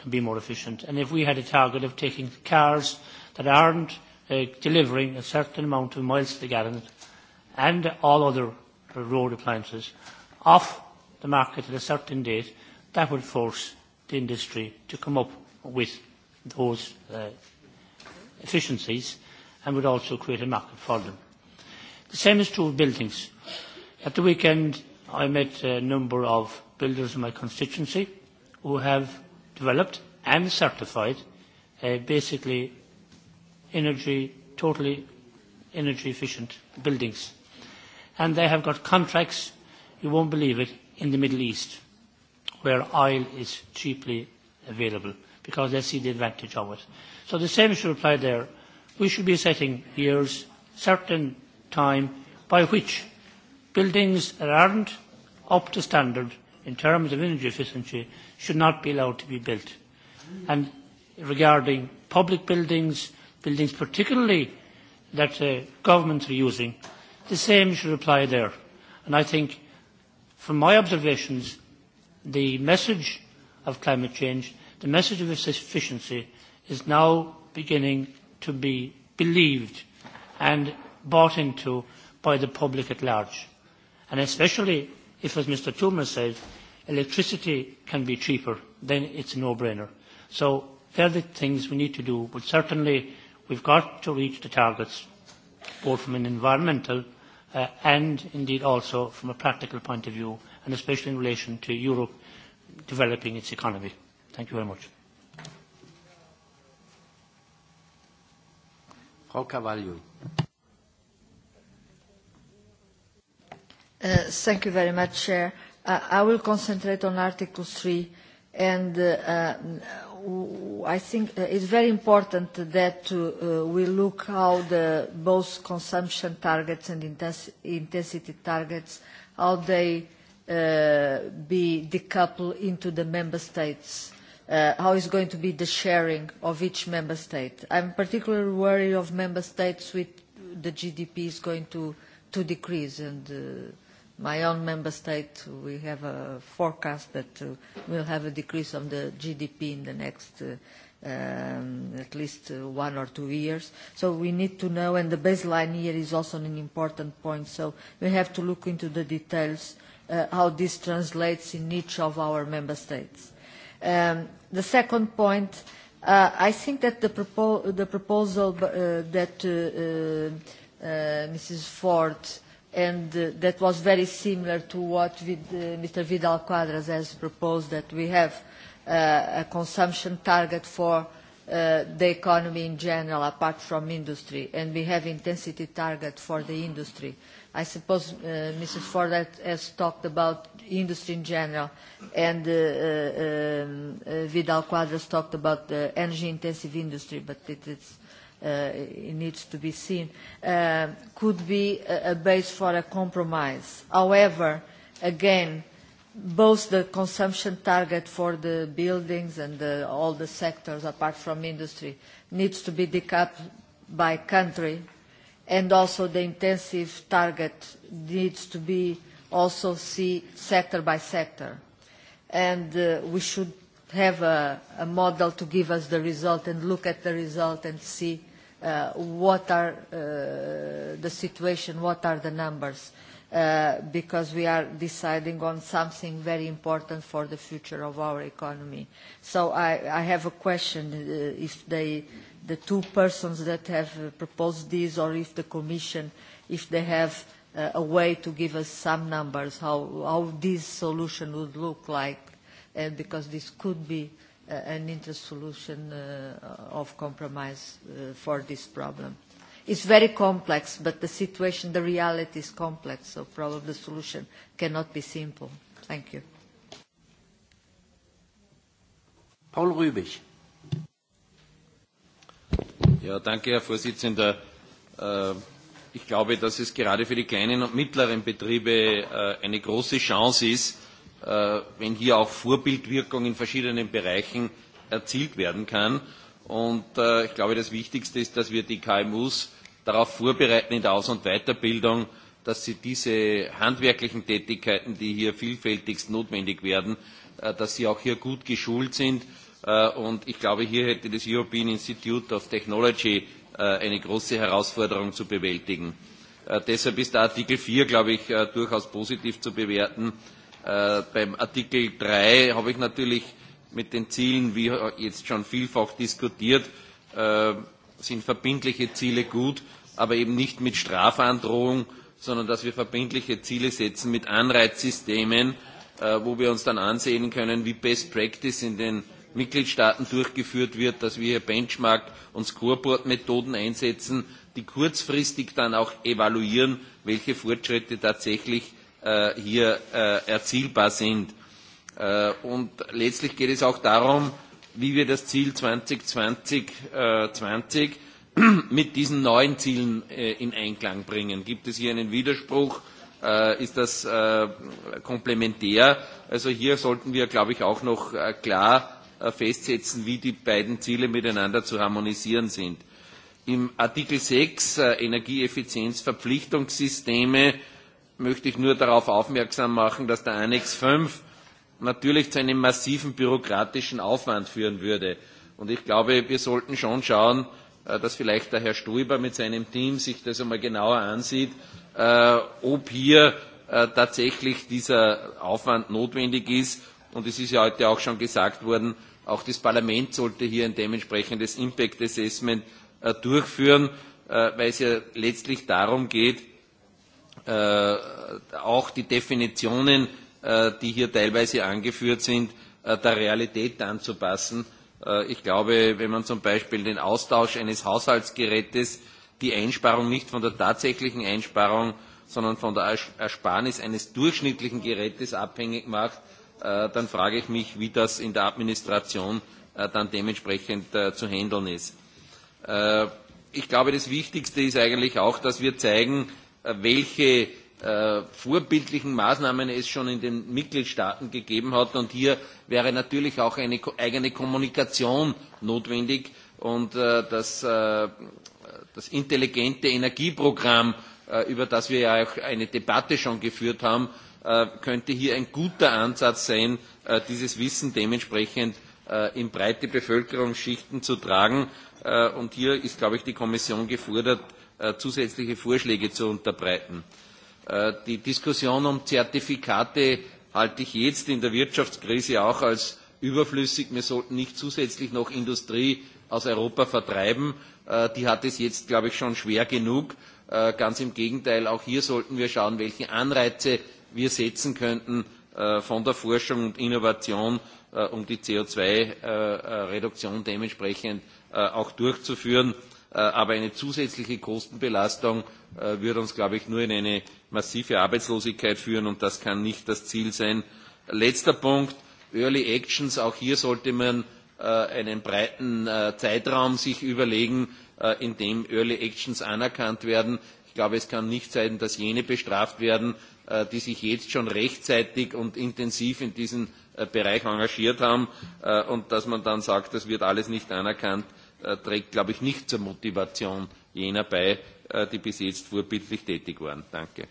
can be more efficient. And if we had a target of taking cars that aren't uh, delivering a certain amount of miles to the gallon and all other road appliances off the market at a certain date, that would force the industry to come up with those uh, efficiencies and would also create a market for them. The same is true of buildings. At the weekend, I met a number of builders in my constituency who have developed and certified uh, basically energy, totally energy efficient buildings. And they have got contracts, you won't believe it, in the Middle East where oil is cheaply available because they see the advantage of it. So the same should apply there. We should be setting years, certain time by which buildings that aren't up to standard in terms of energy efficiency should not be allowed to be built. And regarding public buildings, buildings particularly that uh, governments are using, the same should apply there. And I think, from my observations, the message of climate change, the message of efficiency is now beginning to be believed. And bought into by the public at large. And especially if, as Mr Toomer said, electricity can be cheaper, then it's a no-brainer. So there the things we need to do, but certainly we've got to reach the targets, both from an environmental uh, and indeed also from a practical point of view, and especially in relation to Europe developing its economy. Thank you very much. Frau Cavallo. Uh, thank you very much, Chair. Uh, I will concentrate on Article 3, and uh, I think it is very important that we look how both consumption targets and intensity targets, how they be decoupled into the member states. how is going to be the sharing of each member state. I am particularly worried of member states with the GDP is going to, to decrease and my own member state, we have a forecast that uh, we'll have a decrease of the GDP in the next uh, um, at least uh, one or two years. So we need to know, and the baseline year is also an important point, so we have to look into the details uh, how this translates in each of our member states. Um, the second point, uh, I think that the, propo the proposal uh, that uh, uh, uh Mrs. Ford uh, and uh, that was very similar to what with, uh, Mr. Vidal Quadras has proposed, that we have uh, a consumption target for uh, the economy in general, apart from industry, and we have intensity target for the industry. I suppose uh, Mrs. Ford has talked about industry in general, and uh, uh, um, uh, Vidal Quadras talked about the energy-intensive industry, but it, it's uh, it needs to be seen, uh, could be a, a base for a compromise. However, again, both the consumption target for the buildings and the, all the sectors apart from industry needs to be decoupled by country and also the intensive target needs to be also see sector by sector. And uh, we should have a, a model to give us the result and look at the result and see uh, what are uh, the situation, what are the numbers, uh, because we are deciding on something very important for the future of our economy. So I, I have a question uh, if they, the two persons that have proposed this or if the Commission, if they have a way to give us some numbers, how, how this solution would look like, because this could be uh, uh, an interest solution uh, of compromise uh, for this problem. It's very complex, but the situation, the reality is complex, so probably the solution cannot be simple. Thank you. Paul Rübig. Ja, danke, Herr Vorsitzender. Äh, ich glaube, dass es gerade für die kleinen und mittleren Betriebe äh, eine große Chance ist, Äh, wenn hier auch Vorbildwirkung in verschiedenen Bereichen erzielt werden kann. Und äh, ich glaube, das Wichtigste ist, dass wir die KMUs darauf vorbereiten in der Aus- und Weiterbildung, dass sie diese handwerklichen Tätigkeiten, die hier vielfältigst notwendig werden, äh, dass sie auch hier gut geschult sind. Äh, und ich glaube, hier hätte das European Institute of Technology äh, eine große Herausforderung zu bewältigen. Äh, deshalb ist der Artikel 4, glaube ich, äh, durchaus positiv zu bewerten, äh, Äh, beim Artikel 3 habe ich natürlich mit den Zielen, wie jetzt schon vielfach diskutiert, äh, sind verbindliche Ziele gut, aber eben nicht mit Strafandrohung, sondern dass wir verbindliche Ziele setzen mit Anreizsystemen, äh, wo wir uns dann ansehen können, wie Best Practice in den Mitgliedstaaten durchgeführt wird, dass wir hier Benchmark- und Scoreboard-Methoden einsetzen, die kurzfristig dann auch evaluieren, welche Fortschritte tatsächlich Äh, hier äh, erzielbar sind. Äh, und letztlich geht es auch darum, wie wir das Ziel 2020 äh, 20 mit diesen neuen Zielen in Einklang bringen. Gibt es hier einen Widerspruch? ist das komplementär? Also hier sollten wir, glaube ich, auch noch klar festsetzen, wie die beiden Ziele miteinander zu harmonisieren sind. Im Artikel 6 äh, Energieeffizienzverpflichtungssysteme möchte ich nur darauf aufmerksam machen, dass der Annex 5 natürlich zu einem massiven bürokratischen Aufwand führen würde. Und ich glaube, wir sollten schon schauen, äh, dass vielleicht der Herr Stoiber mit seinem Team sich das einmal genauer ansieht, äh, ob hier äh, tatsächlich dieser Aufwand notwendig ist. Und es ist ja heute auch schon gesagt worden, auch das Parlament sollte hier ein dementsprechendes Impact Assessment durchführen, weil es ja letztlich darum geht, Äh, auch die Definitionen, äh, die hier teilweise angeführt sind, äh, der Realität anzupassen. Ich glaube, wenn man zum Beispiel den Austausch eines Haushaltsgerätes, die Einsparung nicht von der tatsächlichen Einsparung, sondern von der Ersparnis eines durchschnittlichen Gerätes abhängig macht, dann frage ich mich, wie das in der Administration dann dementsprechend zu handeln ist. Ich glaube, das Wichtigste ist eigentlich auch, dass wir zeigen, Äh, welche äh, vorbildlichen Maßnahmen es schon in den Mitgliedstaaten gegeben hat. Und hier wäre natürlich auch eine eigene Kommunikation notwendig und äh, das, das intelligente Energieprogramm, über das wir ja auch eine Debatte schon geführt haben, könnte hier ein guter Ansatz sein, dieses Wissen dementsprechend in breite Bevölkerungsschichten zu tragen. Und hier ist, glaube ich, die Kommission gefordert, Äh, zusätzliche Vorschläge zu unterbreiten. Äh, die Diskussion um Zertifikate halte ich jetzt in der Wirtschaftskrise auch als überflüssig. Wir sollten nicht zusätzlich noch Industrie aus Europa vertreiben. Äh, die hat es jetzt, glaube ich, schon schwer genug. Ganz im Gegenteil, auch hier sollten wir schauen, welche Anreize wir setzen könnten von der Forschung und Innovation, um die CO2-Reduktion dementsprechend auch durchzuführen. Äh, aber eine zusätzliche Kostenbelastung äh, würde uns, glaube ich, nur in eine massive Arbeitslosigkeit führen und das kann nicht das Ziel sein. Letzter Punkt, Early Actions. Auch hier sollte man äh, einen breiten Zeitraum sich überlegen, in dem Early Actions anerkannt werden. Ich glaube, es kann nicht sein, dass jene bestraft werden, die sich jetzt schon rechtzeitig und intensiv in diesem Bereich engagiert haben und dass man dann sagt, das wird alles nicht anerkannt. Äh, trägt, glaube ich, nicht zur Motivation jener bei, äh, die bis jetzt vorbildlich tätig waren. Danke.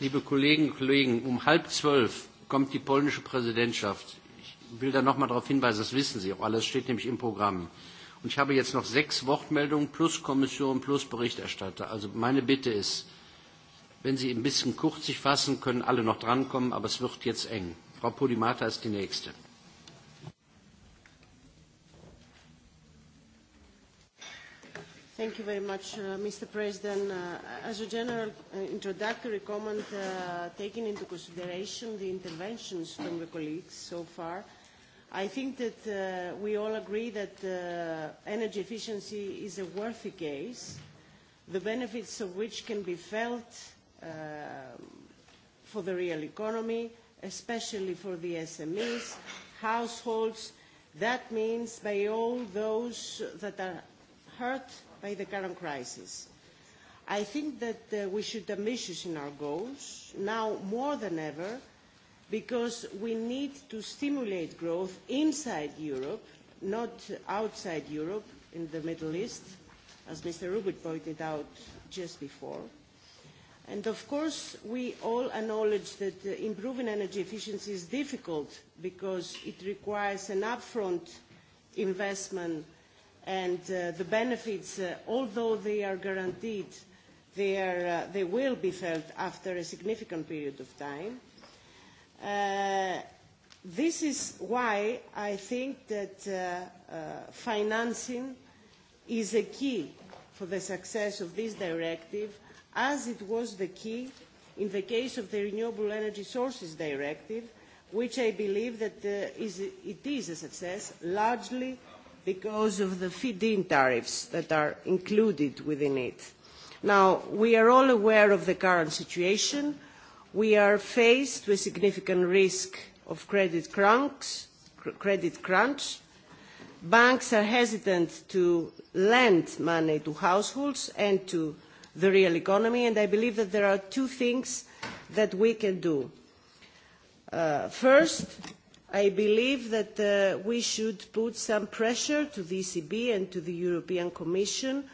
Liebe Kolleginnen und Kollegen, um halb zwölf kommt die polnische Präsidentschaft. Ich will da noch mal darauf hinweisen, das wissen Sie auch alles, steht nämlich im Programm. Und ich habe jetzt noch sechs Wortmeldungen plus Kommission plus Berichterstatter. Also meine Bitte ist, wenn Sie ein bisschen kurz sich fassen, können alle noch drankommen, aber es wird jetzt eng. Frau Podimata ist die Nächste. Thank you very much, uh, Mr. President. Uh, as a general uh, introductory comment, uh, taking into consideration the interventions from the colleagues so far, I think that uh, we all agree that uh, energy efficiency is a worthy case, the benefits of which can be felt uh, for the real economy, especially for the SMEs, households. That means by all those that are hurt by the current crisis. I think that uh, we should ambitious in our goals, now more than ever, because we need to stimulate growth inside Europe, not outside Europe, in the Middle East, as Mr. Rubit pointed out just before. And of course, we all acknowledge that uh, improving energy efficiency is difficult because it requires an upfront investment and uh, the benefits, uh, although they are guaranteed, they, are, uh, they will be felt after a significant period of time. Uh, this is why I think that uh, uh, financing is a key for the success of this directive, as it was the key in the case of the Renewable Energy Sources Directive, which I believe that uh, is, it is a success, largely because of the feed-in tariffs that are included within it. Now, we are all aware of the current situation. We are faced with significant risk of credit crunch. Credit crunch. Banks are hesitant to lend money to households and to the real economy, and I believe that there are two things that we can do. Uh, first, I believe that uh, we should put some pressure to the ECB and to the European Commission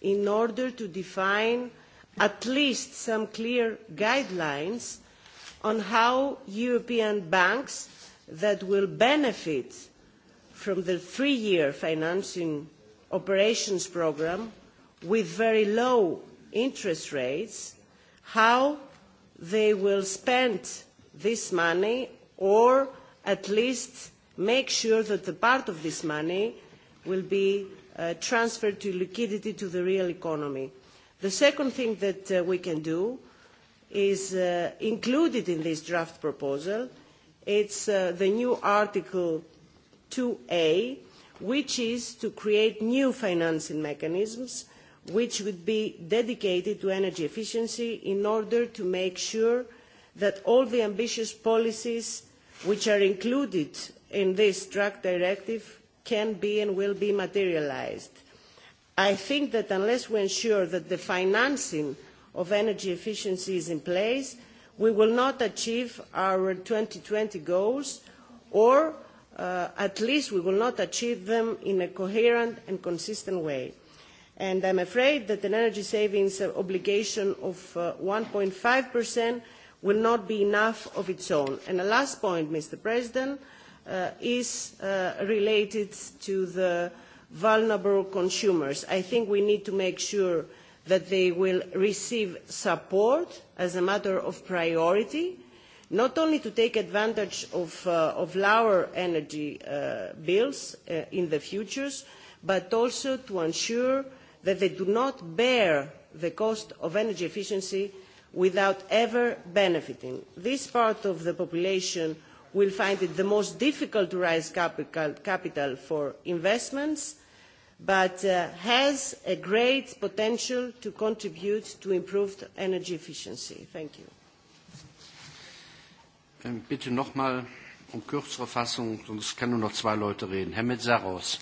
in order to define at least some clear guidelines on how European banks that will benefit from the three-year financing operations programme with very low interest rates, how they will spend this money or at least make sure that a part of this money will be uh, transferred to liquidity to the real economy. The second thing that uh, we can do is uh, included in this draft proposal. It's uh, the new Article 2A, which is to create new financing mechanisms which would be dedicated to energy efficiency in order to make sure that all the ambitious policies which are included in this drug directive can be and will be materialised. I think that unless we ensure that the financing of energy efficiency is in place, we will not achieve our 2020 goals or uh, at least we will not achieve them in a coherent and consistent way. And I'm afraid that an energy savings obligation of uh, 1.5% will not be enough of its own. And the last point, Mr. President, uh, is uh, related to the vulnerable consumers. I think we need to make sure that they will receive support as a matter of priority, not only to take advantage of, uh, of lower energy uh, bills uh, in the future, but also to ensure that they do not bear the cost of energy efficiency without ever benefiting. This part of the population will find it the most difficult to raise capital, for investments, but uh, has a great potential to contribute to improved energy efficiency. Thank you. Ähm, bitte nochmal um kürzere Fassung, sonst können nur noch zwei Leute reden. Herr Metzaros.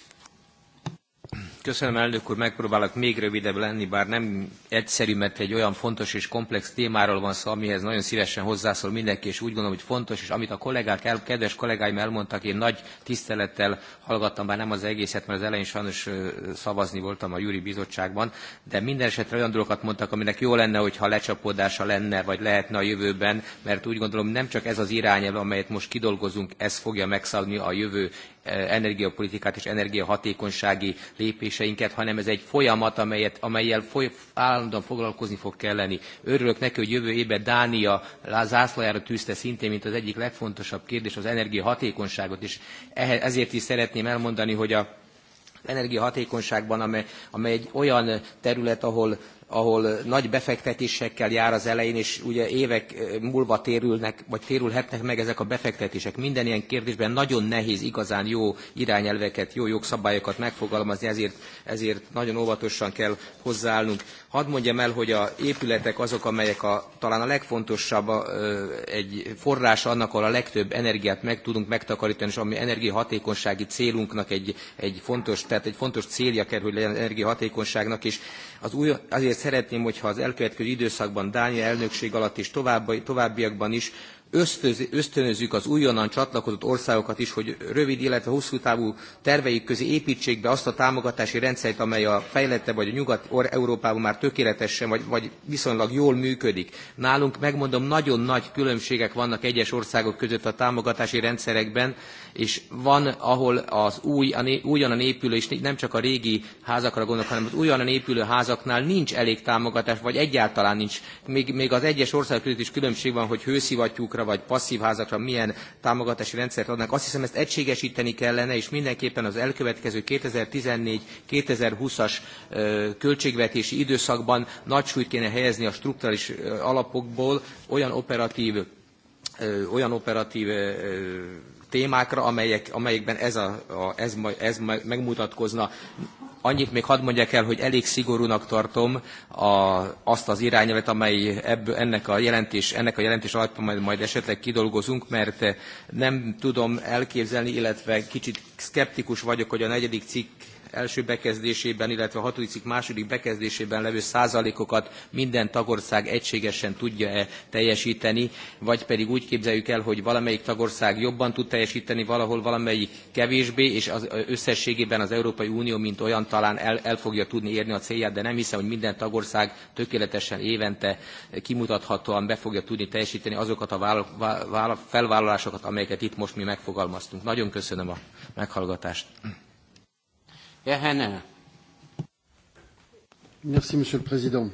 Köszönöm, elnök úr, megpróbálok még rövidebb lenni, bár nem egyszerű, mert egy olyan fontos és komplex témáról van szó, amihez nagyon szívesen hozzászól mindenki, és úgy gondolom, hogy fontos, és amit a kollégák, el, kedves kollégáim elmondtak, én nagy tisztelettel hallgattam, bár nem az egészet, mert az elején sajnos szavazni voltam a Júri Bizottságban, de minden esetre olyan dolgokat mondtak, aminek jó lenne, hogyha lecsapódása lenne, vagy lehetne a jövőben, mert úgy gondolom, nem csak ez az irányelv, amelyet most kidolgozunk, ez fogja megszabni a jövő energiapolitikát és energiahatékonysági lépés döntéseinket, hanem ez egy folyamat, amelyet, amelyel foly, állandóan foglalkozni fog kelleni. Örülök neki, hogy jövő évben Dánia zászlajára tűzte szintén, mint az egyik legfontosabb kérdés az energiahatékonyságot, és ezért is szeretném elmondani, hogy a energiahatékonyságban, amely, amely egy olyan terület, ahol ahol nagy befektetésekkel jár az elején, és ugye évek múlva térülnek, vagy térülhetnek meg ezek a befektetések. Minden ilyen kérdésben nagyon nehéz igazán jó irányelveket, jó jogszabályokat megfogalmazni, ezért, ezért nagyon óvatosan kell hozzáállnunk. Hadd mondjam el, hogy a épületek azok, amelyek a, talán a legfontosabb a, egy forrás annak, ahol a legtöbb energiát meg tudunk megtakarítani, és ami energiahatékonysági célunknak egy, egy fontos, tehát egy fontos célja kell, hogy legyen energiahatékonyságnak, és az új, azért ezért szeretném, hogyha az elkövetkező időszakban Dánia elnökség alatt és további, továbbiakban is ösztönözzük az újonnan csatlakozott országokat is, hogy rövid, illetve hosszú távú terveik közé építsék be azt a támogatási rendszert, amely a fejlettebb vagy a nyugat-európában már tökéletesen vagy, vagy viszonylag jól működik. Nálunk, megmondom, nagyon nagy különbségek vannak egyes országok között a támogatási rendszerekben, és van, ahol az új, a né, újonnan épülő, és nem csak a régi házakra gondolok, hanem az újonnan épülő házaknál nincs elég támogatás, vagy egyáltalán nincs. Még, még az egyes országok között is különbség van, hogy hőszivattyúkra vagy passzív házakra milyen támogatási rendszert adnak. Azt hiszem, ezt egységesíteni kellene, és mindenképpen az elkövetkező 2014-2020-as költségvetési időszakban nagy súlyt kéne helyezni a strukturális alapokból olyan operatív olyan operatív témákra, amelyek, amelyekben ez, a, a, ez, ez megmutatkozna. Annyit még hadd mondjak el, hogy elég szigorúnak tartom a, azt az irányelvet, amely ebb, ennek a jelentés, ennek a jelentés alapján majd, majd esetleg kidolgozunk, mert nem tudom elképzelni, illetve kicsit szkeptikus vagyok, hogy a negyedik cikk első bekezdésében, illetve a hatodik cikk második bekezdésében levő százalékokat minden tagország egységesen tudja-e teljesíteni, vagy pedig úgy képzeljük el, hogy valamelyik tagország jobban tud teljesíteni, valahol valamelyik kevésbé, és az összességében az Európai Unió, mint olyan talán el, el fogja tudni érni a célját, de nem hiszem, hogy minden tagország tökéletesen évente kimutathatóan be fogja tudni teljesíteni azokat a felvállalásokat, amelyeket itt most mi megfogalmaztunk. Nagyon köszönöm a meghallgatást. Monsieur le Président.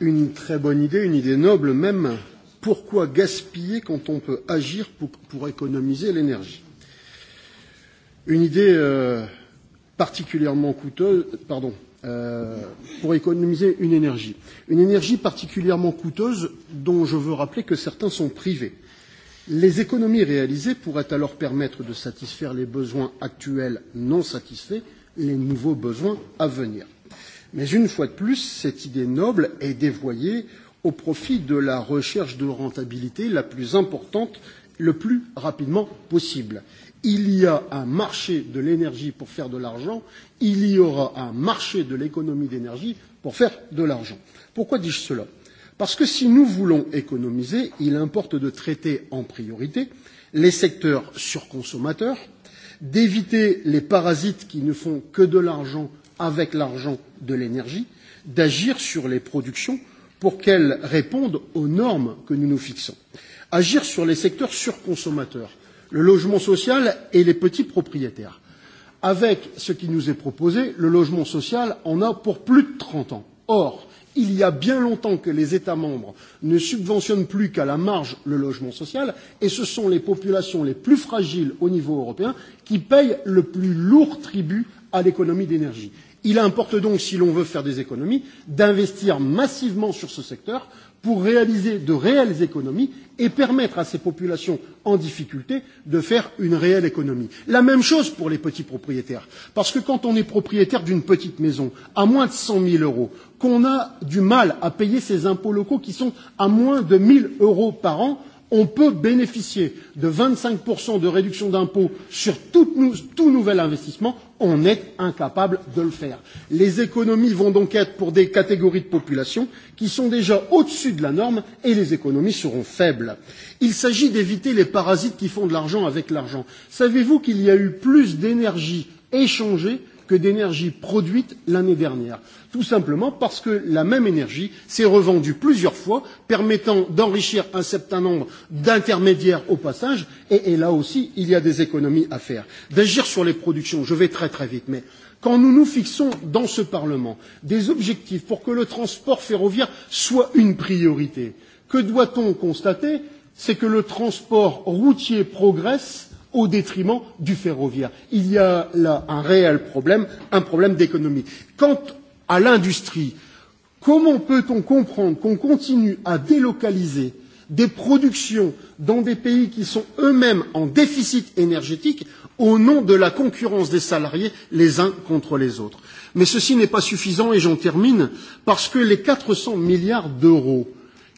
Une très bonne idée, une idée noble même. Pourquoi gaspiller quand on peut agir pour, économiser l'énergie Une idée euh, particulièrement coûteuse, pardon, euh, pour économiser une énergie. Une énergie particulièrement coûteuse dont je veux rappeler que certains sont privés. Les économies réalisées pourraient alors permettre de satisfaire les besoins actuels non satisfaits les nouveaux besoins à venir. Mais une fois de plus, cette idée noble est dévoyée au profit de la recherche de rentabilité la plus importante le plus rapidement possible. Il y a un marché de l'énergie pour faire de l'argent, il y aura un marché de l'économie d'énergie pour faire de l'argent. Pourquoi dis-je cela Parce que si nous voulons économiser, il importe de traiter en priorité les secteurs surconsommateurs, d'éviter les parasites qui ne font que de l'argent avec l'argent de l'énergie, d'agir sur les productions pour qu'elles répondent aux normes que nous nous fixons. Agir sur les secteurs surconsommateurs, le logement social et les petits propriétaires. Avec ce qui nous est proposé, le logement social en a pour plus de 30 ans. Or, il y a bien longtemps que les États membres ne subventionnent plus qu'à la marge le logement social, et ce sont les populations les plus fragiles au niveau européen qui payent le plus lourd tribut à l'économie d'énergie. Il importe donc, si l'on veut faire des économies, d'investir massivement sur ce secteur pour réaliser de réelles économies et permettre à ces populations en difficulté de faire une réelle économie. La même chose pour les petits propriétaires, parce que quand on est propriétaire d'une petite maison à moins de 100 000 euros, qu'on a du mal à payer ses impôts locaux qui sont à moins de 1 000 euros par an, on peut bénéficier de vingt cinq de réduction d'impôt sur tout, tout nouvel investissement on est incapable de le faire. les économies vont donc être pour des catégories de population qui sont déjà au dessus de la norme et les économies seront faibles. il s'agit d'éviter les parasites qui font de l'argent avec l'argent. savez vous qu'il y a eu plus d'énergie échangée que d'énergie produite l'année dernière, tout simplement parce que la même énergie s'est revendue plusieurs fois, permettant d'enrichir un certain nombre d'intermédiaires au passage, et, et là aussi, il y a des économies à faire. D'agir sur les productions, je vais très très vite, mais quand nous nous fixons dans ce Parlement des objectifs pour que le transport ferroviaire soit une priorité, que doit-on constater C'est que le transport routier progresse au détriment du ferroviaire. Il y a là un réel problème, un problème d'économie. Quant à l'industrie, comment peut-on comprendre qu'on continue à délocaliser des productions dans des pays qui sont eux-mêmes en déficit énergétique au nom de la concurrence des salariés les uns contre les autres. Mais ceci n'est pas suffisant et j'en termine parce que les 400 milliards d'euros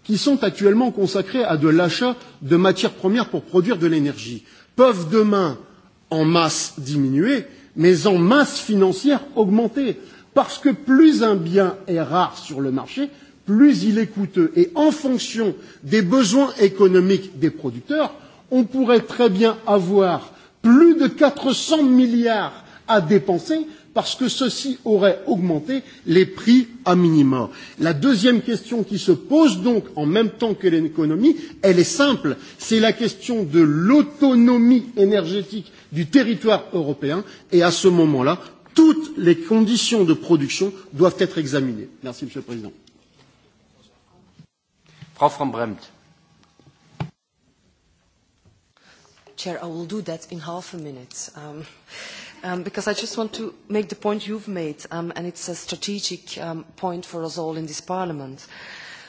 qui sont actuellement consacrés à de l'achat de matières premières pour produire de l'énergie peuvent demain en masse diminuer, mais en masse financière augmenter. Parce que plus un bien est rare sur le marché, plus il est coûteux. Et en fonction des besoins économiques des producteurs, on pourrait très bien avoir plus de 400 milliards à dépenser parce que ceci aurait augmenté les prix à minima. La deuxième question qui se pose donc en même temps que l'économie, elle est simple, c'est la question de l'autonomie énergétique du territoire européen et à ce moment-là, toutes les conditions de production doivent être examinées. Merci Monsieur le Président. Frau von Bremt. Chair, I will do that in half a minute. Um, um, because I just want to make the point you've made, um, and it's a strategic um, point for us all in this Parliament.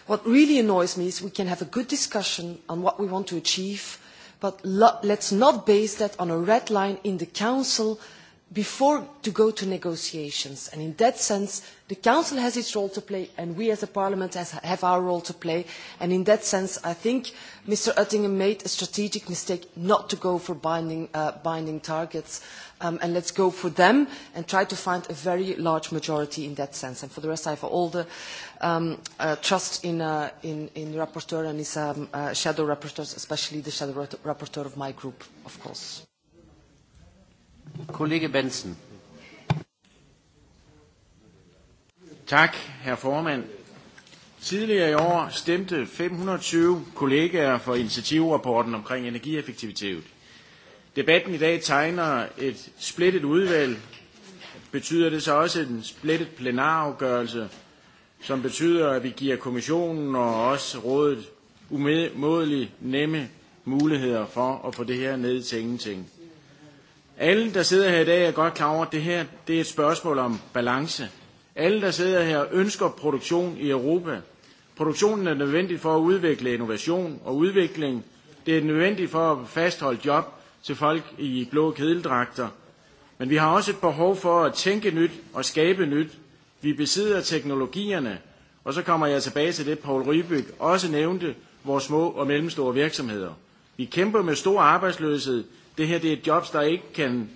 What really annoys me is we can have a good discussion on what we want to achieve, but let's not base that on a red line in the Council before to go to negotiations. And in that sense, the Council has its role to play, and we as a Parliament has, have our role to play. And in that sense, I think Mr. Oettingen made a strategic mistake not to go for binding, uh, binding targets um, and let's go for them and try to find a very large majority in that sense. And for the rest, I have all the um, uh, trust in, uh, in, in the rapporteur and his um, uh, shadow rapporteurs, especially the shadow rapporteur of my group, of course. Kollege Benson. Tak, herr formand. Tidligere i år stemte 520 kollegaer for initiativrapporten omkring energieffektivitet. Debatten i dag tegner et splittet udvalg. Betyder det så også en splittet plenarafgørelse, som betyder, at vi giver kommissionen og også rådet umådeligt nemme muligheder for at få det her ned til ingenting. Alle, der sidder her i dag, er godt klar over, at det her det er et spørgsmål om balance. Alle, der sidder her, ønsker produktion i Europa. Produktionen er nødvendig for at udvikle innovation og udvikling. Det er nødvendigt for at fastholde job til folk i blå kedeldragter. Men vi har også et behov for at tænke nyt og skabe nyt. Vi besidder teknologierne, og så kommer jeg tilbage til det, Paul Rybyg også nævnte, vores små og mellemstore virksomheder. Vi kæmper med stor arbejdsløshed. Det her det er jobs, der ikke kan,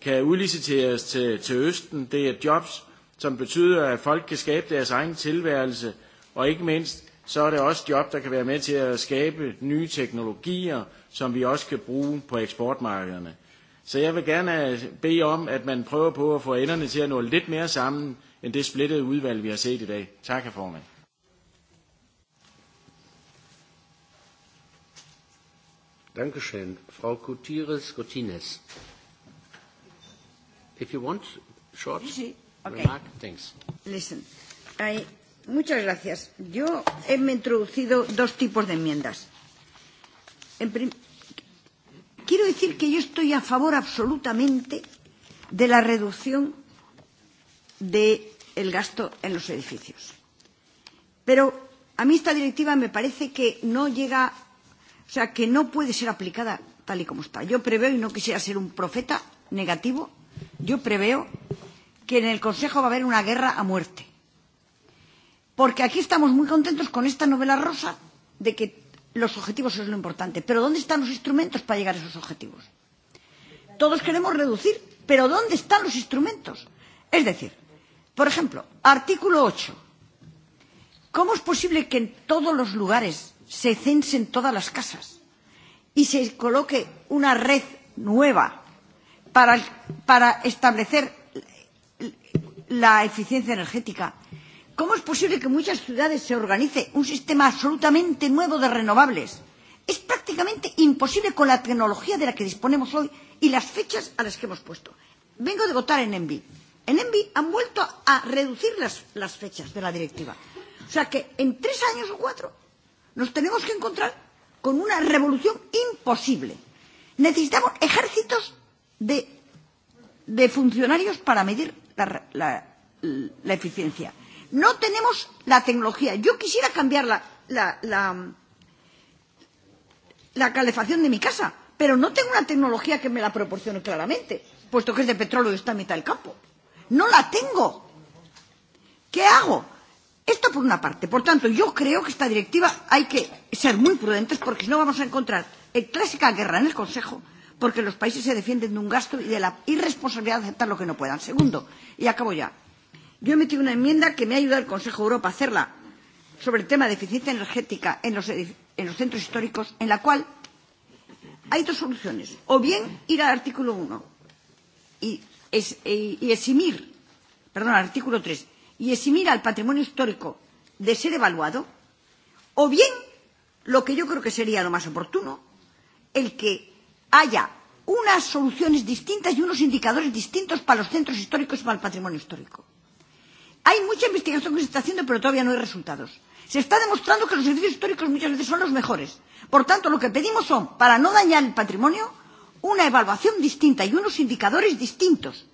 kan udliciteres til, til Østen. Det er jobs, som betyder, at folk kan skabe deres egen tilværelse. Og ikke mindst, så er det også job, der kan være med til at skabe nye teknologier, som vi også kan bruge på eksportmarkederne. Så jeg vil gerne øh, bede om, at man prøver på at få enderne til at nå lidt mere sammen, end det splittede udvalg, vi har set i dag. Tak, herr formand. Dankeschön. Frau Gutierrez Cortines. If you want, short sí, sí, okay. remark, thanks. Listen, I, muchas gracias. Yo he introducido dos tipos de enmiendas. En prim, quiero decir que yo estoy a favor absolutamente de la reducción del de gasto en los edificios. Pero a mí esta directiva me parece que no llega, o sea, que no puede ser aplicada tal y como está. Yo preveo, y no quisiera ser un profeta negativo, yo preveo que en el Consejo va a haber una guerra a muerte. Porque aquí estamos muy contentos con esta novela rosa de que los objetivos es lo importante, pero ¿dónde están los instrumentos para llegar a esos objetivos? Todos queremos reducir, pero ¿dónde están los instrumentos? Es decir, por ejemplo, artículo 8. ¿Cómo es posible que en todos los lugares se censen todas las casas y se coloque una red nueva para, para establecer la eficiencia energética ¿Cómo es posible que en muchas ciudades se organice un sistema absolutamente nuevo de renovables? Es prácticamente imposible con la tecnología de la que disponemos hoy y las fechas a las que hemos puesto. Vengo de votar en Envi. En Envi han vuelto a reducir las, las fechas de la directiva. O sea que en tres años o cuatro nos tenemos que encontrar con una revolución imposible. Necesitamos ejércitos de, de funcionarios para medir la, la, la eficiencia. No tenemos la tecnología. Yo quisiera cambiar la, la, la, la calefacción de mi casa, pero no tengo una tecnología que me la proporcione claramente, puesto que es de petróleo y está en mitad del campo. No la tengo. ¿Qué hago? Esto por una parte. Por tanto, yo creo que esta directiva hay que ser muy prudentes porque si no vamos a encontrar en clásica guerra en el Consejo porque los países se defienden de un gasto y de la irresponsabilidad de aceptar lo que no puedan. Segundo, y acabo ya, Yo he metido una enmienda que me ha ayudado el Consejo de Europa a hacerla sobre el tema de eficiencia energética en los, en los centros históricos, en la cual hay dos soluciones. O bien ir al artículo 1 y, es, y, y eximir, perdón, al artículo 3, y eximir al patrimonio histórico de ser evaluado, o bien, lo que yo creo que sería lo más oportuno, el que haya unas soluciones distintas y unos indicadores distintos para los centros históricos y para el patrimonio histórico. Hay mucha investigación que se está haciendo, pero todavía no hay resultados. Se está demostrando que los edificios históricos muchas veces son los mejores. Por tanto, lo que pedimos son, para no dañar el patrimonio, una evaluación distinta y unos indicadores distintos,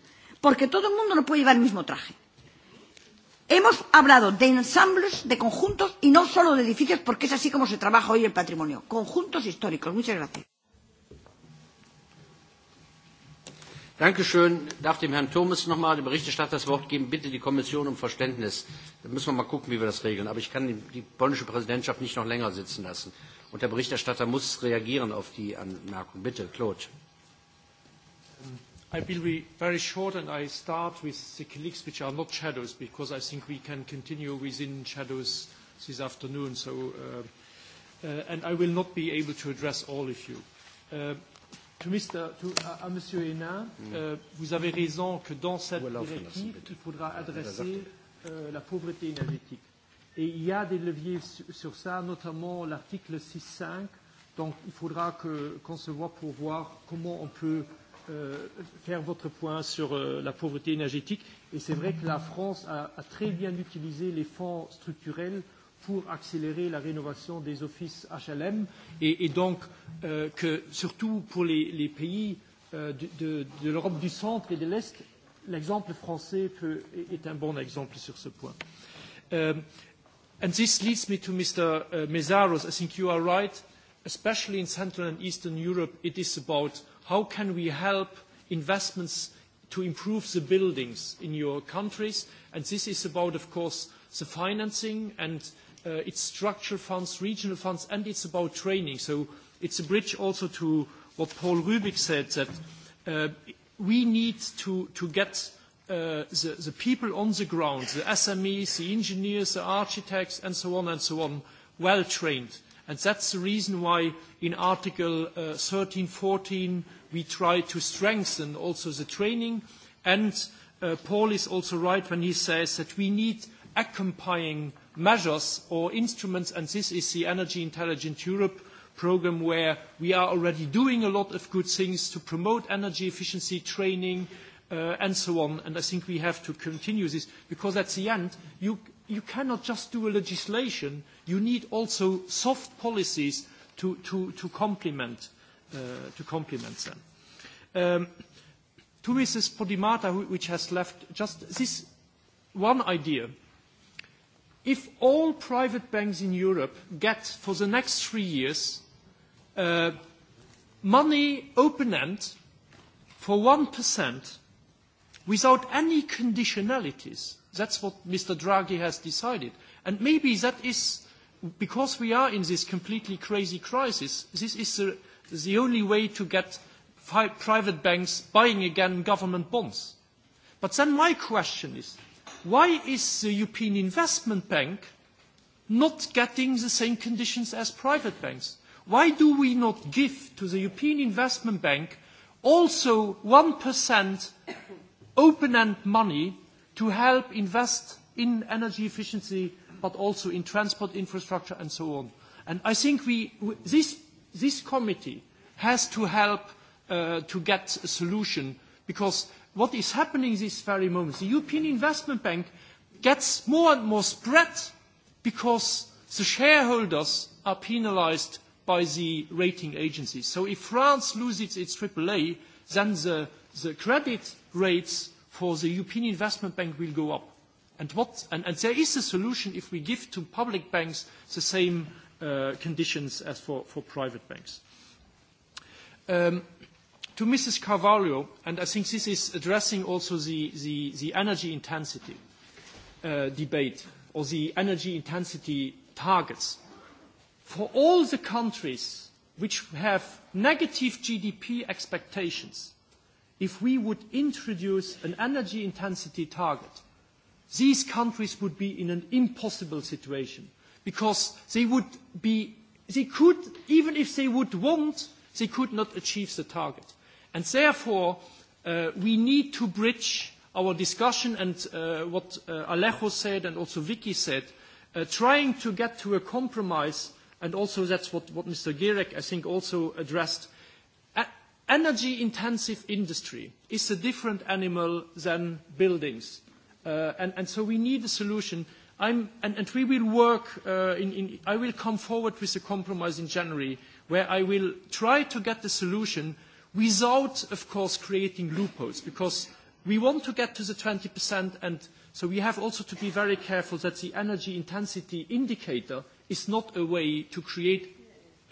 porque todo el mundo no puede llevar el mismo traje. Hemos hablado de ensambles, de conjuntos y no solo de edificios, porque es así como se trabaja hoy el patrimonio. Conjuntos históricos. Muchas gracias. Dankeschön. Ich darf dem Herrn Thomas nochmal, dem Berichterstatter, das Wort geben. Bitte die Kommission um Verständnis. Da müssen wir mal gucken, wie wir das regeln. Aber ich kann die polnische Präsidentschaft nicht noch länger sitzen lassen. Und der Berichterstatter muss reagieren auf die Anmerkung. Bitte, Claude. I will be very short and I start with the colleagues which are not shadows because I think we can continue within shadows this afternoon. So, uh, uh, and I will not be able to address all of you. Uh, To Mr. To, à, uh, à uh, Monsieur Hénin, mm. euh, vous avez raison que dans cette directive, il faudra adresser euh, la pauvreté énergétique. Et il y a des leviers sur, sur ça, notamment l'article 6.5. Donc il faudra qu'on qu se voit pour voir comment on peut euh, faire votre point sur euh, la pauvreté énergétique. Et c'est vrai que la France a, a très bien utilisé les fonds structurels pour accélérer la rénovation des offices HLM et, et donc euh, que surtout pour les, les pays euh, de, de, de l'Europe du centre et de l'Est, l'exemple français peut, est un bon exemple sur ce point. Um, and this leads me to Mr. Uh, Mezaros. I think you are right, especially in Central and Eastern Europe, it is about how can we help investments to improve the buildings in your countries. And this is about, of course, the financing and Uh, it's structural funds, regional funds, and it's about training. So it's a bridge also to what Paul Rübig said, that uh, we need to, to get Uh, the, the, people on the ground, the SMEs, the engineers, the architects, and so on and so on, well trained. And that's the reason why in Article uh, 13, 14, we try to strengthen also the training. And uh, Paul is also right when he says that we need accompanying measures or instruments, and this is the Energy Intelligent Europe program where we are already doing a lot of good things to promote energy efficiency training uh, and so on. And I think we have to continue this because at the end, you, you cannot just do a legislation. You need also soft policies to, to, to complement uh, to complement them. Um, to Mrs. Podimata, which has left just this one idea – If all private banks in Europe get, for the next three years, uh, money open-end for 1% without any conditionalities, that's what Mr. Draghi has decided. And maybe that is, because we are in this completely crazy crisis, this is the, the only way to get private banks buying again government bonds. But then my question is, why is the European Investment Bank not getting the same conditions as private banks? Why do we not give to the European Investment Bank also 1% open-end money to help invest in energy efficiency, but also in transport infrastructure and so on? And I think we, this, this committee has to help uh, to get a solution because what is happening this very moment. The European Investment Bank gets more and more spread because the shareholders are penalized by the rating agencies. So if France loses its AAA, then the, the credit rates for the European Investment Bank will go up. And, what, and, and there is a solution if we give to public banks the same uh, conditions as for, for private banks. Um, to Mrs. Carvalho, and I think this is addressing also the, the, the energy intensity uh, debate or the energy intensity targets. For all the countries which have negative GDP expectations, if we would introduce an energy intensity target, these countries would be in an impossible situation because they would be, they could, even if they would want, they could not achieve the target. And therefore, uh, we need to bridge our discussion and uh, what uh, Alejo said and also Vicky said, uh, trying to get to a compromise, and also that's what, what Mr. Gierek, I think, also addressed. energy-intensive industry is a different animal than buildings. Uh, and, and so we need a solution. I'm, and, and we will work, uh, in, in, I will come forward with a compromise in January where I will try to get the solution without, of course, creating loopholes, because we want to get to the 20%, and so we have also to be very careful that the energy intensity indicator is not a way to create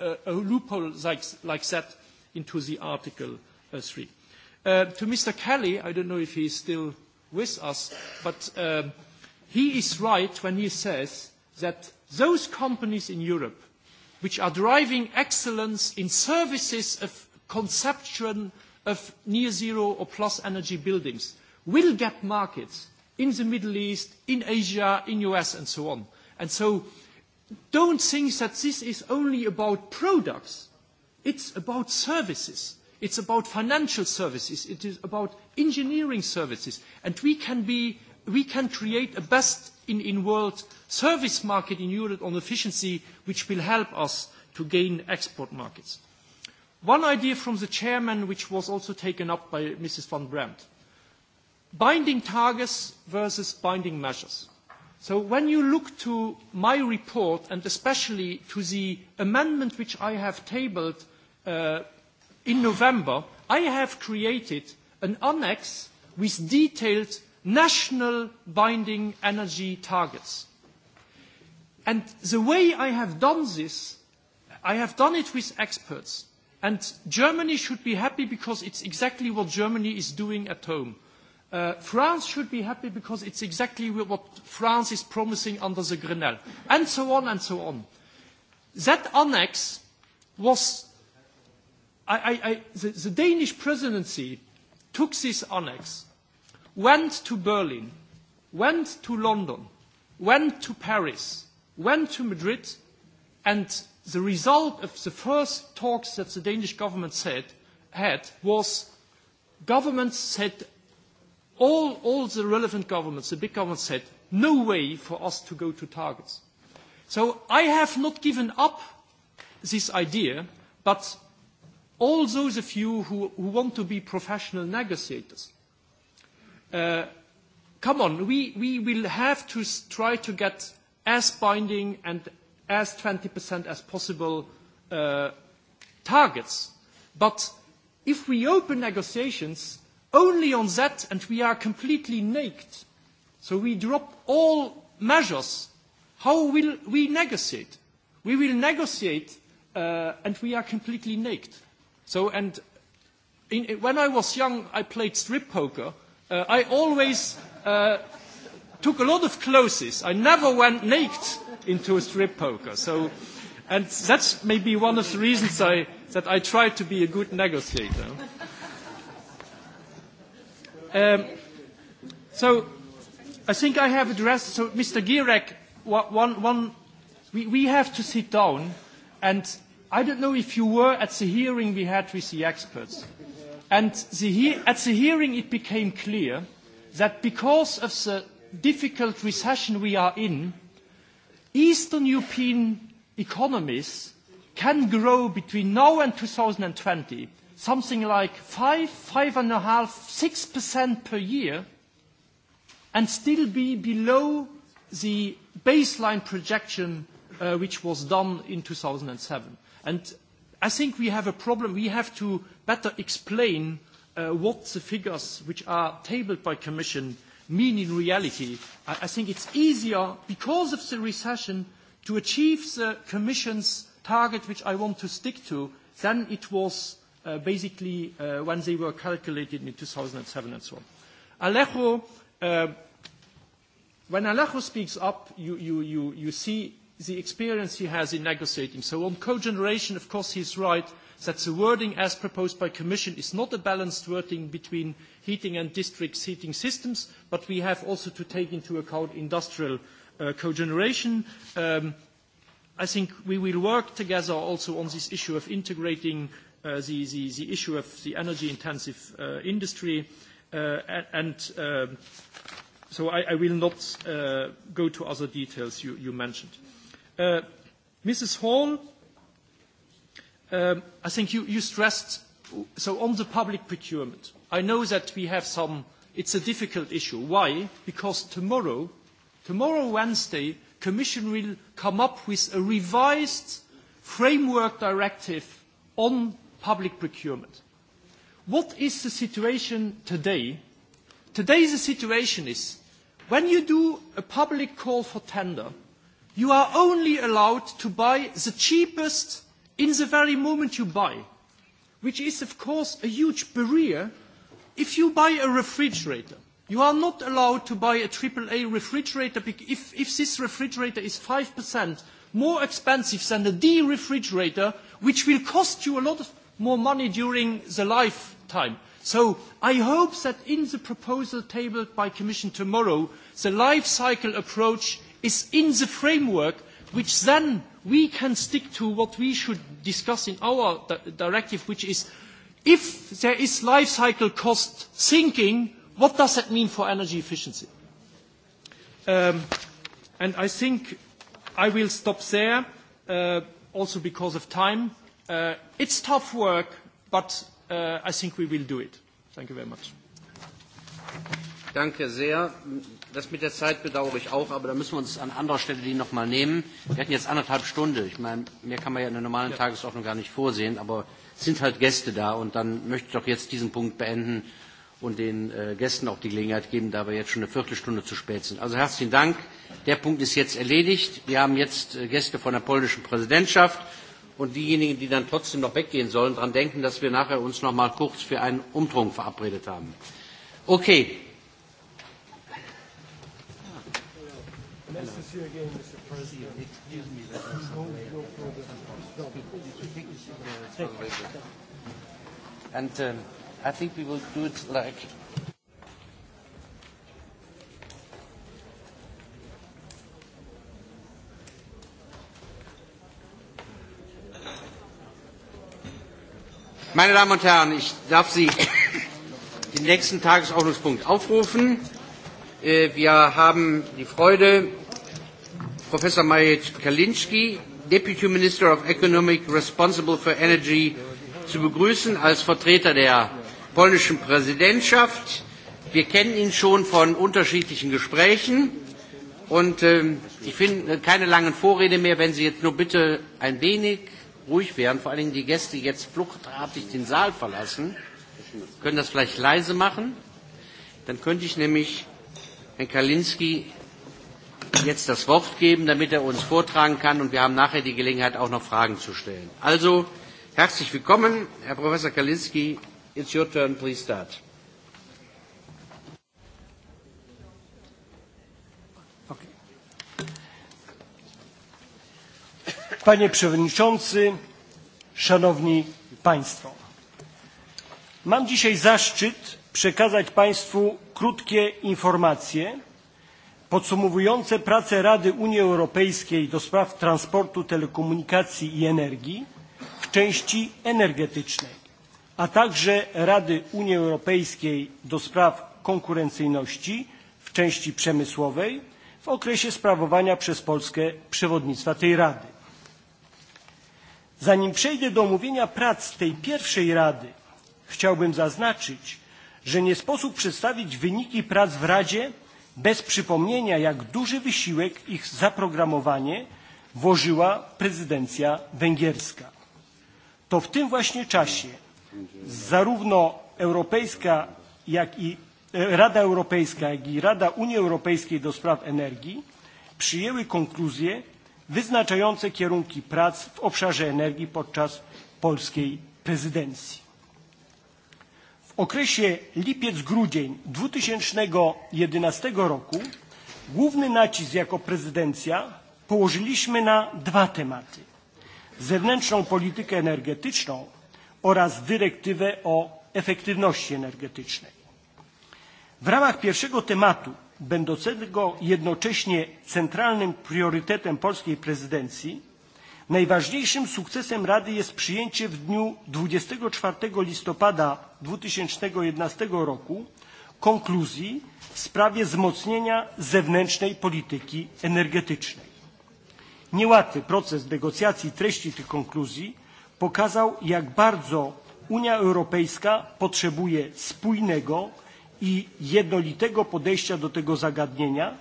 a, a loophole like, like that into the Article uh, 3. Uh, to Mr. Kelly, I don't know if he is still with us, but um, he is right when he says that those companies in Europe which are driving excellence in services of conception of near zero or plus energy buildings will get markets in the Middle East, in Asia, in US and so on. And so don't think that this is only about products. It's about services. It's about financial services. It is about engineering services. And we can, be, we can create a best in, in world service market in Europe on efficiency, which will help us to gain export markets. One idea from the chairman, which was also taken up by Mrs. van Brandt, binding targets versus binding measures. So when you look to my report, and especially to the amendment which I have tabled uh, in November, I have created an annex with detailed national binding energy targets. And the way I have done this, I have done it with experts. And Germany should be happy because it's exactly what Germany is doing at home. Uh, France should be happy because it's exactly what France is promising under the Grenelle, and so on and so on. That annex was, I, I, I, the, the Danish presidency took this annex, went to Berlin, went to London, went to Paris, went to Madrid, and The result of the first talks that the Danish government said, had was governments said, all, all the relevant governments, the big governments said, no way for us to go to targets. So I have not given up this idea, but all those of you who, who want to be professional negotiators, uh, come on, we, we will have to try to get as binding and as 20% as possible uh, targets. But if we open negotiations only on that and we are completely naked, so we drop all measures, how will we negotiate? We will negotiate uh, and we are completely naked. So, and in, when I was young, I played strip poker. Uh, I always uh, took a lot of clothes. I never went naked into a strip poker. So, and that's maybe one of the reasons I, that I try to be a good negotiator. Um, so I think I have addressed, so Mr. Girek, one, one, we, we have to sit down and I don't know if you were at the hearing we had with the experts. And the he- at the hearing it became clear that because of the difficult recession we are in, Eastern European economies can grow between now and 2020 something like 5, half, 6% per year and still be below the baseline projection uh, which was done in 2007. And I think we have a problem. We have to better explain uh, what the figures which are tabled by Commission mean in reality. I, I think it's easier, because of the recession, to achieve the Commission's target, which I want to stick to, than it was uh, basically uh, when they were calculated in 2007 and so on. Alejo, uh, when Alejo speaks up, you, you, you, you see the experience he has in negotiating. So on cogeneration, of course, he's right that the wording as proposed by Commission is not a balanced wording between heating and district heating systems, but we have also to take into account industrial uh, cogeneration. Um, I think we will work together also on this issue of integrating uh, the, the, the, issue of the energy-intensive uh, industry. Uh, and um, so I, I, will not uh, go to other details you, you mentioned. Uh, Mrs. Hall, um, I think you, you stressed, so on the public procurement, I know that we have some, it's a difficult issue. Why? Because tomorrow, tomorrow Wednesday, Commission will come up with a revised framework directive on public procurement. What is the situation today? Today the situation is when you do a public call for tender, you are only allowed to buy the cheapest in the very moment you buy, which is of course a huge barrier. If you buy a refrigerator, you are not allowed to buy a AAA refrigerator if, if this refrigerator is 5% more expensive than a D refrigerator, which will cost you a lot more money during the lifetime. So I hope that in the proposal tabled by Commission tomorrow, the life cycle approach is in the framework, which then we can stick to what we should discuss in our di directive, which is if there is life cycle cost thinking, what does that mean for energy efficiency? Um, and I think I will stop there, uh, also because of time. Uh, it's tough work, but uh, I think we will do it. Thank you very much. Danke sehr das mit der Zeit bedauere ich auch, aber da müssen wir uns an anderer Stelle die noch mal nehmen. Wir hatten jetzt anderthalb Stunden. Ich meine, mehr kann man ja in der normalen ja. Tagesordnung gar nicht vorsehen, aber es sind halt Gäste da und dann möchte ich doch jetzt diesen Punkt beenden und den äh, Gästen auch die Gelegenheit geben, da wir jetzt schon eine Viertelstunde zu spät sind. Also herzlichen Dank. Der Punkt ist jetzt erledigt. Wir haben jetzt äh, Gäste von der polnischen Präsidentschaft und diejenigen, die dann trotzdem noch weggehen sollen, daran denken, dass wir nachher uns noch mal kurz für einen Umtrunk verabredet haben. Okay. Nice to see you again, Mr. President. Excuse me And um, I think we will do it like Meine Damen und Herren, ich darf Sie den nächsten Tagesordnungspunkt aufrufen. Äh, wir haben die Freude, Professor Majed Kalinski, Deputy Minister of Economic Responsible for Energy, zu begrüßen als Vertreter der polnischen Präsidentschaft. Wir kennen ihn schon von unterschiedlichen Gesprächen. Und äh, ich finde keine langen Vorrede mehr, wenn Sie jetzt nur bitte ein wenig ruhig wären, vor allem die Gäste, die jetzt fluchtartig den Saal verlassen, können das vielleicht leise machen. Dann könnte ich nämlich Herrn Kalinski jetzt das Wort geben, damit er uns vortragen kann. Und wir haben nachher die Gelegenheit, auch noch Fragen zu stellen. Also, herzlich willkommen, Herr Professor Kalinski. It's your turn, please start. Panie Przewodniczący, Szanowni Państwo. Mam dzisiaj zaszczyt przekazać Państwu krótkie informacje podsumowujące prace Rady Unii Europejskiej do spraw transportu, telekomunikacji i energii w części energetycznej, a także Rady Unii Europejskiej do spraw konkurencyjności w części przemysłowej w okresie sprawowania przez Polskę przewodnictwa tej Rady. Zanim przejdę do omówienia prac tej pierwszej Rady, chciałbym zaznaczyć, że nie sposób przedstawić wyniki prac w Radzie bez przypomnienia, jak duży wysiłek ich zaprogramowanie włożyła prezydencja węgierska. To w tym właśnie czasie zarówno Europejska, jak i Rada Europejska, jak i Rada Unii Europejskiej do spraw energii przyjęły konkluzje wyznaczające kierunki prac w obszarze energii podczas polskiej prezydencji okresie lipiec-grudzień 2011 roku główny nacisk jako prezydencja położyliśmy na dwa tematy. Zewnętrzną politykę energetyczną oraz dyrektywę o efektywności energetycznej. W ramach pierwszego tematu, będącego jednocześnie centralnym priorytetem polskiej prezydencji, Najważniejszym sukcesem Rady jest przyjęcie w dniu 24 listopada 2011 roku konkluzji w sprawie wzmocnienia zewnętrznej polityki energetycznej. Niełatwy proces negocjacji treści tych konkluzji pokazał, jak bardzo Unia Europejska potrzebuje spójnego i jednolitego podejścia do tego zagadnienia,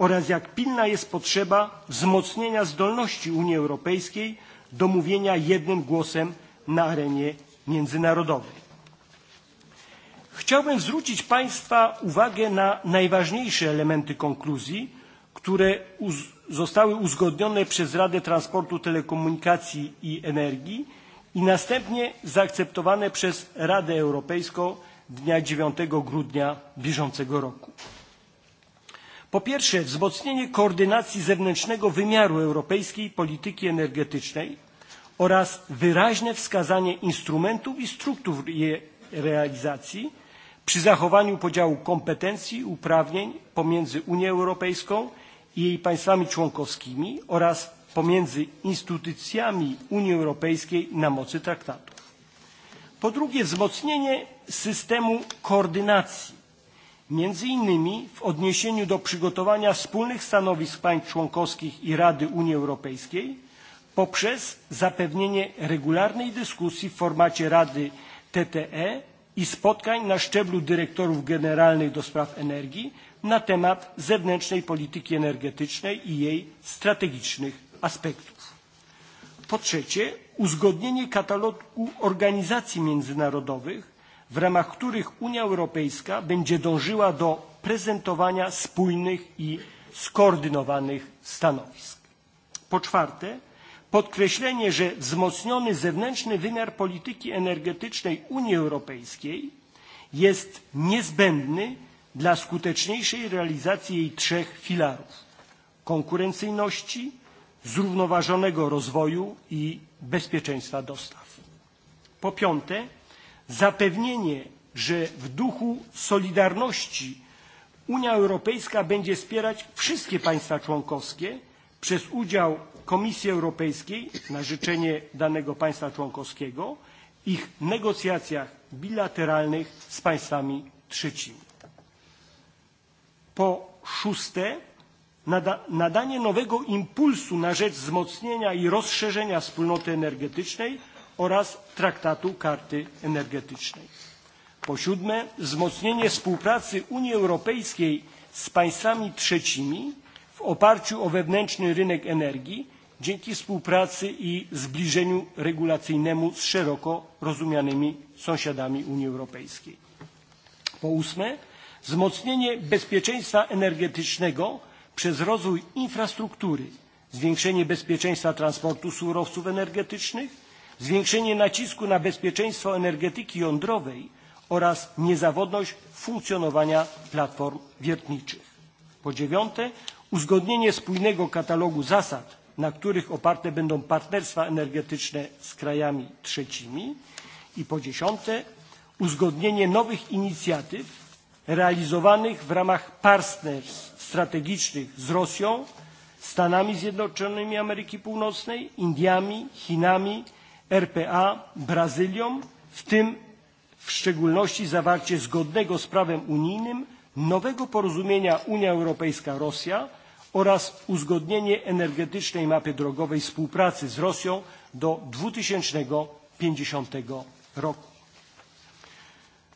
oraz jak pilna jest potrzeba wzmocnienia zdolności Unii Europejskiej do mówienia jednym głosem na arenie międzynarodowej. Chciałbym zwrócić Państwa uwagę na najważniejsze elementy konkluzji, które uz zostały uzgodnione przez Radę Transportu, Telekomunikacji i Energii i następnie zaakceptowane przez Radę Europejską dnia 9 grudnia bieżącego roku. Po pierwsze, wzmocnienie koordynacji zewnętrznego wymiaru europejskiej polityki energetycznej oraz wyraźne wskazanie instrumentów i struktur jej realizacji przy zachowaniu podziału kompetencji i uprawnień pomiędzy Unią Europejską i jej państwami członkowskimi oraz pomiędzy instytucjami Unii Europejskiej na mocy traktatów. Po drugie, wzmocnienie systemu koordynacji między innymi w odniesieniu do przygotowania wspólnych stanowisk państw członkowskich i Rady Unii Europejskiej poprzez zapewnienie regularnej dyskusji w formacie Rady TTE i spotkań na szczeblu dyrektorów generalnych do spraw energii na temat zewnętrznej polityki energetycznej i jej strategicznych aspektów. Po trzecie, uzgodnienie katalogu organizacji międzynarodowych w ramach których Unia Europejska będzie dążyła do prezentowania spójnych i skoordynowanych stanowisk. Po czwarte, podkreślenie, że wzmocniony zewnętrzny wymiar polityki energetycznej Unii Europejskiej jest niezbędny dla skuteczniejszej realizacji jej trzech filarów konkurencyjności, zrównoważonego rozwoju i bezpieczeństwa dostaw. Po piąte, zapewnienie, że w duchu solidarności Unia Europejska będzie wspierać wszystkie państwa członkowskie przez udział Komisji Europejskiej na życzenie danego państwa członkowskiego w ich negocjacjach bilateralnych z państwami trzecimi. Po szóste, nada nadanie nowego impulsu na rzecz wzmocnienia i rozszerzenia wspólnoty energetycznej oraz Traktatu Karty Energetycznej. Po siódme, wzmocnienie współpracy Unii Europejskiej z państwami trzecimi w oparciu o wewnętrzny rynek energii dzięki współpracy i zbliżeniu regulacyjnemu z szeroko rozumianymi sąsiadami Unii Europejskiej. Po ósme, wzmocnienie bezpieczeństwa energetycznego przez rozwój infrastruktury, zwiększenie bezpieczeństwa transportu surowców energetycznych, zwiększenie nacisku na bezpieczeństwo energetyki jądrowej oraz niezawodność funkcjonowania platform wiertniczych. Po dziewiąte, uzgodnienie spójnego katalogu zasad, na których oparte będą partnerstwa energetyczne z krajami trzecimi. I po dziesiąte, uzgodnienie nowych inicjatyw realizowanych w ramach partnerstw strategicznych z Rosją, Stanami Zjednoczonymi Ameryki Północnej, Indiami, Chinami, RPA Brazylią, w tym w szczególności zawarcie zgodnego z prawem unijnym nowego porozumienia Unia Europejska-Rosja oraz uzgodnienie energetycznej mapy drogowej współpracy z Rosją do 2050 roku.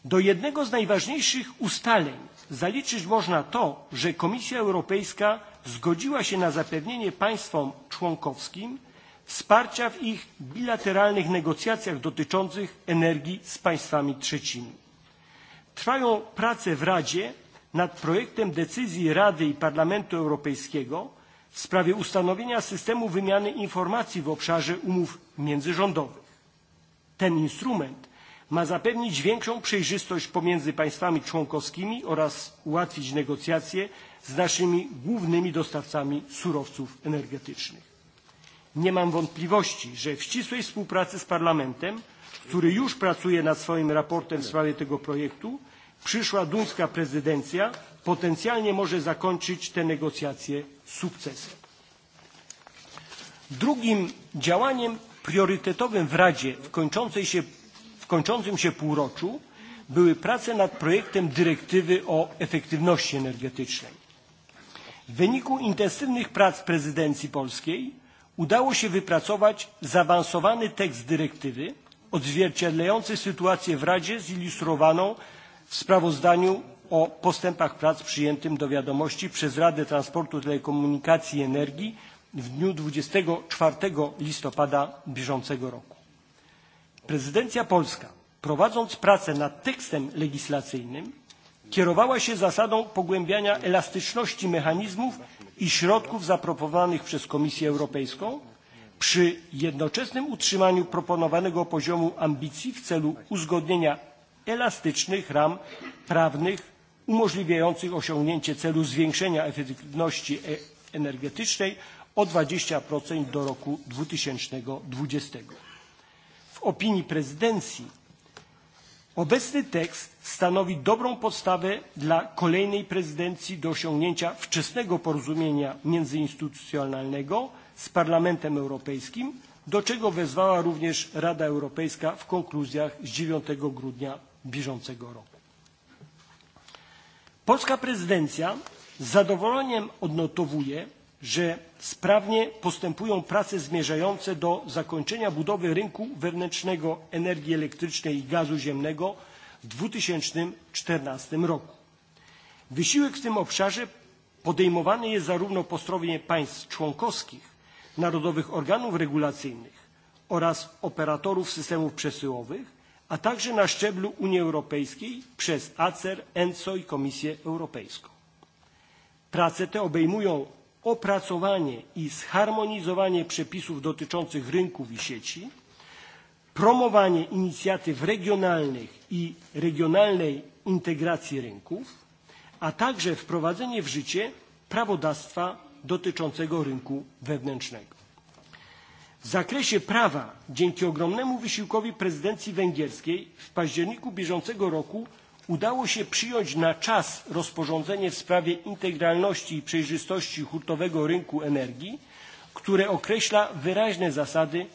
Do jednego z najważniejszych ustaleń zaliczyć można to, że Komisja Europejska zgodziła się na zapewnienie państwom członkowskim wsparcia w ich bilateralnych negocjacjach dotyczących energii z państwami trzecimi. Trwają prace w Radzie nad projektem decyzji Rady i Parlamentu Europejskiego w sprawie ustanowienia systemu wymiany informacji w obszarze umów międzyrządowych. Ten instrument ma zapewnić większą przejrzystość pomiędzy państwami członkowskimi oraz ułatwić negocjacje z naszymi głównymi dostawcami surowców energetycznych. Nie mam wątpliwości, że w ścisłej współpracy z Parlamentem, który już pracuje nad swoim raportem w sprawie tego projektu, przyszła duńska prezydencja potencjalnie może zakończyć te negocjacje sukcesem. Drugim działaniem priorytetowym w Radzie w, kończącej się, w kończącym się półroczu były prace nad projektem dyrektywy o efektywności energetycznej. W wyniku intensywnych prac prezydencji polskiej udało się wypracować zaawansowany tekst dyrektywy odzwierciedlający sytuację w Radzie zilustrowaną w sprawozdaniu o postępach prac przyjętym do wiadomości przez Radę Transportu, Telekomunikacji i Energii w dniu 24 listopada bieżącego roku. Prezydencja polska, prowadząc pracę nad tekstem legislacyjnym, kierowała się zasadą pogłębiania elastyczności mechanizmów i środków zaproponowanych przez Komisję Europejską przy jednoczesnym utrzymaniu proponowanego poziomu ambicji w celu uzgodnienia elastycznych ram prawnych umożliwiających osiągnięcie celu zwiększenia efektywności energetycznej o 20% do roku 2020. W opinii prezydencji Obecny tekst stanowi dobrą podstawę dla kolejnej prezydencji do osiągnięcia wczesnego porozumienia międzyinstytucjonalnego z Parlamentem Europejskim, do czego wezwała również Rada Europejska w konkluzjach z 9 grudnia bieżącego roku. Polska prezydencja z zadowoleniem odnotowuje, że sprawnie postępują prace zmierzające do zakończenia budowy rynku wewnętrznego energii elektrycznej i gazu ziemnego w 2014 roku. Wysiłek w tym obszarze podejmowany jest zarówno po stronie państw członkowskich, narodowych organów regulacyjnych oraz operatorów systemów przesyłowych, a także na szczeblu Unii Europejskiej przez ACER, ENCO i Komisję Europejską. Prace te obejmują opracowanie i zharmonizowanie przepisów dotyczących rynków i sieci, promowanie inicjatyw regionalnych i regionalnej integracji rynków, a także wprowadzenie w życie prawodawstwa dotyczącego rynku wewnętrznego. W zakresie prawa dzięki ogromnemu wysiłkowi prezydencji węgierskiej w październiku bieżącego roku udało się przyjąć na czas rozporządzenie w sprawie integralności i przejrzystości hurtowego rynku energii, które określa wyraźne zasady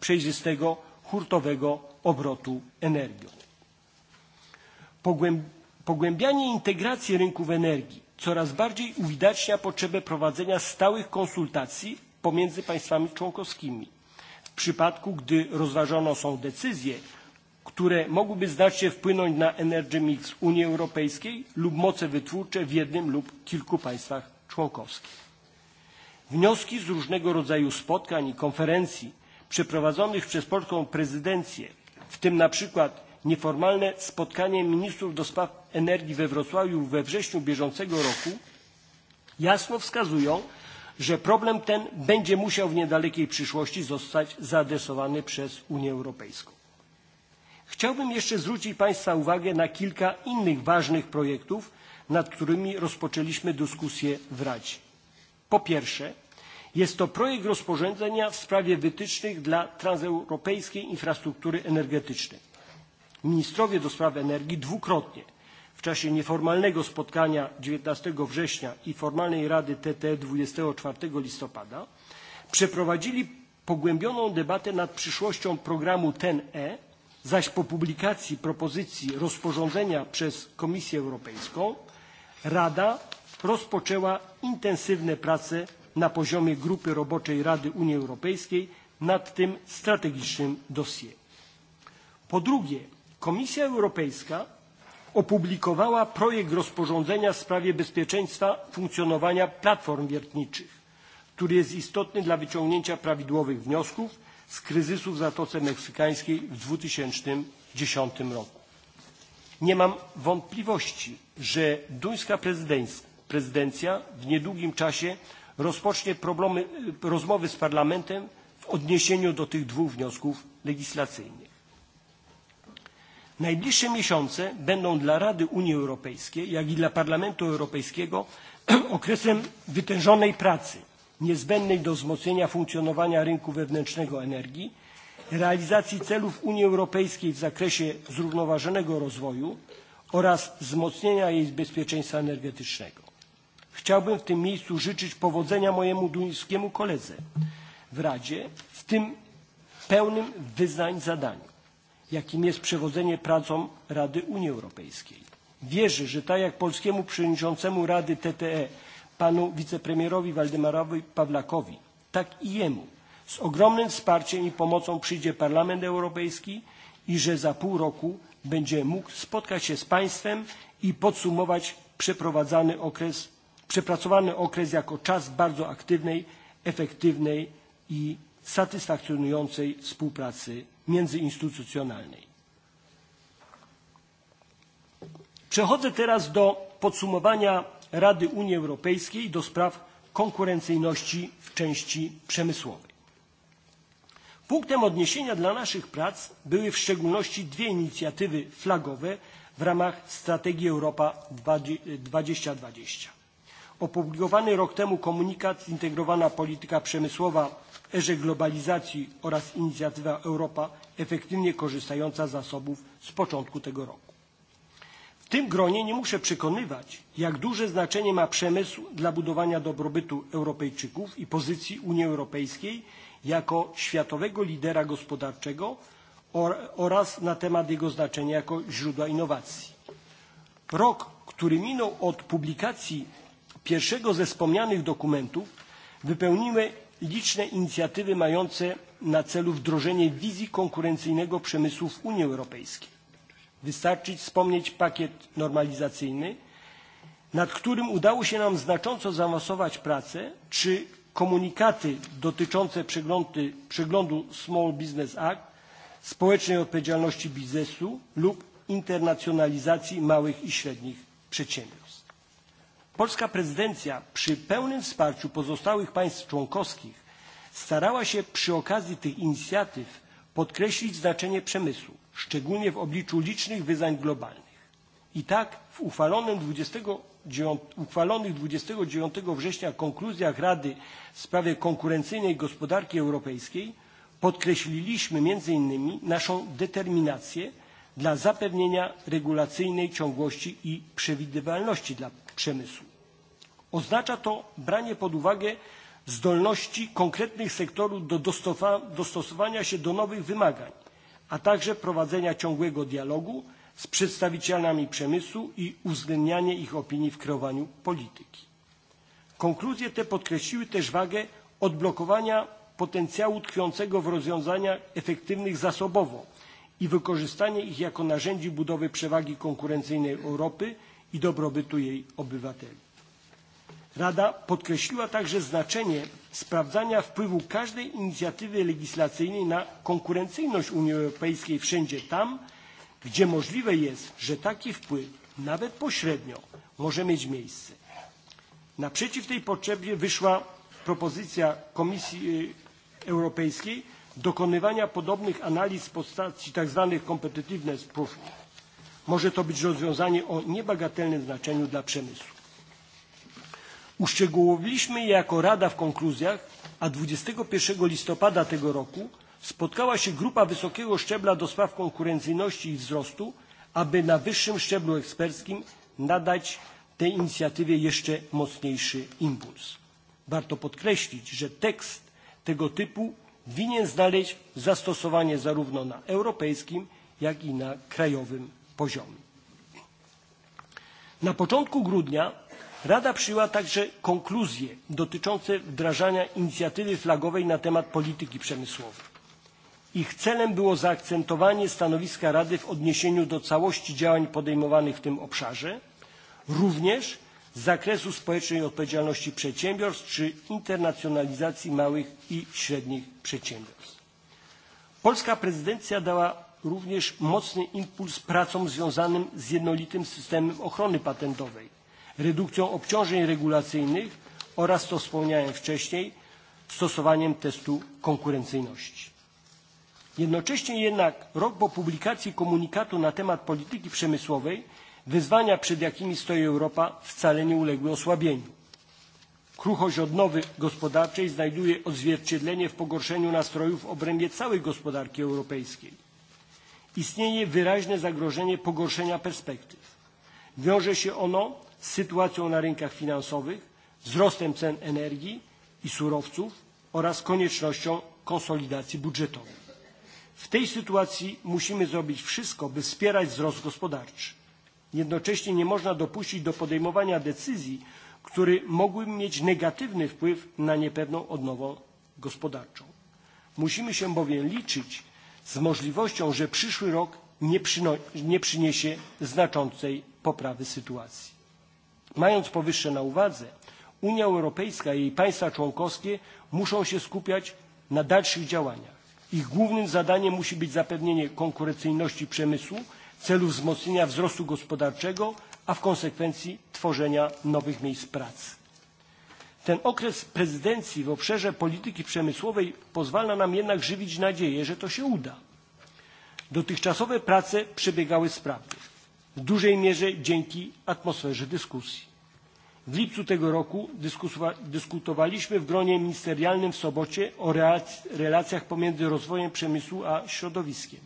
przejrzystego hurtowego obrotu energią. Pogłębianie integracji rynków energii coraz bardziej uwidacznia potrzebę prowadzenia stałych konsultacji pomiędzy państwami członkowskimi. W przypadku, gdy rozważane są decyzje które mogłyby znacznie wpłynąć na energy mix Unii Europejskiej lub moce wytwórcze w jednym lub kilku państwach członkowskich. Wnioski z różnego rodzaju spotkań i konferencji przeprowadzonych przez polską prezydencję, w tym na przykład nieformalne spotkanie ministrów do spraw energii we Wrocławiu we wrześniu bieżącego roku, jasno wskazują, że problem ten będzie musiał w niedalekiej przyszłości zostać zaadresowany przez Unię Europejską. Chciałbym jeszcze zwrócić Państwa uwagę na kilka innych ważnych projektów, nad którymi rozpoczęliśmy dyskusję w Radzie. Po pierwsze, jest to projekt rozporządzenia w sprawie wytycznych dla transeuropejskiej infrastruktury energetycznej. Ministrowie do spraw energii dwukrotnie w czasie nieformalnego spotkania 19 września i formalnej Rady TT 24 listopada przeprowadzili pogłębioną debatę nad przyszłością programu TEN-E zaś po publikacji propozycji rozporządzenia przez Komisję Europejską Rada rozpoczęła intensywne prace na poziomie Grupy Roboczej Rady Unii Europejskiej nad tym strategicznym dossier. Po drugie, Komisja Europejska opublikowała projekt rozporządzenia w sprawie bezpieczeństwa funkcjonowania platform wiertniczych, który jest istotny dla wyciągnięcia prawidłowych wniosków z kryzysu w Zatoce Meksykańskiej w 2010 roku. Nie mam wątpliwości, że duńska prezydencja w niedługim czasie rozpocznie problemy, rozmowy z Parlamentem w odniesieniu do tych dwóch wniosków legislacyjnych. Najbliższe miesiące będą dla Rady Unii Europejskiej, jak i dla Parlamentu Europejskiego okresem wytężonej pracy niezbędnej do wzmocnienia funkcjonowania rynku wewnętrznego energii, realizacji celów Unii Europejskiej w zakresie zrównoważonego rozwoju oraz wzmocnienia jej bezpieczeństwa energetycznego. Chciałbym w tym miejscu życzyć powodzenia mojemu duńskiemu koledze w Radzie w tym pełnym wyznań zadaniu, jakim jest przewodzenie pracom Rady Unii Europejskiej. Wierzę, że tak jak polskiemu przewodniczącemu Rady TTE panu wicepremierowi Waldemarowi Pawlakowi, tak i jemu. Z ogromnym wsparciem i pomocą przyjdzie Parlament Europejski i że za pół roku będzie mógł spotkać się z państwem i podsumować przeprowadzany okres, przepracowany okres jako czas bardzo aktywnej, efektywnej i satysfakcjonującej współpracy międzyinstytucjonalnej. Przechodzę teraz do podsumowania Rady Unii Europejskiej do spraw konkurencyjności w części przemysłowej. Punktem odniesienia dla naszych prac były w szczególności dwie inicjatywy flagowe w ramach strategii Europa 2020. Opublikowany rok temu komunikat Zintegrowana polityka przemysłowa w erze globalizacji oraz inicjatywa Europa efektywnie korzystająca z zasobów z początku tego roku tym gronie nie muszę przekonywać, jak duże znaczenie ma przemysł dla budowania dobrobytu Europejczyków i pozycji Unii Europejskiej jako światowego lidera gospodarczego oraz na temat jego znaczenia jako źródła innowacji. Rok, który minął od publikacji pierwszego ze wspomnianych dokumentów, wypełniły liczne inicjatywy mające na celu wdrożenie wizji konkurencyjnego przemysłu w Unii Europejskiej Wystarczy wspomnieć pakiet normalizacyjny, nad którym udało się nam znacząco zaawansować pracę, czy komunikaty dotyczące przeglądu Small Business Act, społecznej odpowiedzialności biznesu lub internacjonalizacji małych i średnich przedsiębiorstw. Polska prezydencja przy pełnym wsparciu pozostałych państw członkowskich starała się przy okazji tych inicjatyw podkreślić znaczenie przemysłu, szczególnie w obliczu licznych wyzwań globalnych. I tak w uchwalonym 29, uchwalonych 29 września konkluzjach Rady w sprawie konkurencyjnej gospodarki europejskiej podkreśliliśmy między innymi naszą determinację dla zapewnienia regulacyjnej ciągłości i przewidywalności dla przemysłu. Oznacza to branie pod uwagę zdolności konkretnych sektorów do dostosowania się do nowych wymagań, a także prowadzenia ciągłego dialogu z przedstawicielami przemysłu i uwzględnianie ich opinii w kreowaniu polityki. Konkluzje te podkreśliły też wagę odblokowania potencjału tkwiącego w rozwiązaniach efektywnych zasobowo i wykorzystanie ich jako narzędzi budowy przewagi konkurencyjnej Europy i dobrobytu jej obywateli. Rada podkreśliła także znaczenie sprawdzania wpływu każdej inicjatywy legislacyjnej na konkurencyjność Unii Europejskiej wszędzie tam, gdzie możliwe jest, że taki wpływ, nawet pośrednio, może mieć miejsce. Naprzeciw tej potrzebie wyszła propozycja Komisji Europejskiej dokonywania podobnych analiz w postaci tzw. competitiveness proof. Może to być rozwiązanie o niebagatelnym znaczeniu dla przemysłu. Uszczegółowiliśmy je jako Rada w konkluzjach, a 21 listopada tego roku spotkała się grupa wysokiego szczebla do spraw konkurencyjności i wzrostu, aby na wyższym szczeblu eksperckim nadać tej inicjatywie jeszcze mocniejszy impuls. Warto podkreślić, że tekst tego typu winien znaleźć zastosowanie zarówno na europejskim, jak i na krajowym poziomie. Na początku grudnia Rada przyjęła także konkluzje dotyczące wdrażania inicjatywy flagowej na temat polityki przemysłowej. Ich celem było zaakcentowanie stanowiska Rady w odniesieniu do całości działań podejmowanych w tym obszarze, również z zakresu społecznej odpowiedzialności przedsiębiorstw czy internacjonalizacji małych i średnich przedsiębiorstw. Polska prezydencja dała również mocny impuls pracom związanym z jednolitym systemem ochrony patentowej redukcją obciążeń regulacyjnych oraz, co wspomniałem wcześniej, stosowaniem testu konkurencyjności. Jednocześnie jednak rok po publikacji komunikatu na temat polityki przemysłowej wyzwania, przed jakimi stoi Europa, wcale nie uległy osłabieniu. Kruchość odnowy gospodarczej znajduje odzwierciedlenie w pogorszeniu nastrojów w obrębie całej gospodarki europejskiej. Istnieje wyraźne zagrożenie pogorszenia perspektyw. Wiąże się ono sytuacją na rynkach finansowych, wzrostem cen energii i surowców oraz koniecznością konsolidacji budżetowej. W tej sytuacji musimy zrobić wszystko, by wspierać wzrost gospodarczy. Jednocześnie nie można dopuścić do podejmowania decyzji, które mogłyby mieć negatywny wpływ na niepewną odnowę gospodarczą. Musimy się bowiem liczyć z możliwością, że przyszły rok nie, nie przyniesie znaczącej poprawy sytuacji. Mając powyższe na uwadze, Unia Europejska i jej państwa członkowskie muszą się skupiać na dalszych działaniach. Ich głównym zadaniem musi być zapewnienie konkurencyjności przemysłu w celu wzmocnienia wzrostu gospodarczego, a w konsekwencji tworzenia nowych miejsc pracy. Ten okres prezydencji w obszarze polityki przemysłowej pozwala nam jednak żywić nadzieję, że to się uda. Dotychczasowe prace przebiegały sprawnie w dużej mierze dzięki atmosferze dyskusji. W lipcu tego roku dyskutowaliśmy w gronie ministerialnym w Sobocie o relacjach pomiędzy rozwojem przemysłu a środowiskiem.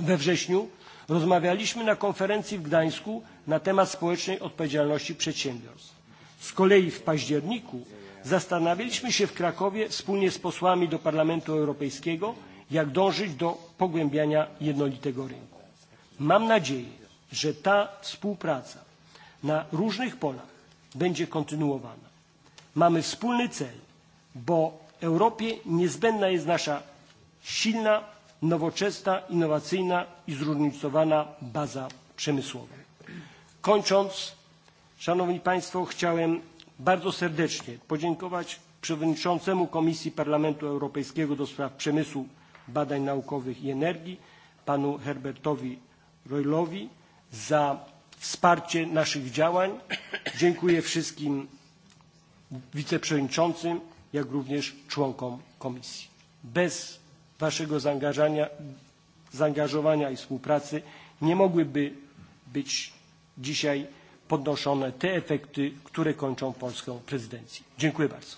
We wrześniu rozmawialiśmy na konferencji w Gdańsku na temat społecznej odpowiedzialności przedsiębiorstw. Z kolei w październiku zastanawialiśmy się w Krakowie wspólnie z posłami do Parlamentu Europejskiego, jak dążyć do pogłębiania jednolitego rynku. Mam nadzieję, że ta współpraca na różnych polach będzie kontynuowana. Mamy wspólny cel, bo Europie niezbędna jest nasza silna, nowoczesna, innowacyjna i zróżnicowana baza przemysłowa. Kończąc, Szanowni Państwo, chciałem bardzo serdecznie podziękować przewodniczącemu Komisji Parlamentu Europejskiego do spraw przemysłu, badań naukowych i energii, panu Herbertowi Roylowi, za wsparcie naszych działań. Dziękuję wszystkim wiceprzewodniczącym, jak również członkom komisji. Bez Waszego zaangażowania i współpracy nie mogłyby być dzisiaj podnoszone te efekty, które kończą polską prezydencję. Dziękuję bardzo.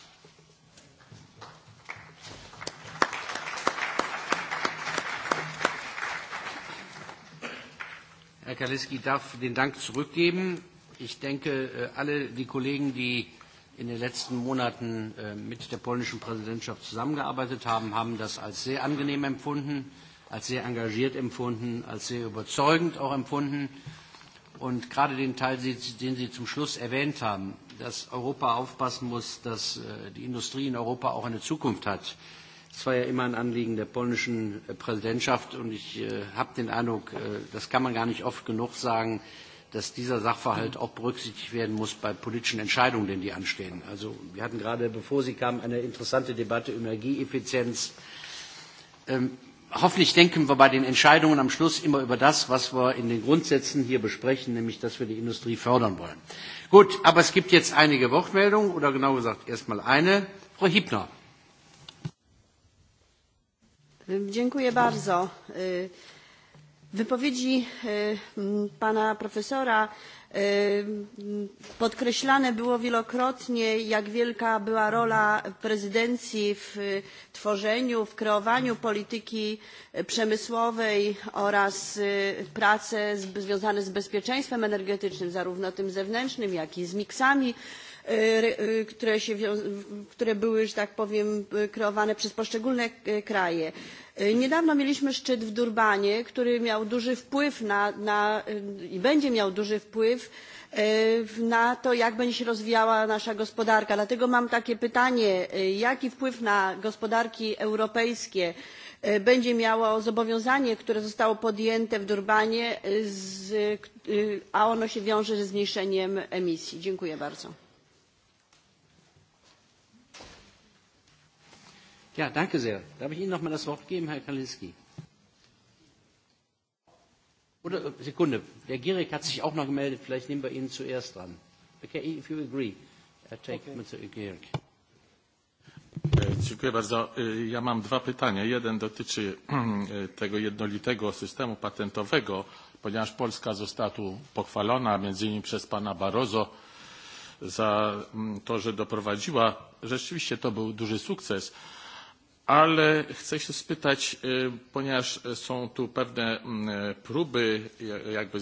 Herr Kaliski darf den Dank zurückgeben. Ich denke, äh, alle die Kollegen, die in den letzten Monaten äh, mit der polnischen Präsidentschaft zusammengearbeitet haben, haben das als sehr angenehm empfunden, als sehr engagiert empfunden, als sehr überzeugend auch empfunden. Und gerade den Teil, den Sie zum Schluss erwähnt haben, dass Europa aufpassen muss, dass äh, die Industrie in Europa auch eine Zukunft hat Es war ja immer ein Anliegen der polnischen äh, Präsidentschaft und ich äh, habe den Eindruck, äh, das kann man gar nicht oft genug sagen, dass dieser Sachverhalt auch berücksichtigt werden muss bei politischen Entscheidungen, denn die anstehen. Also wir hatten gerade, bevor Sie kamen, eine interessante Debatte über Energieeffizienz. Ähm, hoffentlich denken wir bei den Entscheidungen am Schluss immer über das, was wir in den Grundsätzen hier besprechen, nämlich, dass wir die Industrie fördern wollen. Gut, aber es gibt jetzt einige Wortmeldungen oder genau gesagt erstmal eine. Frau Hiebner. Wypowiedzi pana profesora podkreślane było wielokrotnie, jak wielka była rola prezydencji w tworzeniu, w kreowaniu polityki przemysłowej oraz prace związane z bezpieczeństwem energetycznym, zarówno tym zewnętrznym, jak i z miksami energetycznymi które, się, które były, że tak powiem, kreowane przez poszczególne kraje. Niedawno mieliśmy szczyt w Durbanie, który miał duży wpływ na, na i będzie miał duży wpływ na to, jak będzie się rozwijała nasza gospodarka. Dlatego mam takie pytanie, jaki wpływ na gospodarki europejskie będzie miało zobowiązanie, które zostało podjęte w Durbanie, z, a ono się wiąże ze zmniejszeniem emisji. Dziękuję bardzo. Ja, danke sehr. Darf ich Ihnen noch mal das Wort geben, Herr Kalinski? Oder, äh, Sekunde, der Gierig hat sich auch noch gemeldet. Vielleicht nehmen wir ihn zuerst dran. Okay, if you agree, I uh, take okay. Mr. Gierig. Dziękuję bardzo. Ja mam dwa pytania. Jeden dotyczy tego jednolitego systemu patentowego, ponieważ Polska została tu pochwalona, między innymi przez pana Barroso, za mm, to, że doprowadziła. Rzeczywiście to był duży sukces ale chcę się spytać, ponieważ są tu pewne mm, próby jakby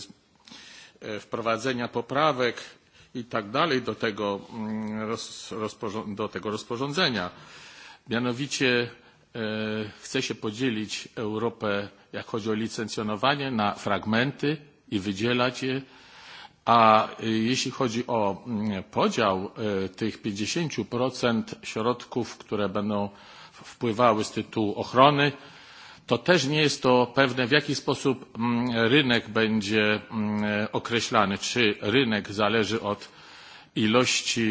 wprowadzenia poprawek i tak dalej do tego, mm, do tego rozporządzenia. Mianowicie chce się podzielić Europę, jak chodzi o licencjonowanie, na fragmenty i wydzielać je. A jeśli chodzi o mm, podział tych 50% środków, które będą wpływały z tytułu ochrony, to też nie jest to pewne, w jaki sposób mm, rynek będzie mm, określany. Czy rynek zależy od ilości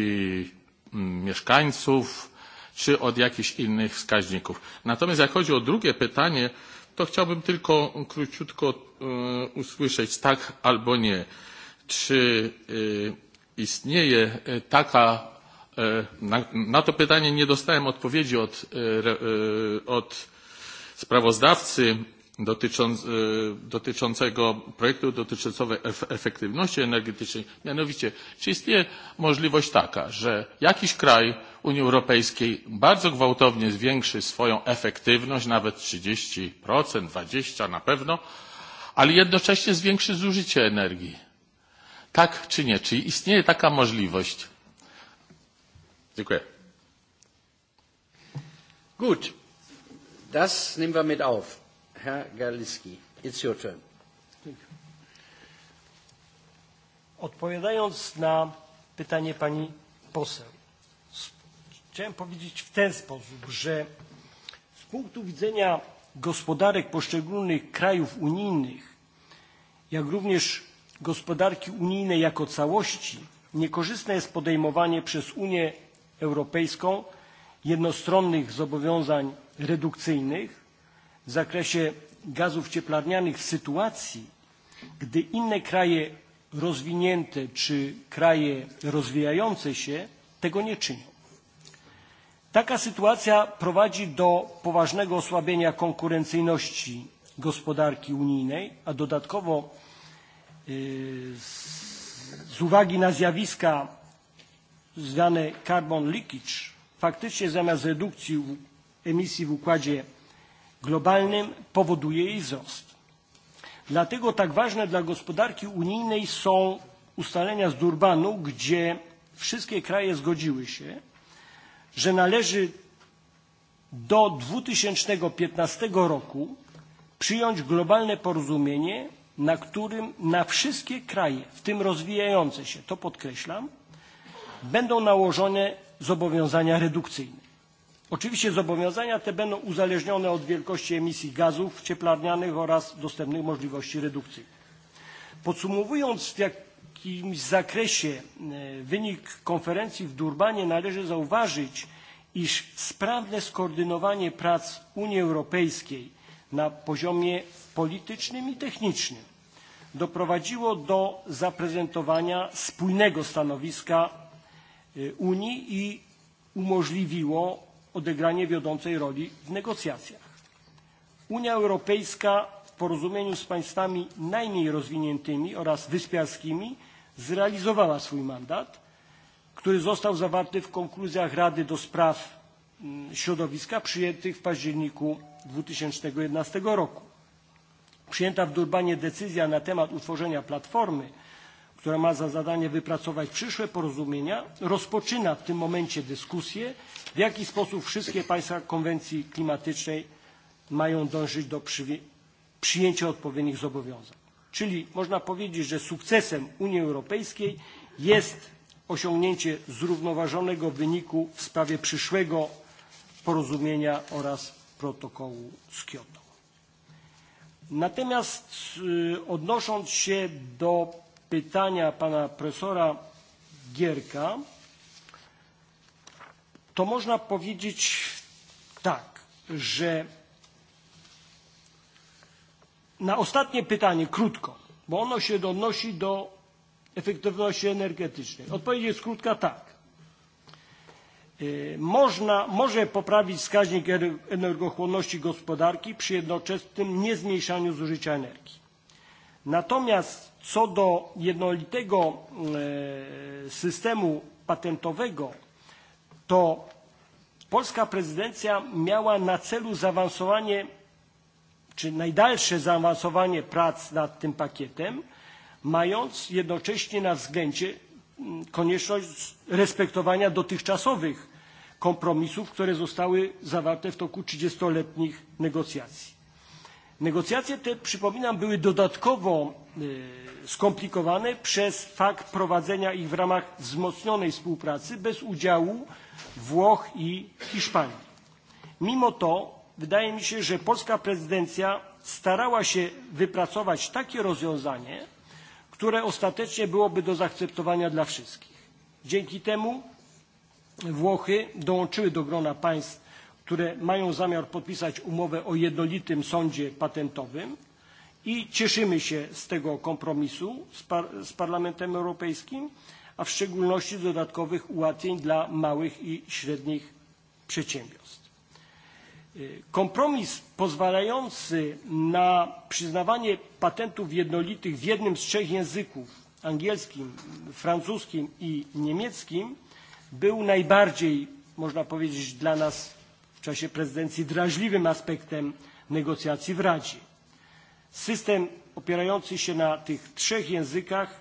mm, mieszkańców, czy od jakichś innych wskaźników. Natomiast jak chodzi o drugie pytanie, to chciałbym tylko króciutko usłyszeć tak albo nie. Czy istnieje taka Na, na to pytanie nie dostałem odpowiedzi od, od sprawozdawcy dotycząc, dotyczącego projektu dotyczącego efektywności energetycznej. Mianowicie, czy istnieje możliwość taka, że jakiś kraj Unii Europejskiej bardzo gwałtownie zwiększy swoją efektywność, nawet 30%, 20% na pewno, ale jednocześnie zwiększy zużycie energii? Tak czy nie? Czy istnieje taka możliwość? Dziękuję. Gut, das nehmen wir mit auf. Herr Galiski, it's your turn. Odpowiadając na pytanie pani poseł, chciałem powiedzieć w ten sposób, że z punktu widzenia gospodarek poszczególnych krajów unijnych, jak również gospodarki unijnej jako całości, niekorzystne jest podejmowanie przez Unię Europejską jednostronnych zobowiązań redukcyjnych w zakresie gazów cieplarnianych w sytuacji, gdy inne kraje rozwinięte czy kraje rozwijające się tego nie czynią. Taka sytuacja prowadzi do poważnego osłabienia konkurencyjności gospodarki unijnej, a dodatkowo z uwagi na zjawiska zwane carbon leakage, faktycznie zamiast redukcji emisji w układzie globalnym powoduje jej wzrost. Dlatego tak ważne dla gospodarki unijnej są ustalenia z Durbanu, gdzie wszystkie kraje zgodziły się, że należy do 2015 roku przyjąć globalne porozumienie, na którym na wszystkie kraje, w tym rozwijające się, to podkreślam, będą nałożone zobowiązania redukcyjne. Oczywiście zobowiązania te będą uzależnione od wielkości emisji gazów cieplarnianych oraz dostępnych możliwości redukcyjnych. Podsumowując, w jakimś zakresie wynik konferencji w Durbanie należy zauważyć, iż sprawne skoordynowanie prac Unii Europejskiej na poziomie politycznym i technicznym doprowadziło do zaprezentowania spójnego stanowiska unii i umożliwiło odegranie wiodącej roli w negocjacjach. Unia Europejska w porozumieniu z państwami najmniej rozwiniętymi oraz wyspiarskimi zrealizowała swój mandat, który został zawarty w konkluzjach Rady do spraw mm, środowiska przyjętych w październiku 2011 roku. Przyjęta w Durbanie decyzja na temat utworzenia platformy która ma za zadanie wypracować przyszłe porozumienia, rozpoczyna w tym momencie dyskusję, w jaki sposób wszystkie państwa konwencji klimatycznej mają dążyć do przyjęcia odpowiednich zobowiązań. Czyli można powiedzieć, że sukcesem Unii Europejskiej jest osiągnięcie zrównoważonego wyniku w sprawie przyszłego porozumienia oraz protokołu z Kyoto. Natomiast odnosząc się do pytania pana profesora Gierka, to można powiedzieć tak, że na ostatnie pytanie krótko, bo ono się odnosi do efektywności energetycznej. Odpowiedź jest krótka tak. Można, może poprawić wskaźnik energochłonności gospodarki przy jednoczesnym niezmniejszaniu zużycia energii. Natomiast Co do jednolitego systemu patentowego, to polska prezydencja miała na celu zaawansowanie czy najdalsze zaawansowanie prac nad tym pakietem, mając jednocześnie na względzie konieczność respektowania dotychczasowych kompromisów, które zostały zawarte w toku 30-letnich negocjacji. Negocjacje te, przypominam, były dodatkowo skomplikowane przez fakt prowadzenia ich w ramach wzmocnionej współpracy bez udziału Włoch i Hiszpanii. Mimo to wydaje mi się, że polska prezydencja starała się wypracować takie rozwiązanie, które ostatecznie byłoby do zaakceptowania dla wszystkich. Dzięki temu Włochy dołączyły do grona państw które mają zamiar podpisać umowę o jednolitym sądzie patentowym i cieszymy się z tego kompromisu z, par z Parlamentem Europejskim, a w szczególności dodatkowych ułatwień dla małych i średnich przedsiębiorstw. Kompromis pozwalający na przyznawanie patentów jednolitych w jednym z trzech języków angielskim, francuskim i niemieckim był najbardziej, można powiedzieć, dla nas czasie prezydencji drażliwym aspektem negocjacji w Radzie. System opierający się na tych trzech językach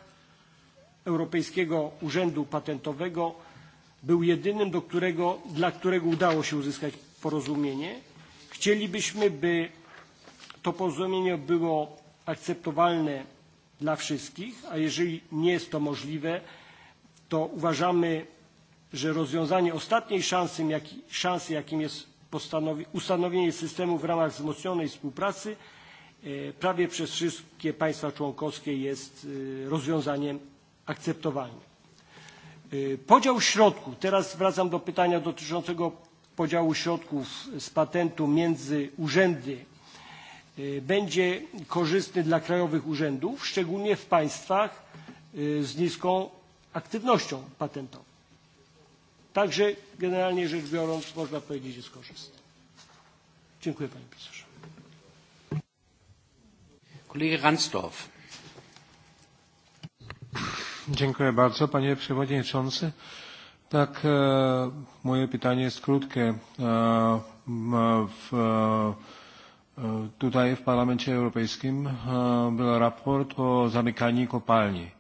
Europejskiego Urzędu Patentowego był jedynym, do którego, dla którego udało się uzyskać porozumienie. Chcielibyśmy, by to porozumienie było akceptowalne dla wszystkich, a jeżeli nie jest to możliwe, to uważamy, że rozwiązanie ostatniej szansy, jak, szansy jakim jest ustanowienie systemu w ramach wzmocnionej współpracy prawie przez wszystkie państwa członkowskie jest rozwiązaniem akceptowalnym. Podział środków. Teraz wracam do pytania dotyczącego podziału środków z patentu między urzędy będzie korzystny dla krajowych urzędów, szczególnie w państwach z niską aktywnością patentową. Także generalnie rzecz biorąc można powiedzieć jest korzystny. Dziękuję panie profesorze. Kolega Ransdorf. Dziękuję bardzo panie przewodniczący. Tak, moje pytanie jest krótkie. w, tutaj w Parlamencie Europejskim był raport o zamykaniu kopalni.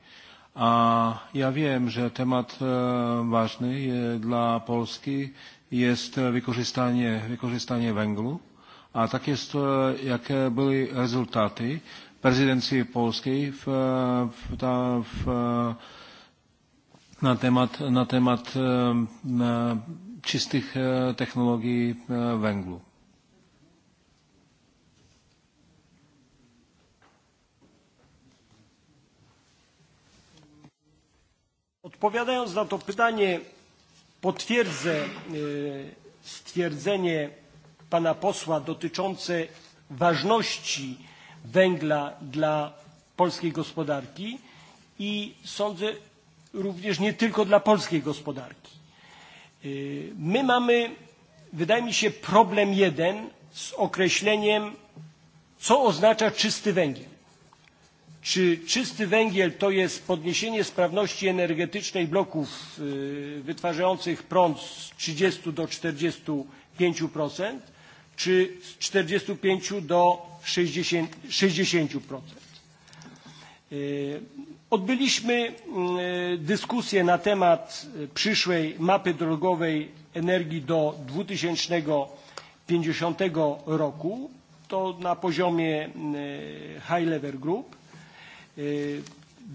A ja viem, že temat ważny dla Polski jest wykorzystanie, wykorzystanie węglu, a takisto, jest, jakie były rezultaty prezydencji polskiej w, w, ta, w, na temat, na temat na węglu. Odpowiadając na to pytanie, potwierdzę stwierdzenie pana posła dotyczące ważności węgla dla polskiej gospodarki i sądzę również nie tylko dla polskiej gospodarki. My mamy, wydaje mi się, problem jeden z określeniem, co oznacza czysty węgiel. Czy czysty węgiel to jest podniesienie sprawności energetycznej bloków wytwarzających prąd z 30 do 45%, czy z 45 do 60%? Odbyliśmy dyskusję na temat przyszłej mapy drogowej energii do 2050 roku. To na poziomie high level group.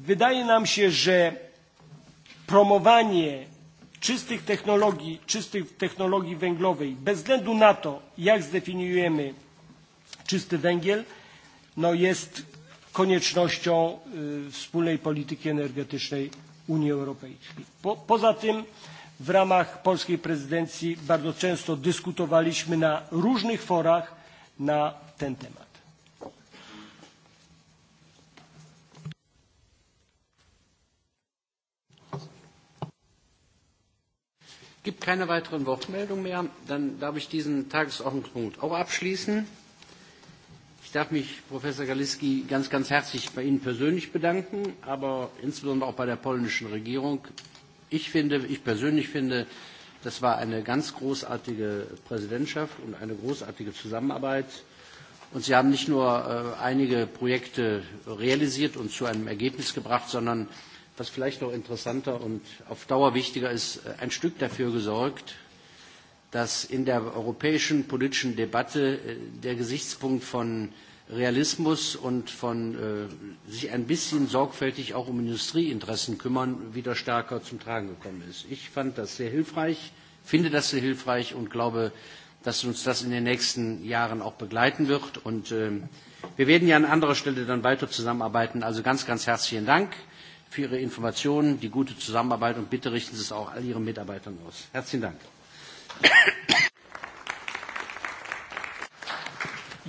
Wydaje nam się, że promowanie czystych technologii, czystych technologii węglowej, bez względu na to, jak zdefiniujemy czysty węgiel, no jest koniecznością wspólnej polityki energetycznej Unii Europejskiej. Po, poza tym w ramach polskiej prezydencji bardzo często dyskutowaliśmy na różnych forach na ten temat. gibt keine weiteren Wortmeldungen mehr. Dann darf ich diesen Tagesordnungspunkt auch abschließen. Ich darf mich, Professor Galiski, ganz, ganz herzlich bei Ihnen persönlich bedanken, aber insbesondere auch bei der polnischen Regierung. Ich finde, ich persönlich finde, das war eine ganz großartige Präsidentschaft und eine großartige Zusammenarbeit. Und Sie haben nicht nur äh, einige Projekte realisiert und zu einem Ergebnis gebracht, sondern was vielleicht noch interessanter und auf Dauer wichtiger ist, äh, ein Stück dafür gesorgt, dass in der europäischen politischen Debatte äh, der Gesichtspunkt von Realismus und von äh, sich ein bisschen sorgfältig auch um Industrieinteressen kümmern, wieder stärker zum Tragen gekommen ist. Ich fand das sehr hilfreich, finde das sehr hilfreich und glaube, dass uns das in den nächsten Jahren auch begleiten wird. Und äh, wir werden ja an anderer Stelle dann weiter zusammenarbeiten. Also ganz, ganz herzlichen Dank für Ihre Informationen, die gute Zusammenarbeit und bitte richten Sie es auch all Ihren Mitarbeitern aus. Herzlichen Dank.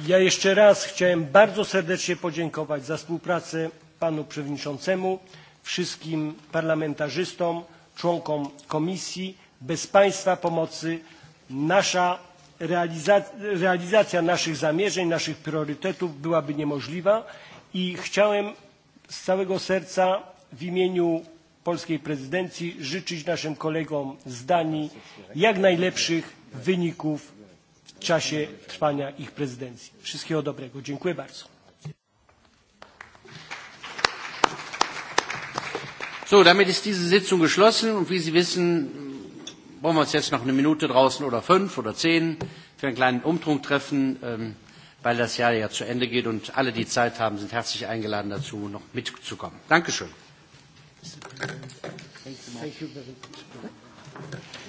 Ja jeszcze raz chciałem bardzo serdecznie podziękować za współpracę panu przewodniczącemu, wszystkim parlamentarzystom, członkom komisji. Bez państwa pomocy nasza realizacja, realizacja naszych zamierzeń, naszych priorytetów byłaby niemożliwa i chciałem z całego serca w imieniu polskiej prezydencji życzyć naszym kolegom z Danii jak najlepszych wyników w czasie trwania ich prezydencji. Wszystkiego dobrego. Dziękuję bardzo. So, damit ist diese Sitzung geschlossen und wie Sie wissen, wollen wir uns jetzt noch eine Minute draußen oder fünf oder zehn für einen kleinen Umtrunk treffen, ähm, weil das Jahr ja zu Ende geht und alle, die Zeit haben, sind herzlich eingeladen dazu, noch mitzukommen. Dankeschön. Thank you. Thank you very much.